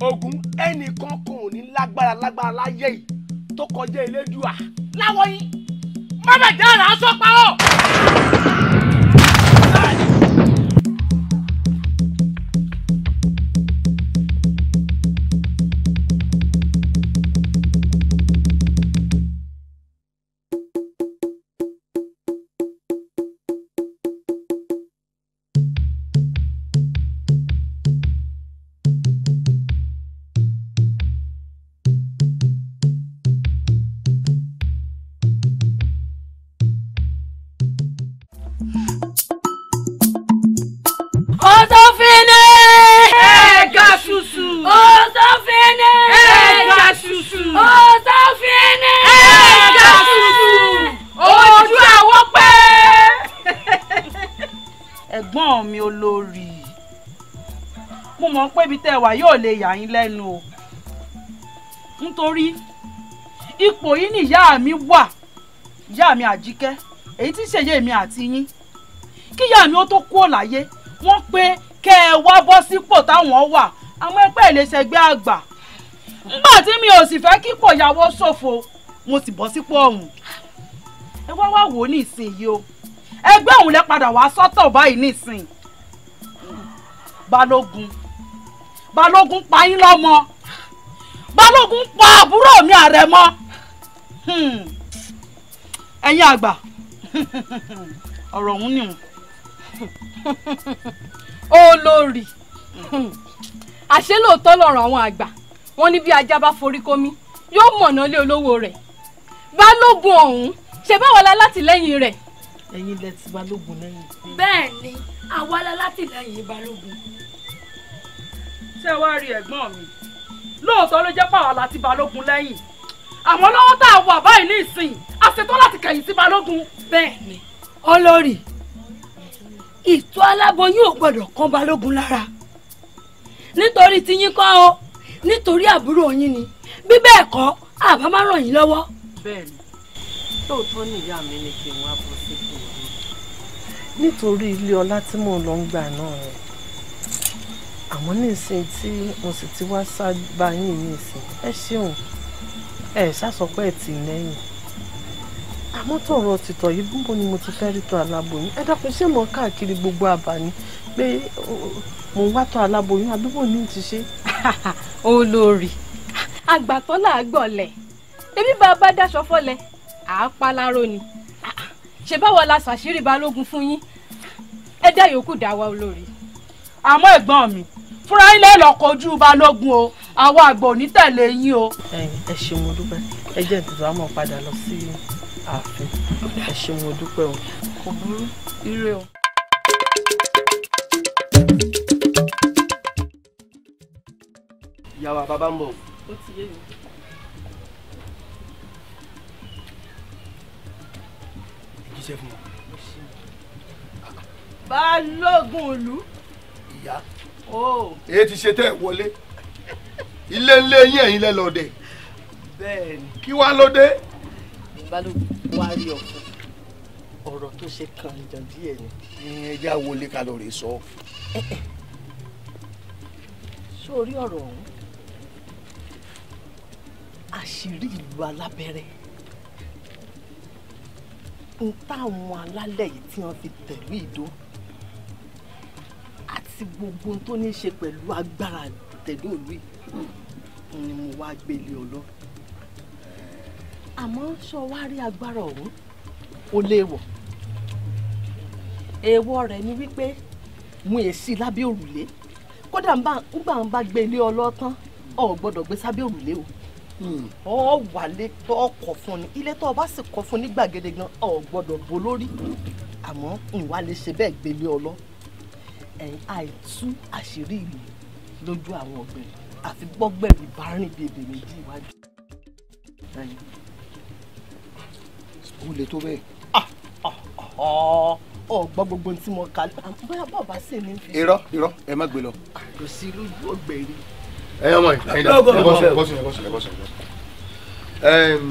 ogun ẹnìkan kò ní lágbára lágbára láyé yìí tó kọjá elédùà láwọ yín má bàjẹ́ àrà aṣọ pa ọ́. wà yóò lè yà yín lẹ́nu o nítorí ipò yìí ni ìyá mi wà ìyá mi àjíkẹ́ èyí tí ṣèyẹ mi àti yín kí ìyá mi ó tó kú ọ̀láyé wọ́n pé kẹ́ ẹ wá bọ́ sípò táwọn wà àwọn ẹgbẹ́ ìlẹ́sẹ̀gbẹ́ àgbà nígbà tí mi ò sì fẹ́ kípò ìyàwó ṣòfò mo sì bọ́ sípò ọ̀hún ẹ wá wá wò ó ní o ẹgbẹ́ òun lẹ padà wá sọ́tọ̀ báyìí nísìn balógun balógun pa yín lọ́mọ balógun pa àbúrò mi àrẹ̀mọ hmm. ẹ̀yin àgbà [laughs] ọ̀rọ̀ ọ̀hún nìhun [laughs] olórí [laughs] àṣé lóòótọ́ lọ̀rọ̀ àwọn àgbà wọn ní bí ajá bá forí komi yóò mọ̀nà lé olówó rẹ̀ balógun ọ̀hún ṣe báwa la látìlẹ́yìn rẹ̀. ẹ̀yin lẹ ti balógun lẹ́yìn. bẹ́ẹ̀ ni àwa la látìlẹ́yìn balógun ṣé wàá rí ẹ̀gbọ́n mi lóòótọ́ ló jẹ́ pàwọ́ láti balógun lẹ́yìn àmọ́ lọ́wọ́ tá a wà báyìí ní ìsìn a ṣetán láti kẹ̀yìn sí balógun. bẹ́ẹ̀ni olórí ìtọ́ aláboyún ò gbọ́dọ̀ kan balógun lára nítorí tiyín kọ́ o nítorí àbúrò yín ni bí bẹ́ẹ̀ kọ́ àbá má ràn yín lọ́wọ́. bẹ́ẹ̀ni lóòótọ́ ni ìyá mi ni kí n wá bọ́ sí ìlú nítorí ilé ọlá tí mò ń lọ ń gbà náà rẹ̀ àmọ́ nísìnyí tí mo sì ti wá sábà yín nísìnyí ẹ ṣeun ẹ ṣàsọpẹ́ tì lẹ́yìn àmọ́ tọ̀rọ̀ tìtọ̀ yìí búbo ni mo ti fẹ́ rí tọ̀ aláboyún ẹ dákun ṣé mo káàkiri gbogbo àbàní pé mo wá tọ̀ aláboyún àbíbò ní ti ṣe. [laughs] olórí àgbàtọ́ là á gbọ̀lẹ̀ ebi bá a bá daṣọ fọlẹ̀ à á pa láró ni ṣe báwo la ṣàṣírí balógun fún yín ẹ dá yòókù dá wa olórí. àmọ́ ẹ̀gbọ́n mi fúnra yín lẹ́ẹ̀ lọ́ọ́ kojú balógun o àwọn àgbà ò ní tẹ̀lé yín o. ẹ ṣe mo dúpẹ́ ẹ jẹ́ ìtìtò àmọ́ padà lọ sí ààfin ẹ ṣe mo dúpẹ́ o. kò burú ire o. ìyàwó àbábá ń bọ̀. balógun ìlú. ìyá. Yeah. Oh. èyí ti ṣe tẹ́ ẹ̀ wọlé ilé ńlé yín ẹ̀yin lẹ́ lọ́ọ́ dẹ̀ kí wàá ló dé. balógun wá rí ọkọ ọ̀rọ̀ tó ṣe kan ìjàn díẹ̀ ni. ẹjẹ́ àwọlé ká lọ rè sọ. sórí ọ̀rọ̀ ọ̀hún àṣírí ìlú alábẹ́rẹ́ ń táwọn alálẹ̀ yìí tí wọ́n fi tẹ̀lú ìdó àti gbogbo tó ní í ṣe pẹ̀lú agbára tẹ̀lé òlú yìí ni mo wá gbélé ọ lọ àmọ́ sọ wá rí agbára ọ̀hún ó léèwọ̀ èèwọ̀ rẹ̀ ni wípé mú èsì lábẹ́ òrùlé kódà ńgbà ń bá gbélé ọ lọ́tán ò gbọ́dọ̀ gbé sábẹ́ òrùlé o ọ hmm. wàlé tó ọkọ̀ fún ni ilé tó o bá sì kọ́ fún ní gbàgede gan ò gbọ́dọ̀ bo lórí àmọ́ ìwà lè ṣe bẹ́ẹ̀ gbélé ọ lọ́tán àìtú àṣírí mi lójú àwọn ọ̀gbẹ̀rì àti gbọ́gbẹ̀rì bá rìn bí ebè méjì iwájú. ó le tó bẹ́ẹ̀. Ah, ah, ah, ọgbọ́n gbogbo tí mo kà bóyá bàbá sì ní fi. irọ́ irọ́ ẹ má gbé lọ. kò sí lójú ọ̀gbẹ̀rì. ẹ ọmọ yìí ẹ bọ́ sí ẹ bọ́ sí ẹ bọ́ sí ẹ bọ́ sí.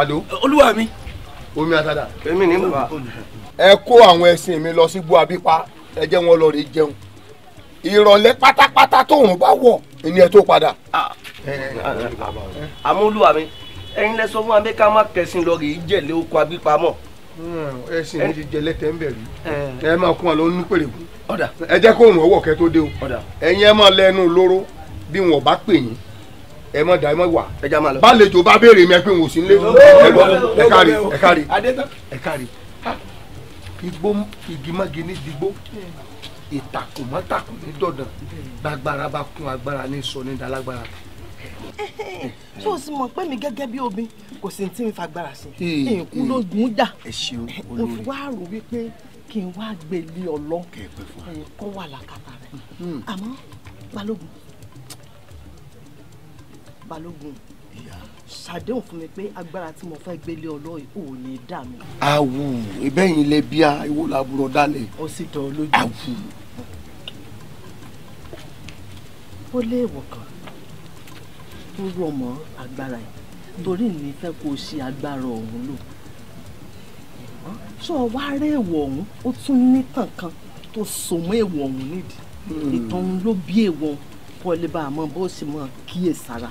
àdó. olúwa mi. omi atada. èmi ní bàbá. ẹ kó àwọn ẹṣin mi lọ sí gbó abípa ẹ jẹ́ wọn lọ rè jẹun ìrọ̀lẹ́ pátápátá tóòrùn bá wọ̀ ìní ẹ tó padà. Ah. àmúlùwà mi ẹ̀yin lẹ sọ fún wa pé ká má kẹsìn lọ rèé jẹ̀lé oko abípamọ́. Hmm, ẹsìn ní ti jẹlẹ tẹ ń bẹ̀rù eh. ẹ máa kún wa lọ ní pèrègùn ẹ jẹ́ kó òrùn ọwọ́ kẹ tó dé o ẹ̀yin ẹ máa lẹ́nu lóró bí wọn bá pè yín ẹ mọ dàí mọ wà bálejò bá béèrè mi ẹ pé wọn ò sí nílé ẹ kárí ẹ kárí ẹ kárí igbó igi mọ́gi ní digbó ìtàkùn mọ́tàkùn ní dọ̀dàn gbàgbára bá kún agbára ní sọ ní dalágbára. tó o sì mọ̀ pé mi gẹ́gẹ́ bí obìn kò sí ní tí mi fagbára sí èkú ló gùn dà mo rò wípé kí n wá gbélé ọlọ́ kó wà lákàtà rẹ̀ hmm. àmọ́ balógun balógun ṣàdéhùn fún mi pé agbára tí mo fẹ́ gbélé ọlọ́ọ̀ ò ní dà mí. àwù ìbẹ́yìn lè bíá ìwọ làbúrò dálẹ̀. ó sì tọ́ lójú. àwù. ó lé èèwọ̀ kan tó rọ̀ mọ́ agbára yìí torí ní fẹ́ kó o ṣe agbára ọ̀hún lò. sọ wá rí èèwọ̀ ọ̀hún ó tún ní kankan tó so mọ́ èèwọ̀ ọ̀hún nídìí. Hmm. ìtàn ló bí èèwọ̀ kọ́lé bá a mọ bó ṣe mọ kíyèsára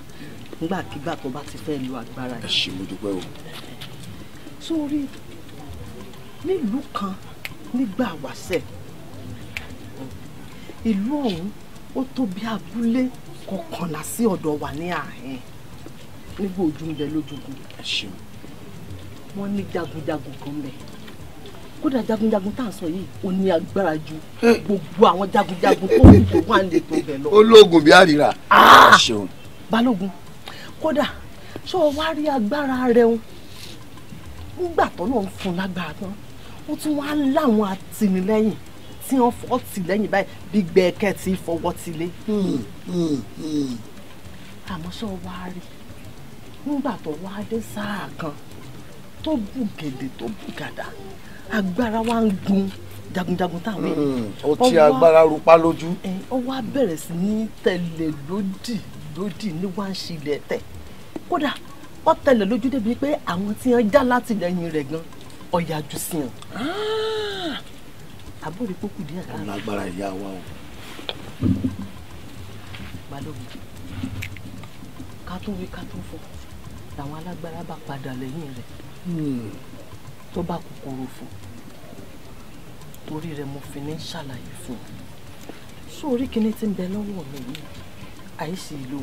nígbàkigbà tó bá ti fẹ́ lo agbára yìí. ẹ ṣé mo dúpẹ́ o. sórí nílùú kan nígbà wàṣẹ ìlú ọ̀hún ó tó bí abúlé kọkànlá sí ọ̀dọ̀ wa ní àárín nígbà ojú ń bẹ lójúgun. ẹ ṣeun. wọ́n ní jagunjagun kan bẹ̀ kódà jagunjagun tá à ń sọ yìí ó ní agbára ju gbogbo àwọn jagunjagun tó kù tó wà nílùú tó bẹ̀ lọ. ológun bí àríra. o ah! balógun kódà ṣé o wá rí agbára rẹ o nígbà tó náà ń fún lágbára tán ó tún wá ń láwọn àtìlẹ́yìn tí wọ́n fọ́ tìlẹ́yìn báyìí bí gbẹ̀kẹ́ ti fọwọ́ tilé. Hmm, hmm, hmm. àmọ́ ṣé o wá rí nígbà tó wá dé sáà kan tó bù gèdè tó bù gàdà agbára wa ń gun jagunjagun táwọn ènìyàn. ó ti agbára rúpa lójú. ó wá bẹ̀rẹ̀ sí ní tẹ̀lé lódì lòdì ní wá ń ṣílẹ̀ tẹ̀ kódà wọ́n tẹ̀lé lójú débi pé àwọn tí wọ́n já látìlẹ́yìn rẹ̀ gan ọ̀yà jù sí hàn. Ah! àbúrò ìpókù díẹ̀ káàkiri. ọ̀nà agbára ìyá wa o. balógun ká tó wí ká tó fọ làwọn alágbára bá padà lẹ́yìn rẹ̀ hmm. tó bá kòkòrò fún torí rẹ̀ mo fi ní ṣàlàyé fún un sórí kinní tí ń bẹ lọ́wọ́ mi yìí àìsí ìlú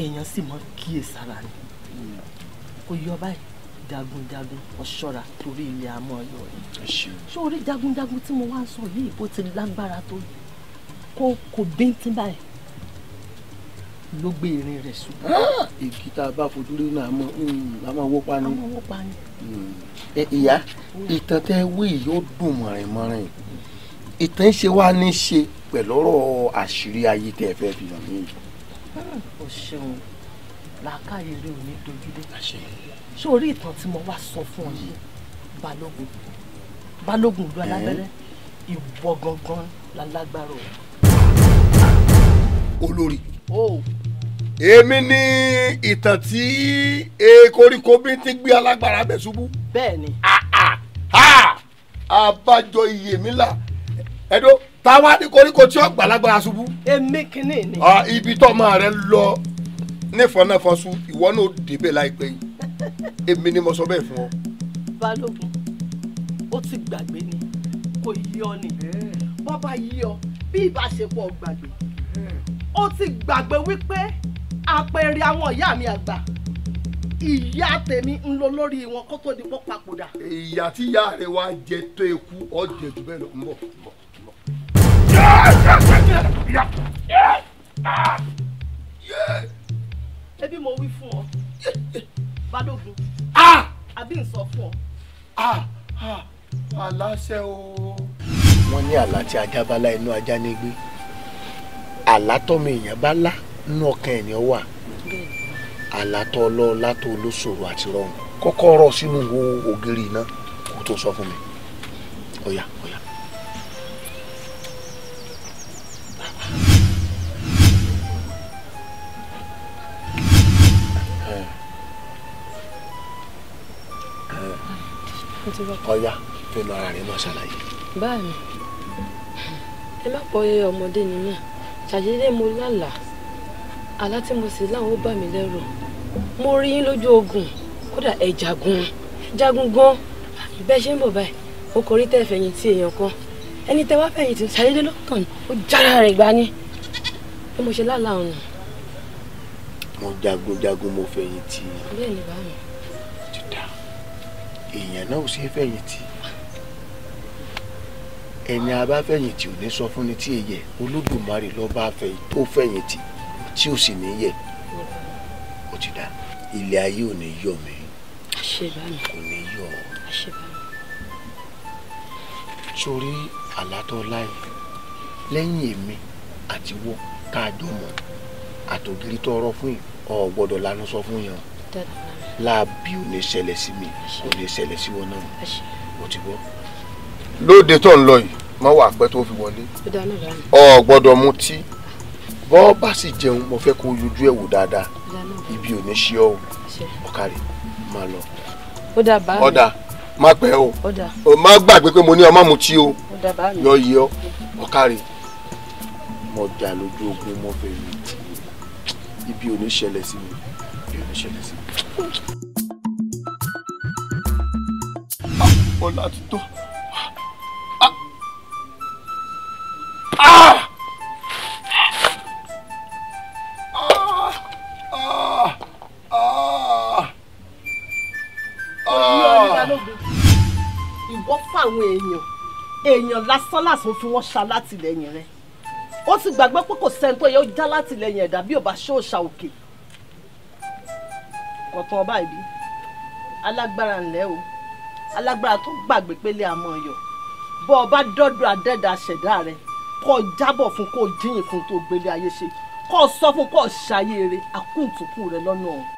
èèyàn sì mọ kíyè sára ni kò yọ báyìí jagunjagun ọ̀ṣọ́ra torí ilé àmọ́ ọyọ rẹ̀ ṣé orí jagunjagun tí mo wá ń sọ yìí bó ti lágbára tó kó kò bíntín báyìí ló gbé irin rẹ̀ ṣùgbọ́n. èkì [gasps] tá a bá fojú rí náà mọ hmm, a máa wó pani. a máa wó pani. Hmm. ìyá ìtàn tẹ́ wí yóò dùn mọ̀rìnmọ̀rìn ìtàn ṣe wá ní ṣe pẹ̀lú ọ̀rọ̀ àṣírí ayé tẹ́ ẹ fẹ́ fi hàn mí. o ṣeun làákàyè rẹ ò ní dojúdé ṣé orí ìtàn tí mo wá sọ fún ọ yìí balógun balógun ìlú alábẹ́rẹ́ ìwọ gangan lálágbára o. olórí èmi ní ìtàn tí e koríko bí ti gbé alágbára bẹ̀ ṣubú. bẹ́ẹ̀ ni. àbájọ iyèmílà ẹ̀dọ́ táwa ní koríko tí ó gbàlagbà aṣubú. èmi kìíní ni. Ah, ibi tọ́mọ rẹ lọ nífọ̀nàfọ̀sù ìwọ náà débẹ̀ láìpẹ́ yìí èmi ni mo sọ bẹ́ẹ̀ fún ọ. balógun ó ti gbàgbé ni kò yí ọ ni wọ́n bá yí ọ bí ìbáṣepọ̀ gbàgbé ó ti gbàgbé wípé àpẹẹrẹ àwọn ìyá mi àgbà ìyá tèmi ń lọ lórí wọn kó tó di pọ́ papòdà. ìyá tí ìyá rẹ wá jẹ tó eku ọ̀jẹ̀ jù bẹ́ẹ̀ lọ ń bọ̀ ń bọ̀ ebi mo wí fún ọ balógun ah! àbí n sọ fún ọ. Ah! Ah! aláṣẹ o. wọ́n ní àlá tí ajá bá lá inú ajá ní gbé àlá tọ́mọ èèyàn bá lá inú ọkàn ènìyàn wà àlá tọ́ ọlọ́ọ̀lá tó olóṣòro àti rọrùn kọ́kọ́ rọ̀ sínú ògiri iná kó tó sọ fún mi ọ̀ya. Oh, yeah. ọ̀yá fẹnu ara rẹ̀ máa ṣàlàyé. báàmì ẹ má pọ ọmọdé nínú ṣàdédé mo lálàá àlá tí mo sì láwọn ó bà mí lẹ́rù mo rí yín lójú ogun kódà ẹ jagun jagun gan bẹ́ẹ̀ ṣe ń bọ̀ báyìí ó kọrí tẹ́ fẹ̀yìntì èèyàn kan ẹni tẹ́ wá fẹ̀yìntì ṣàdédé lọ́kàn ó jára rẹ̀ gbá ní bí mo ṣe lálàá ọ̀nà. mo jagun jagun mo fẹ̀yìntì. bẹ́ẹ̀ ni báàmì. ti dáa èèyàn náà ò ṣeé fẹ̀yìntì ẹni abáfẹ̀yìntì ò ní sọ fún ni tí èyẹ olódùmarè lọ́ba tó fẹ̀yìntì tí ò sì ní yẹ ó ti dá ilé ayé ò ní yọ mí kò ní yọ sórí àlátọ́ láyé lẹ́yìn èmi àti wọ́ tá a jọ fún yìí ọ̀ gbọ́dọ̀ lanu sọ fún yẹn láàbì ò ní ṣẹlẹ̀ sí mi ò ní ṣẹlẹ̀ sí wọn náà mo ti gbọ́. lóde tó ń lọ yìí má wàá pẹ́ tó fi wọlé ọ gbọ́dọ̀ mutí bọ́ bá sì jẹun mo fẹ́ kó yọjú ẹ̀ wò dáadáa ibi ò ní ṣe ọ́ ọ̀kàrẹ̀ máa lọ. ó dà bá mi ó má pẹ́ o o má gbàgbé pé mo ní ọmọ mu tí o yọ yí ọ ọ̀kárì mo jà lójú ogun mo fẹ́ yìí ibi ò ní ṣẹlẹ̀ sí mi èmi ṣẹlẹ̀ sí. ọ̀la ti tó. ìwọ fáwọn èèyàn èèyàn lásán lásán fi wọn ṣa látìlẹ́yìn rẹ ó ti gbàgbé pé kò sẹ́ni tó yẹ ó já látìlẹ́yìn ẹ̀dá bí ò bá ṣó ṣa òkè. Okay ọ̀tún ọba ìbí alágbára ńlẹ́ o alágbára tó gbàgbé pélé àmọ́ ọ̀yọ́ bọ́ ọba dọ́dọ̀ adẹ́dà ṣẹ̀dá rẹ kó jábọ̀ fún kó jíyìn fún tó gbélé ayé ṣe kó sọ fún kó ṣàyè rẹ àkúntùkù rẹ lọ́nà ọ̀hún.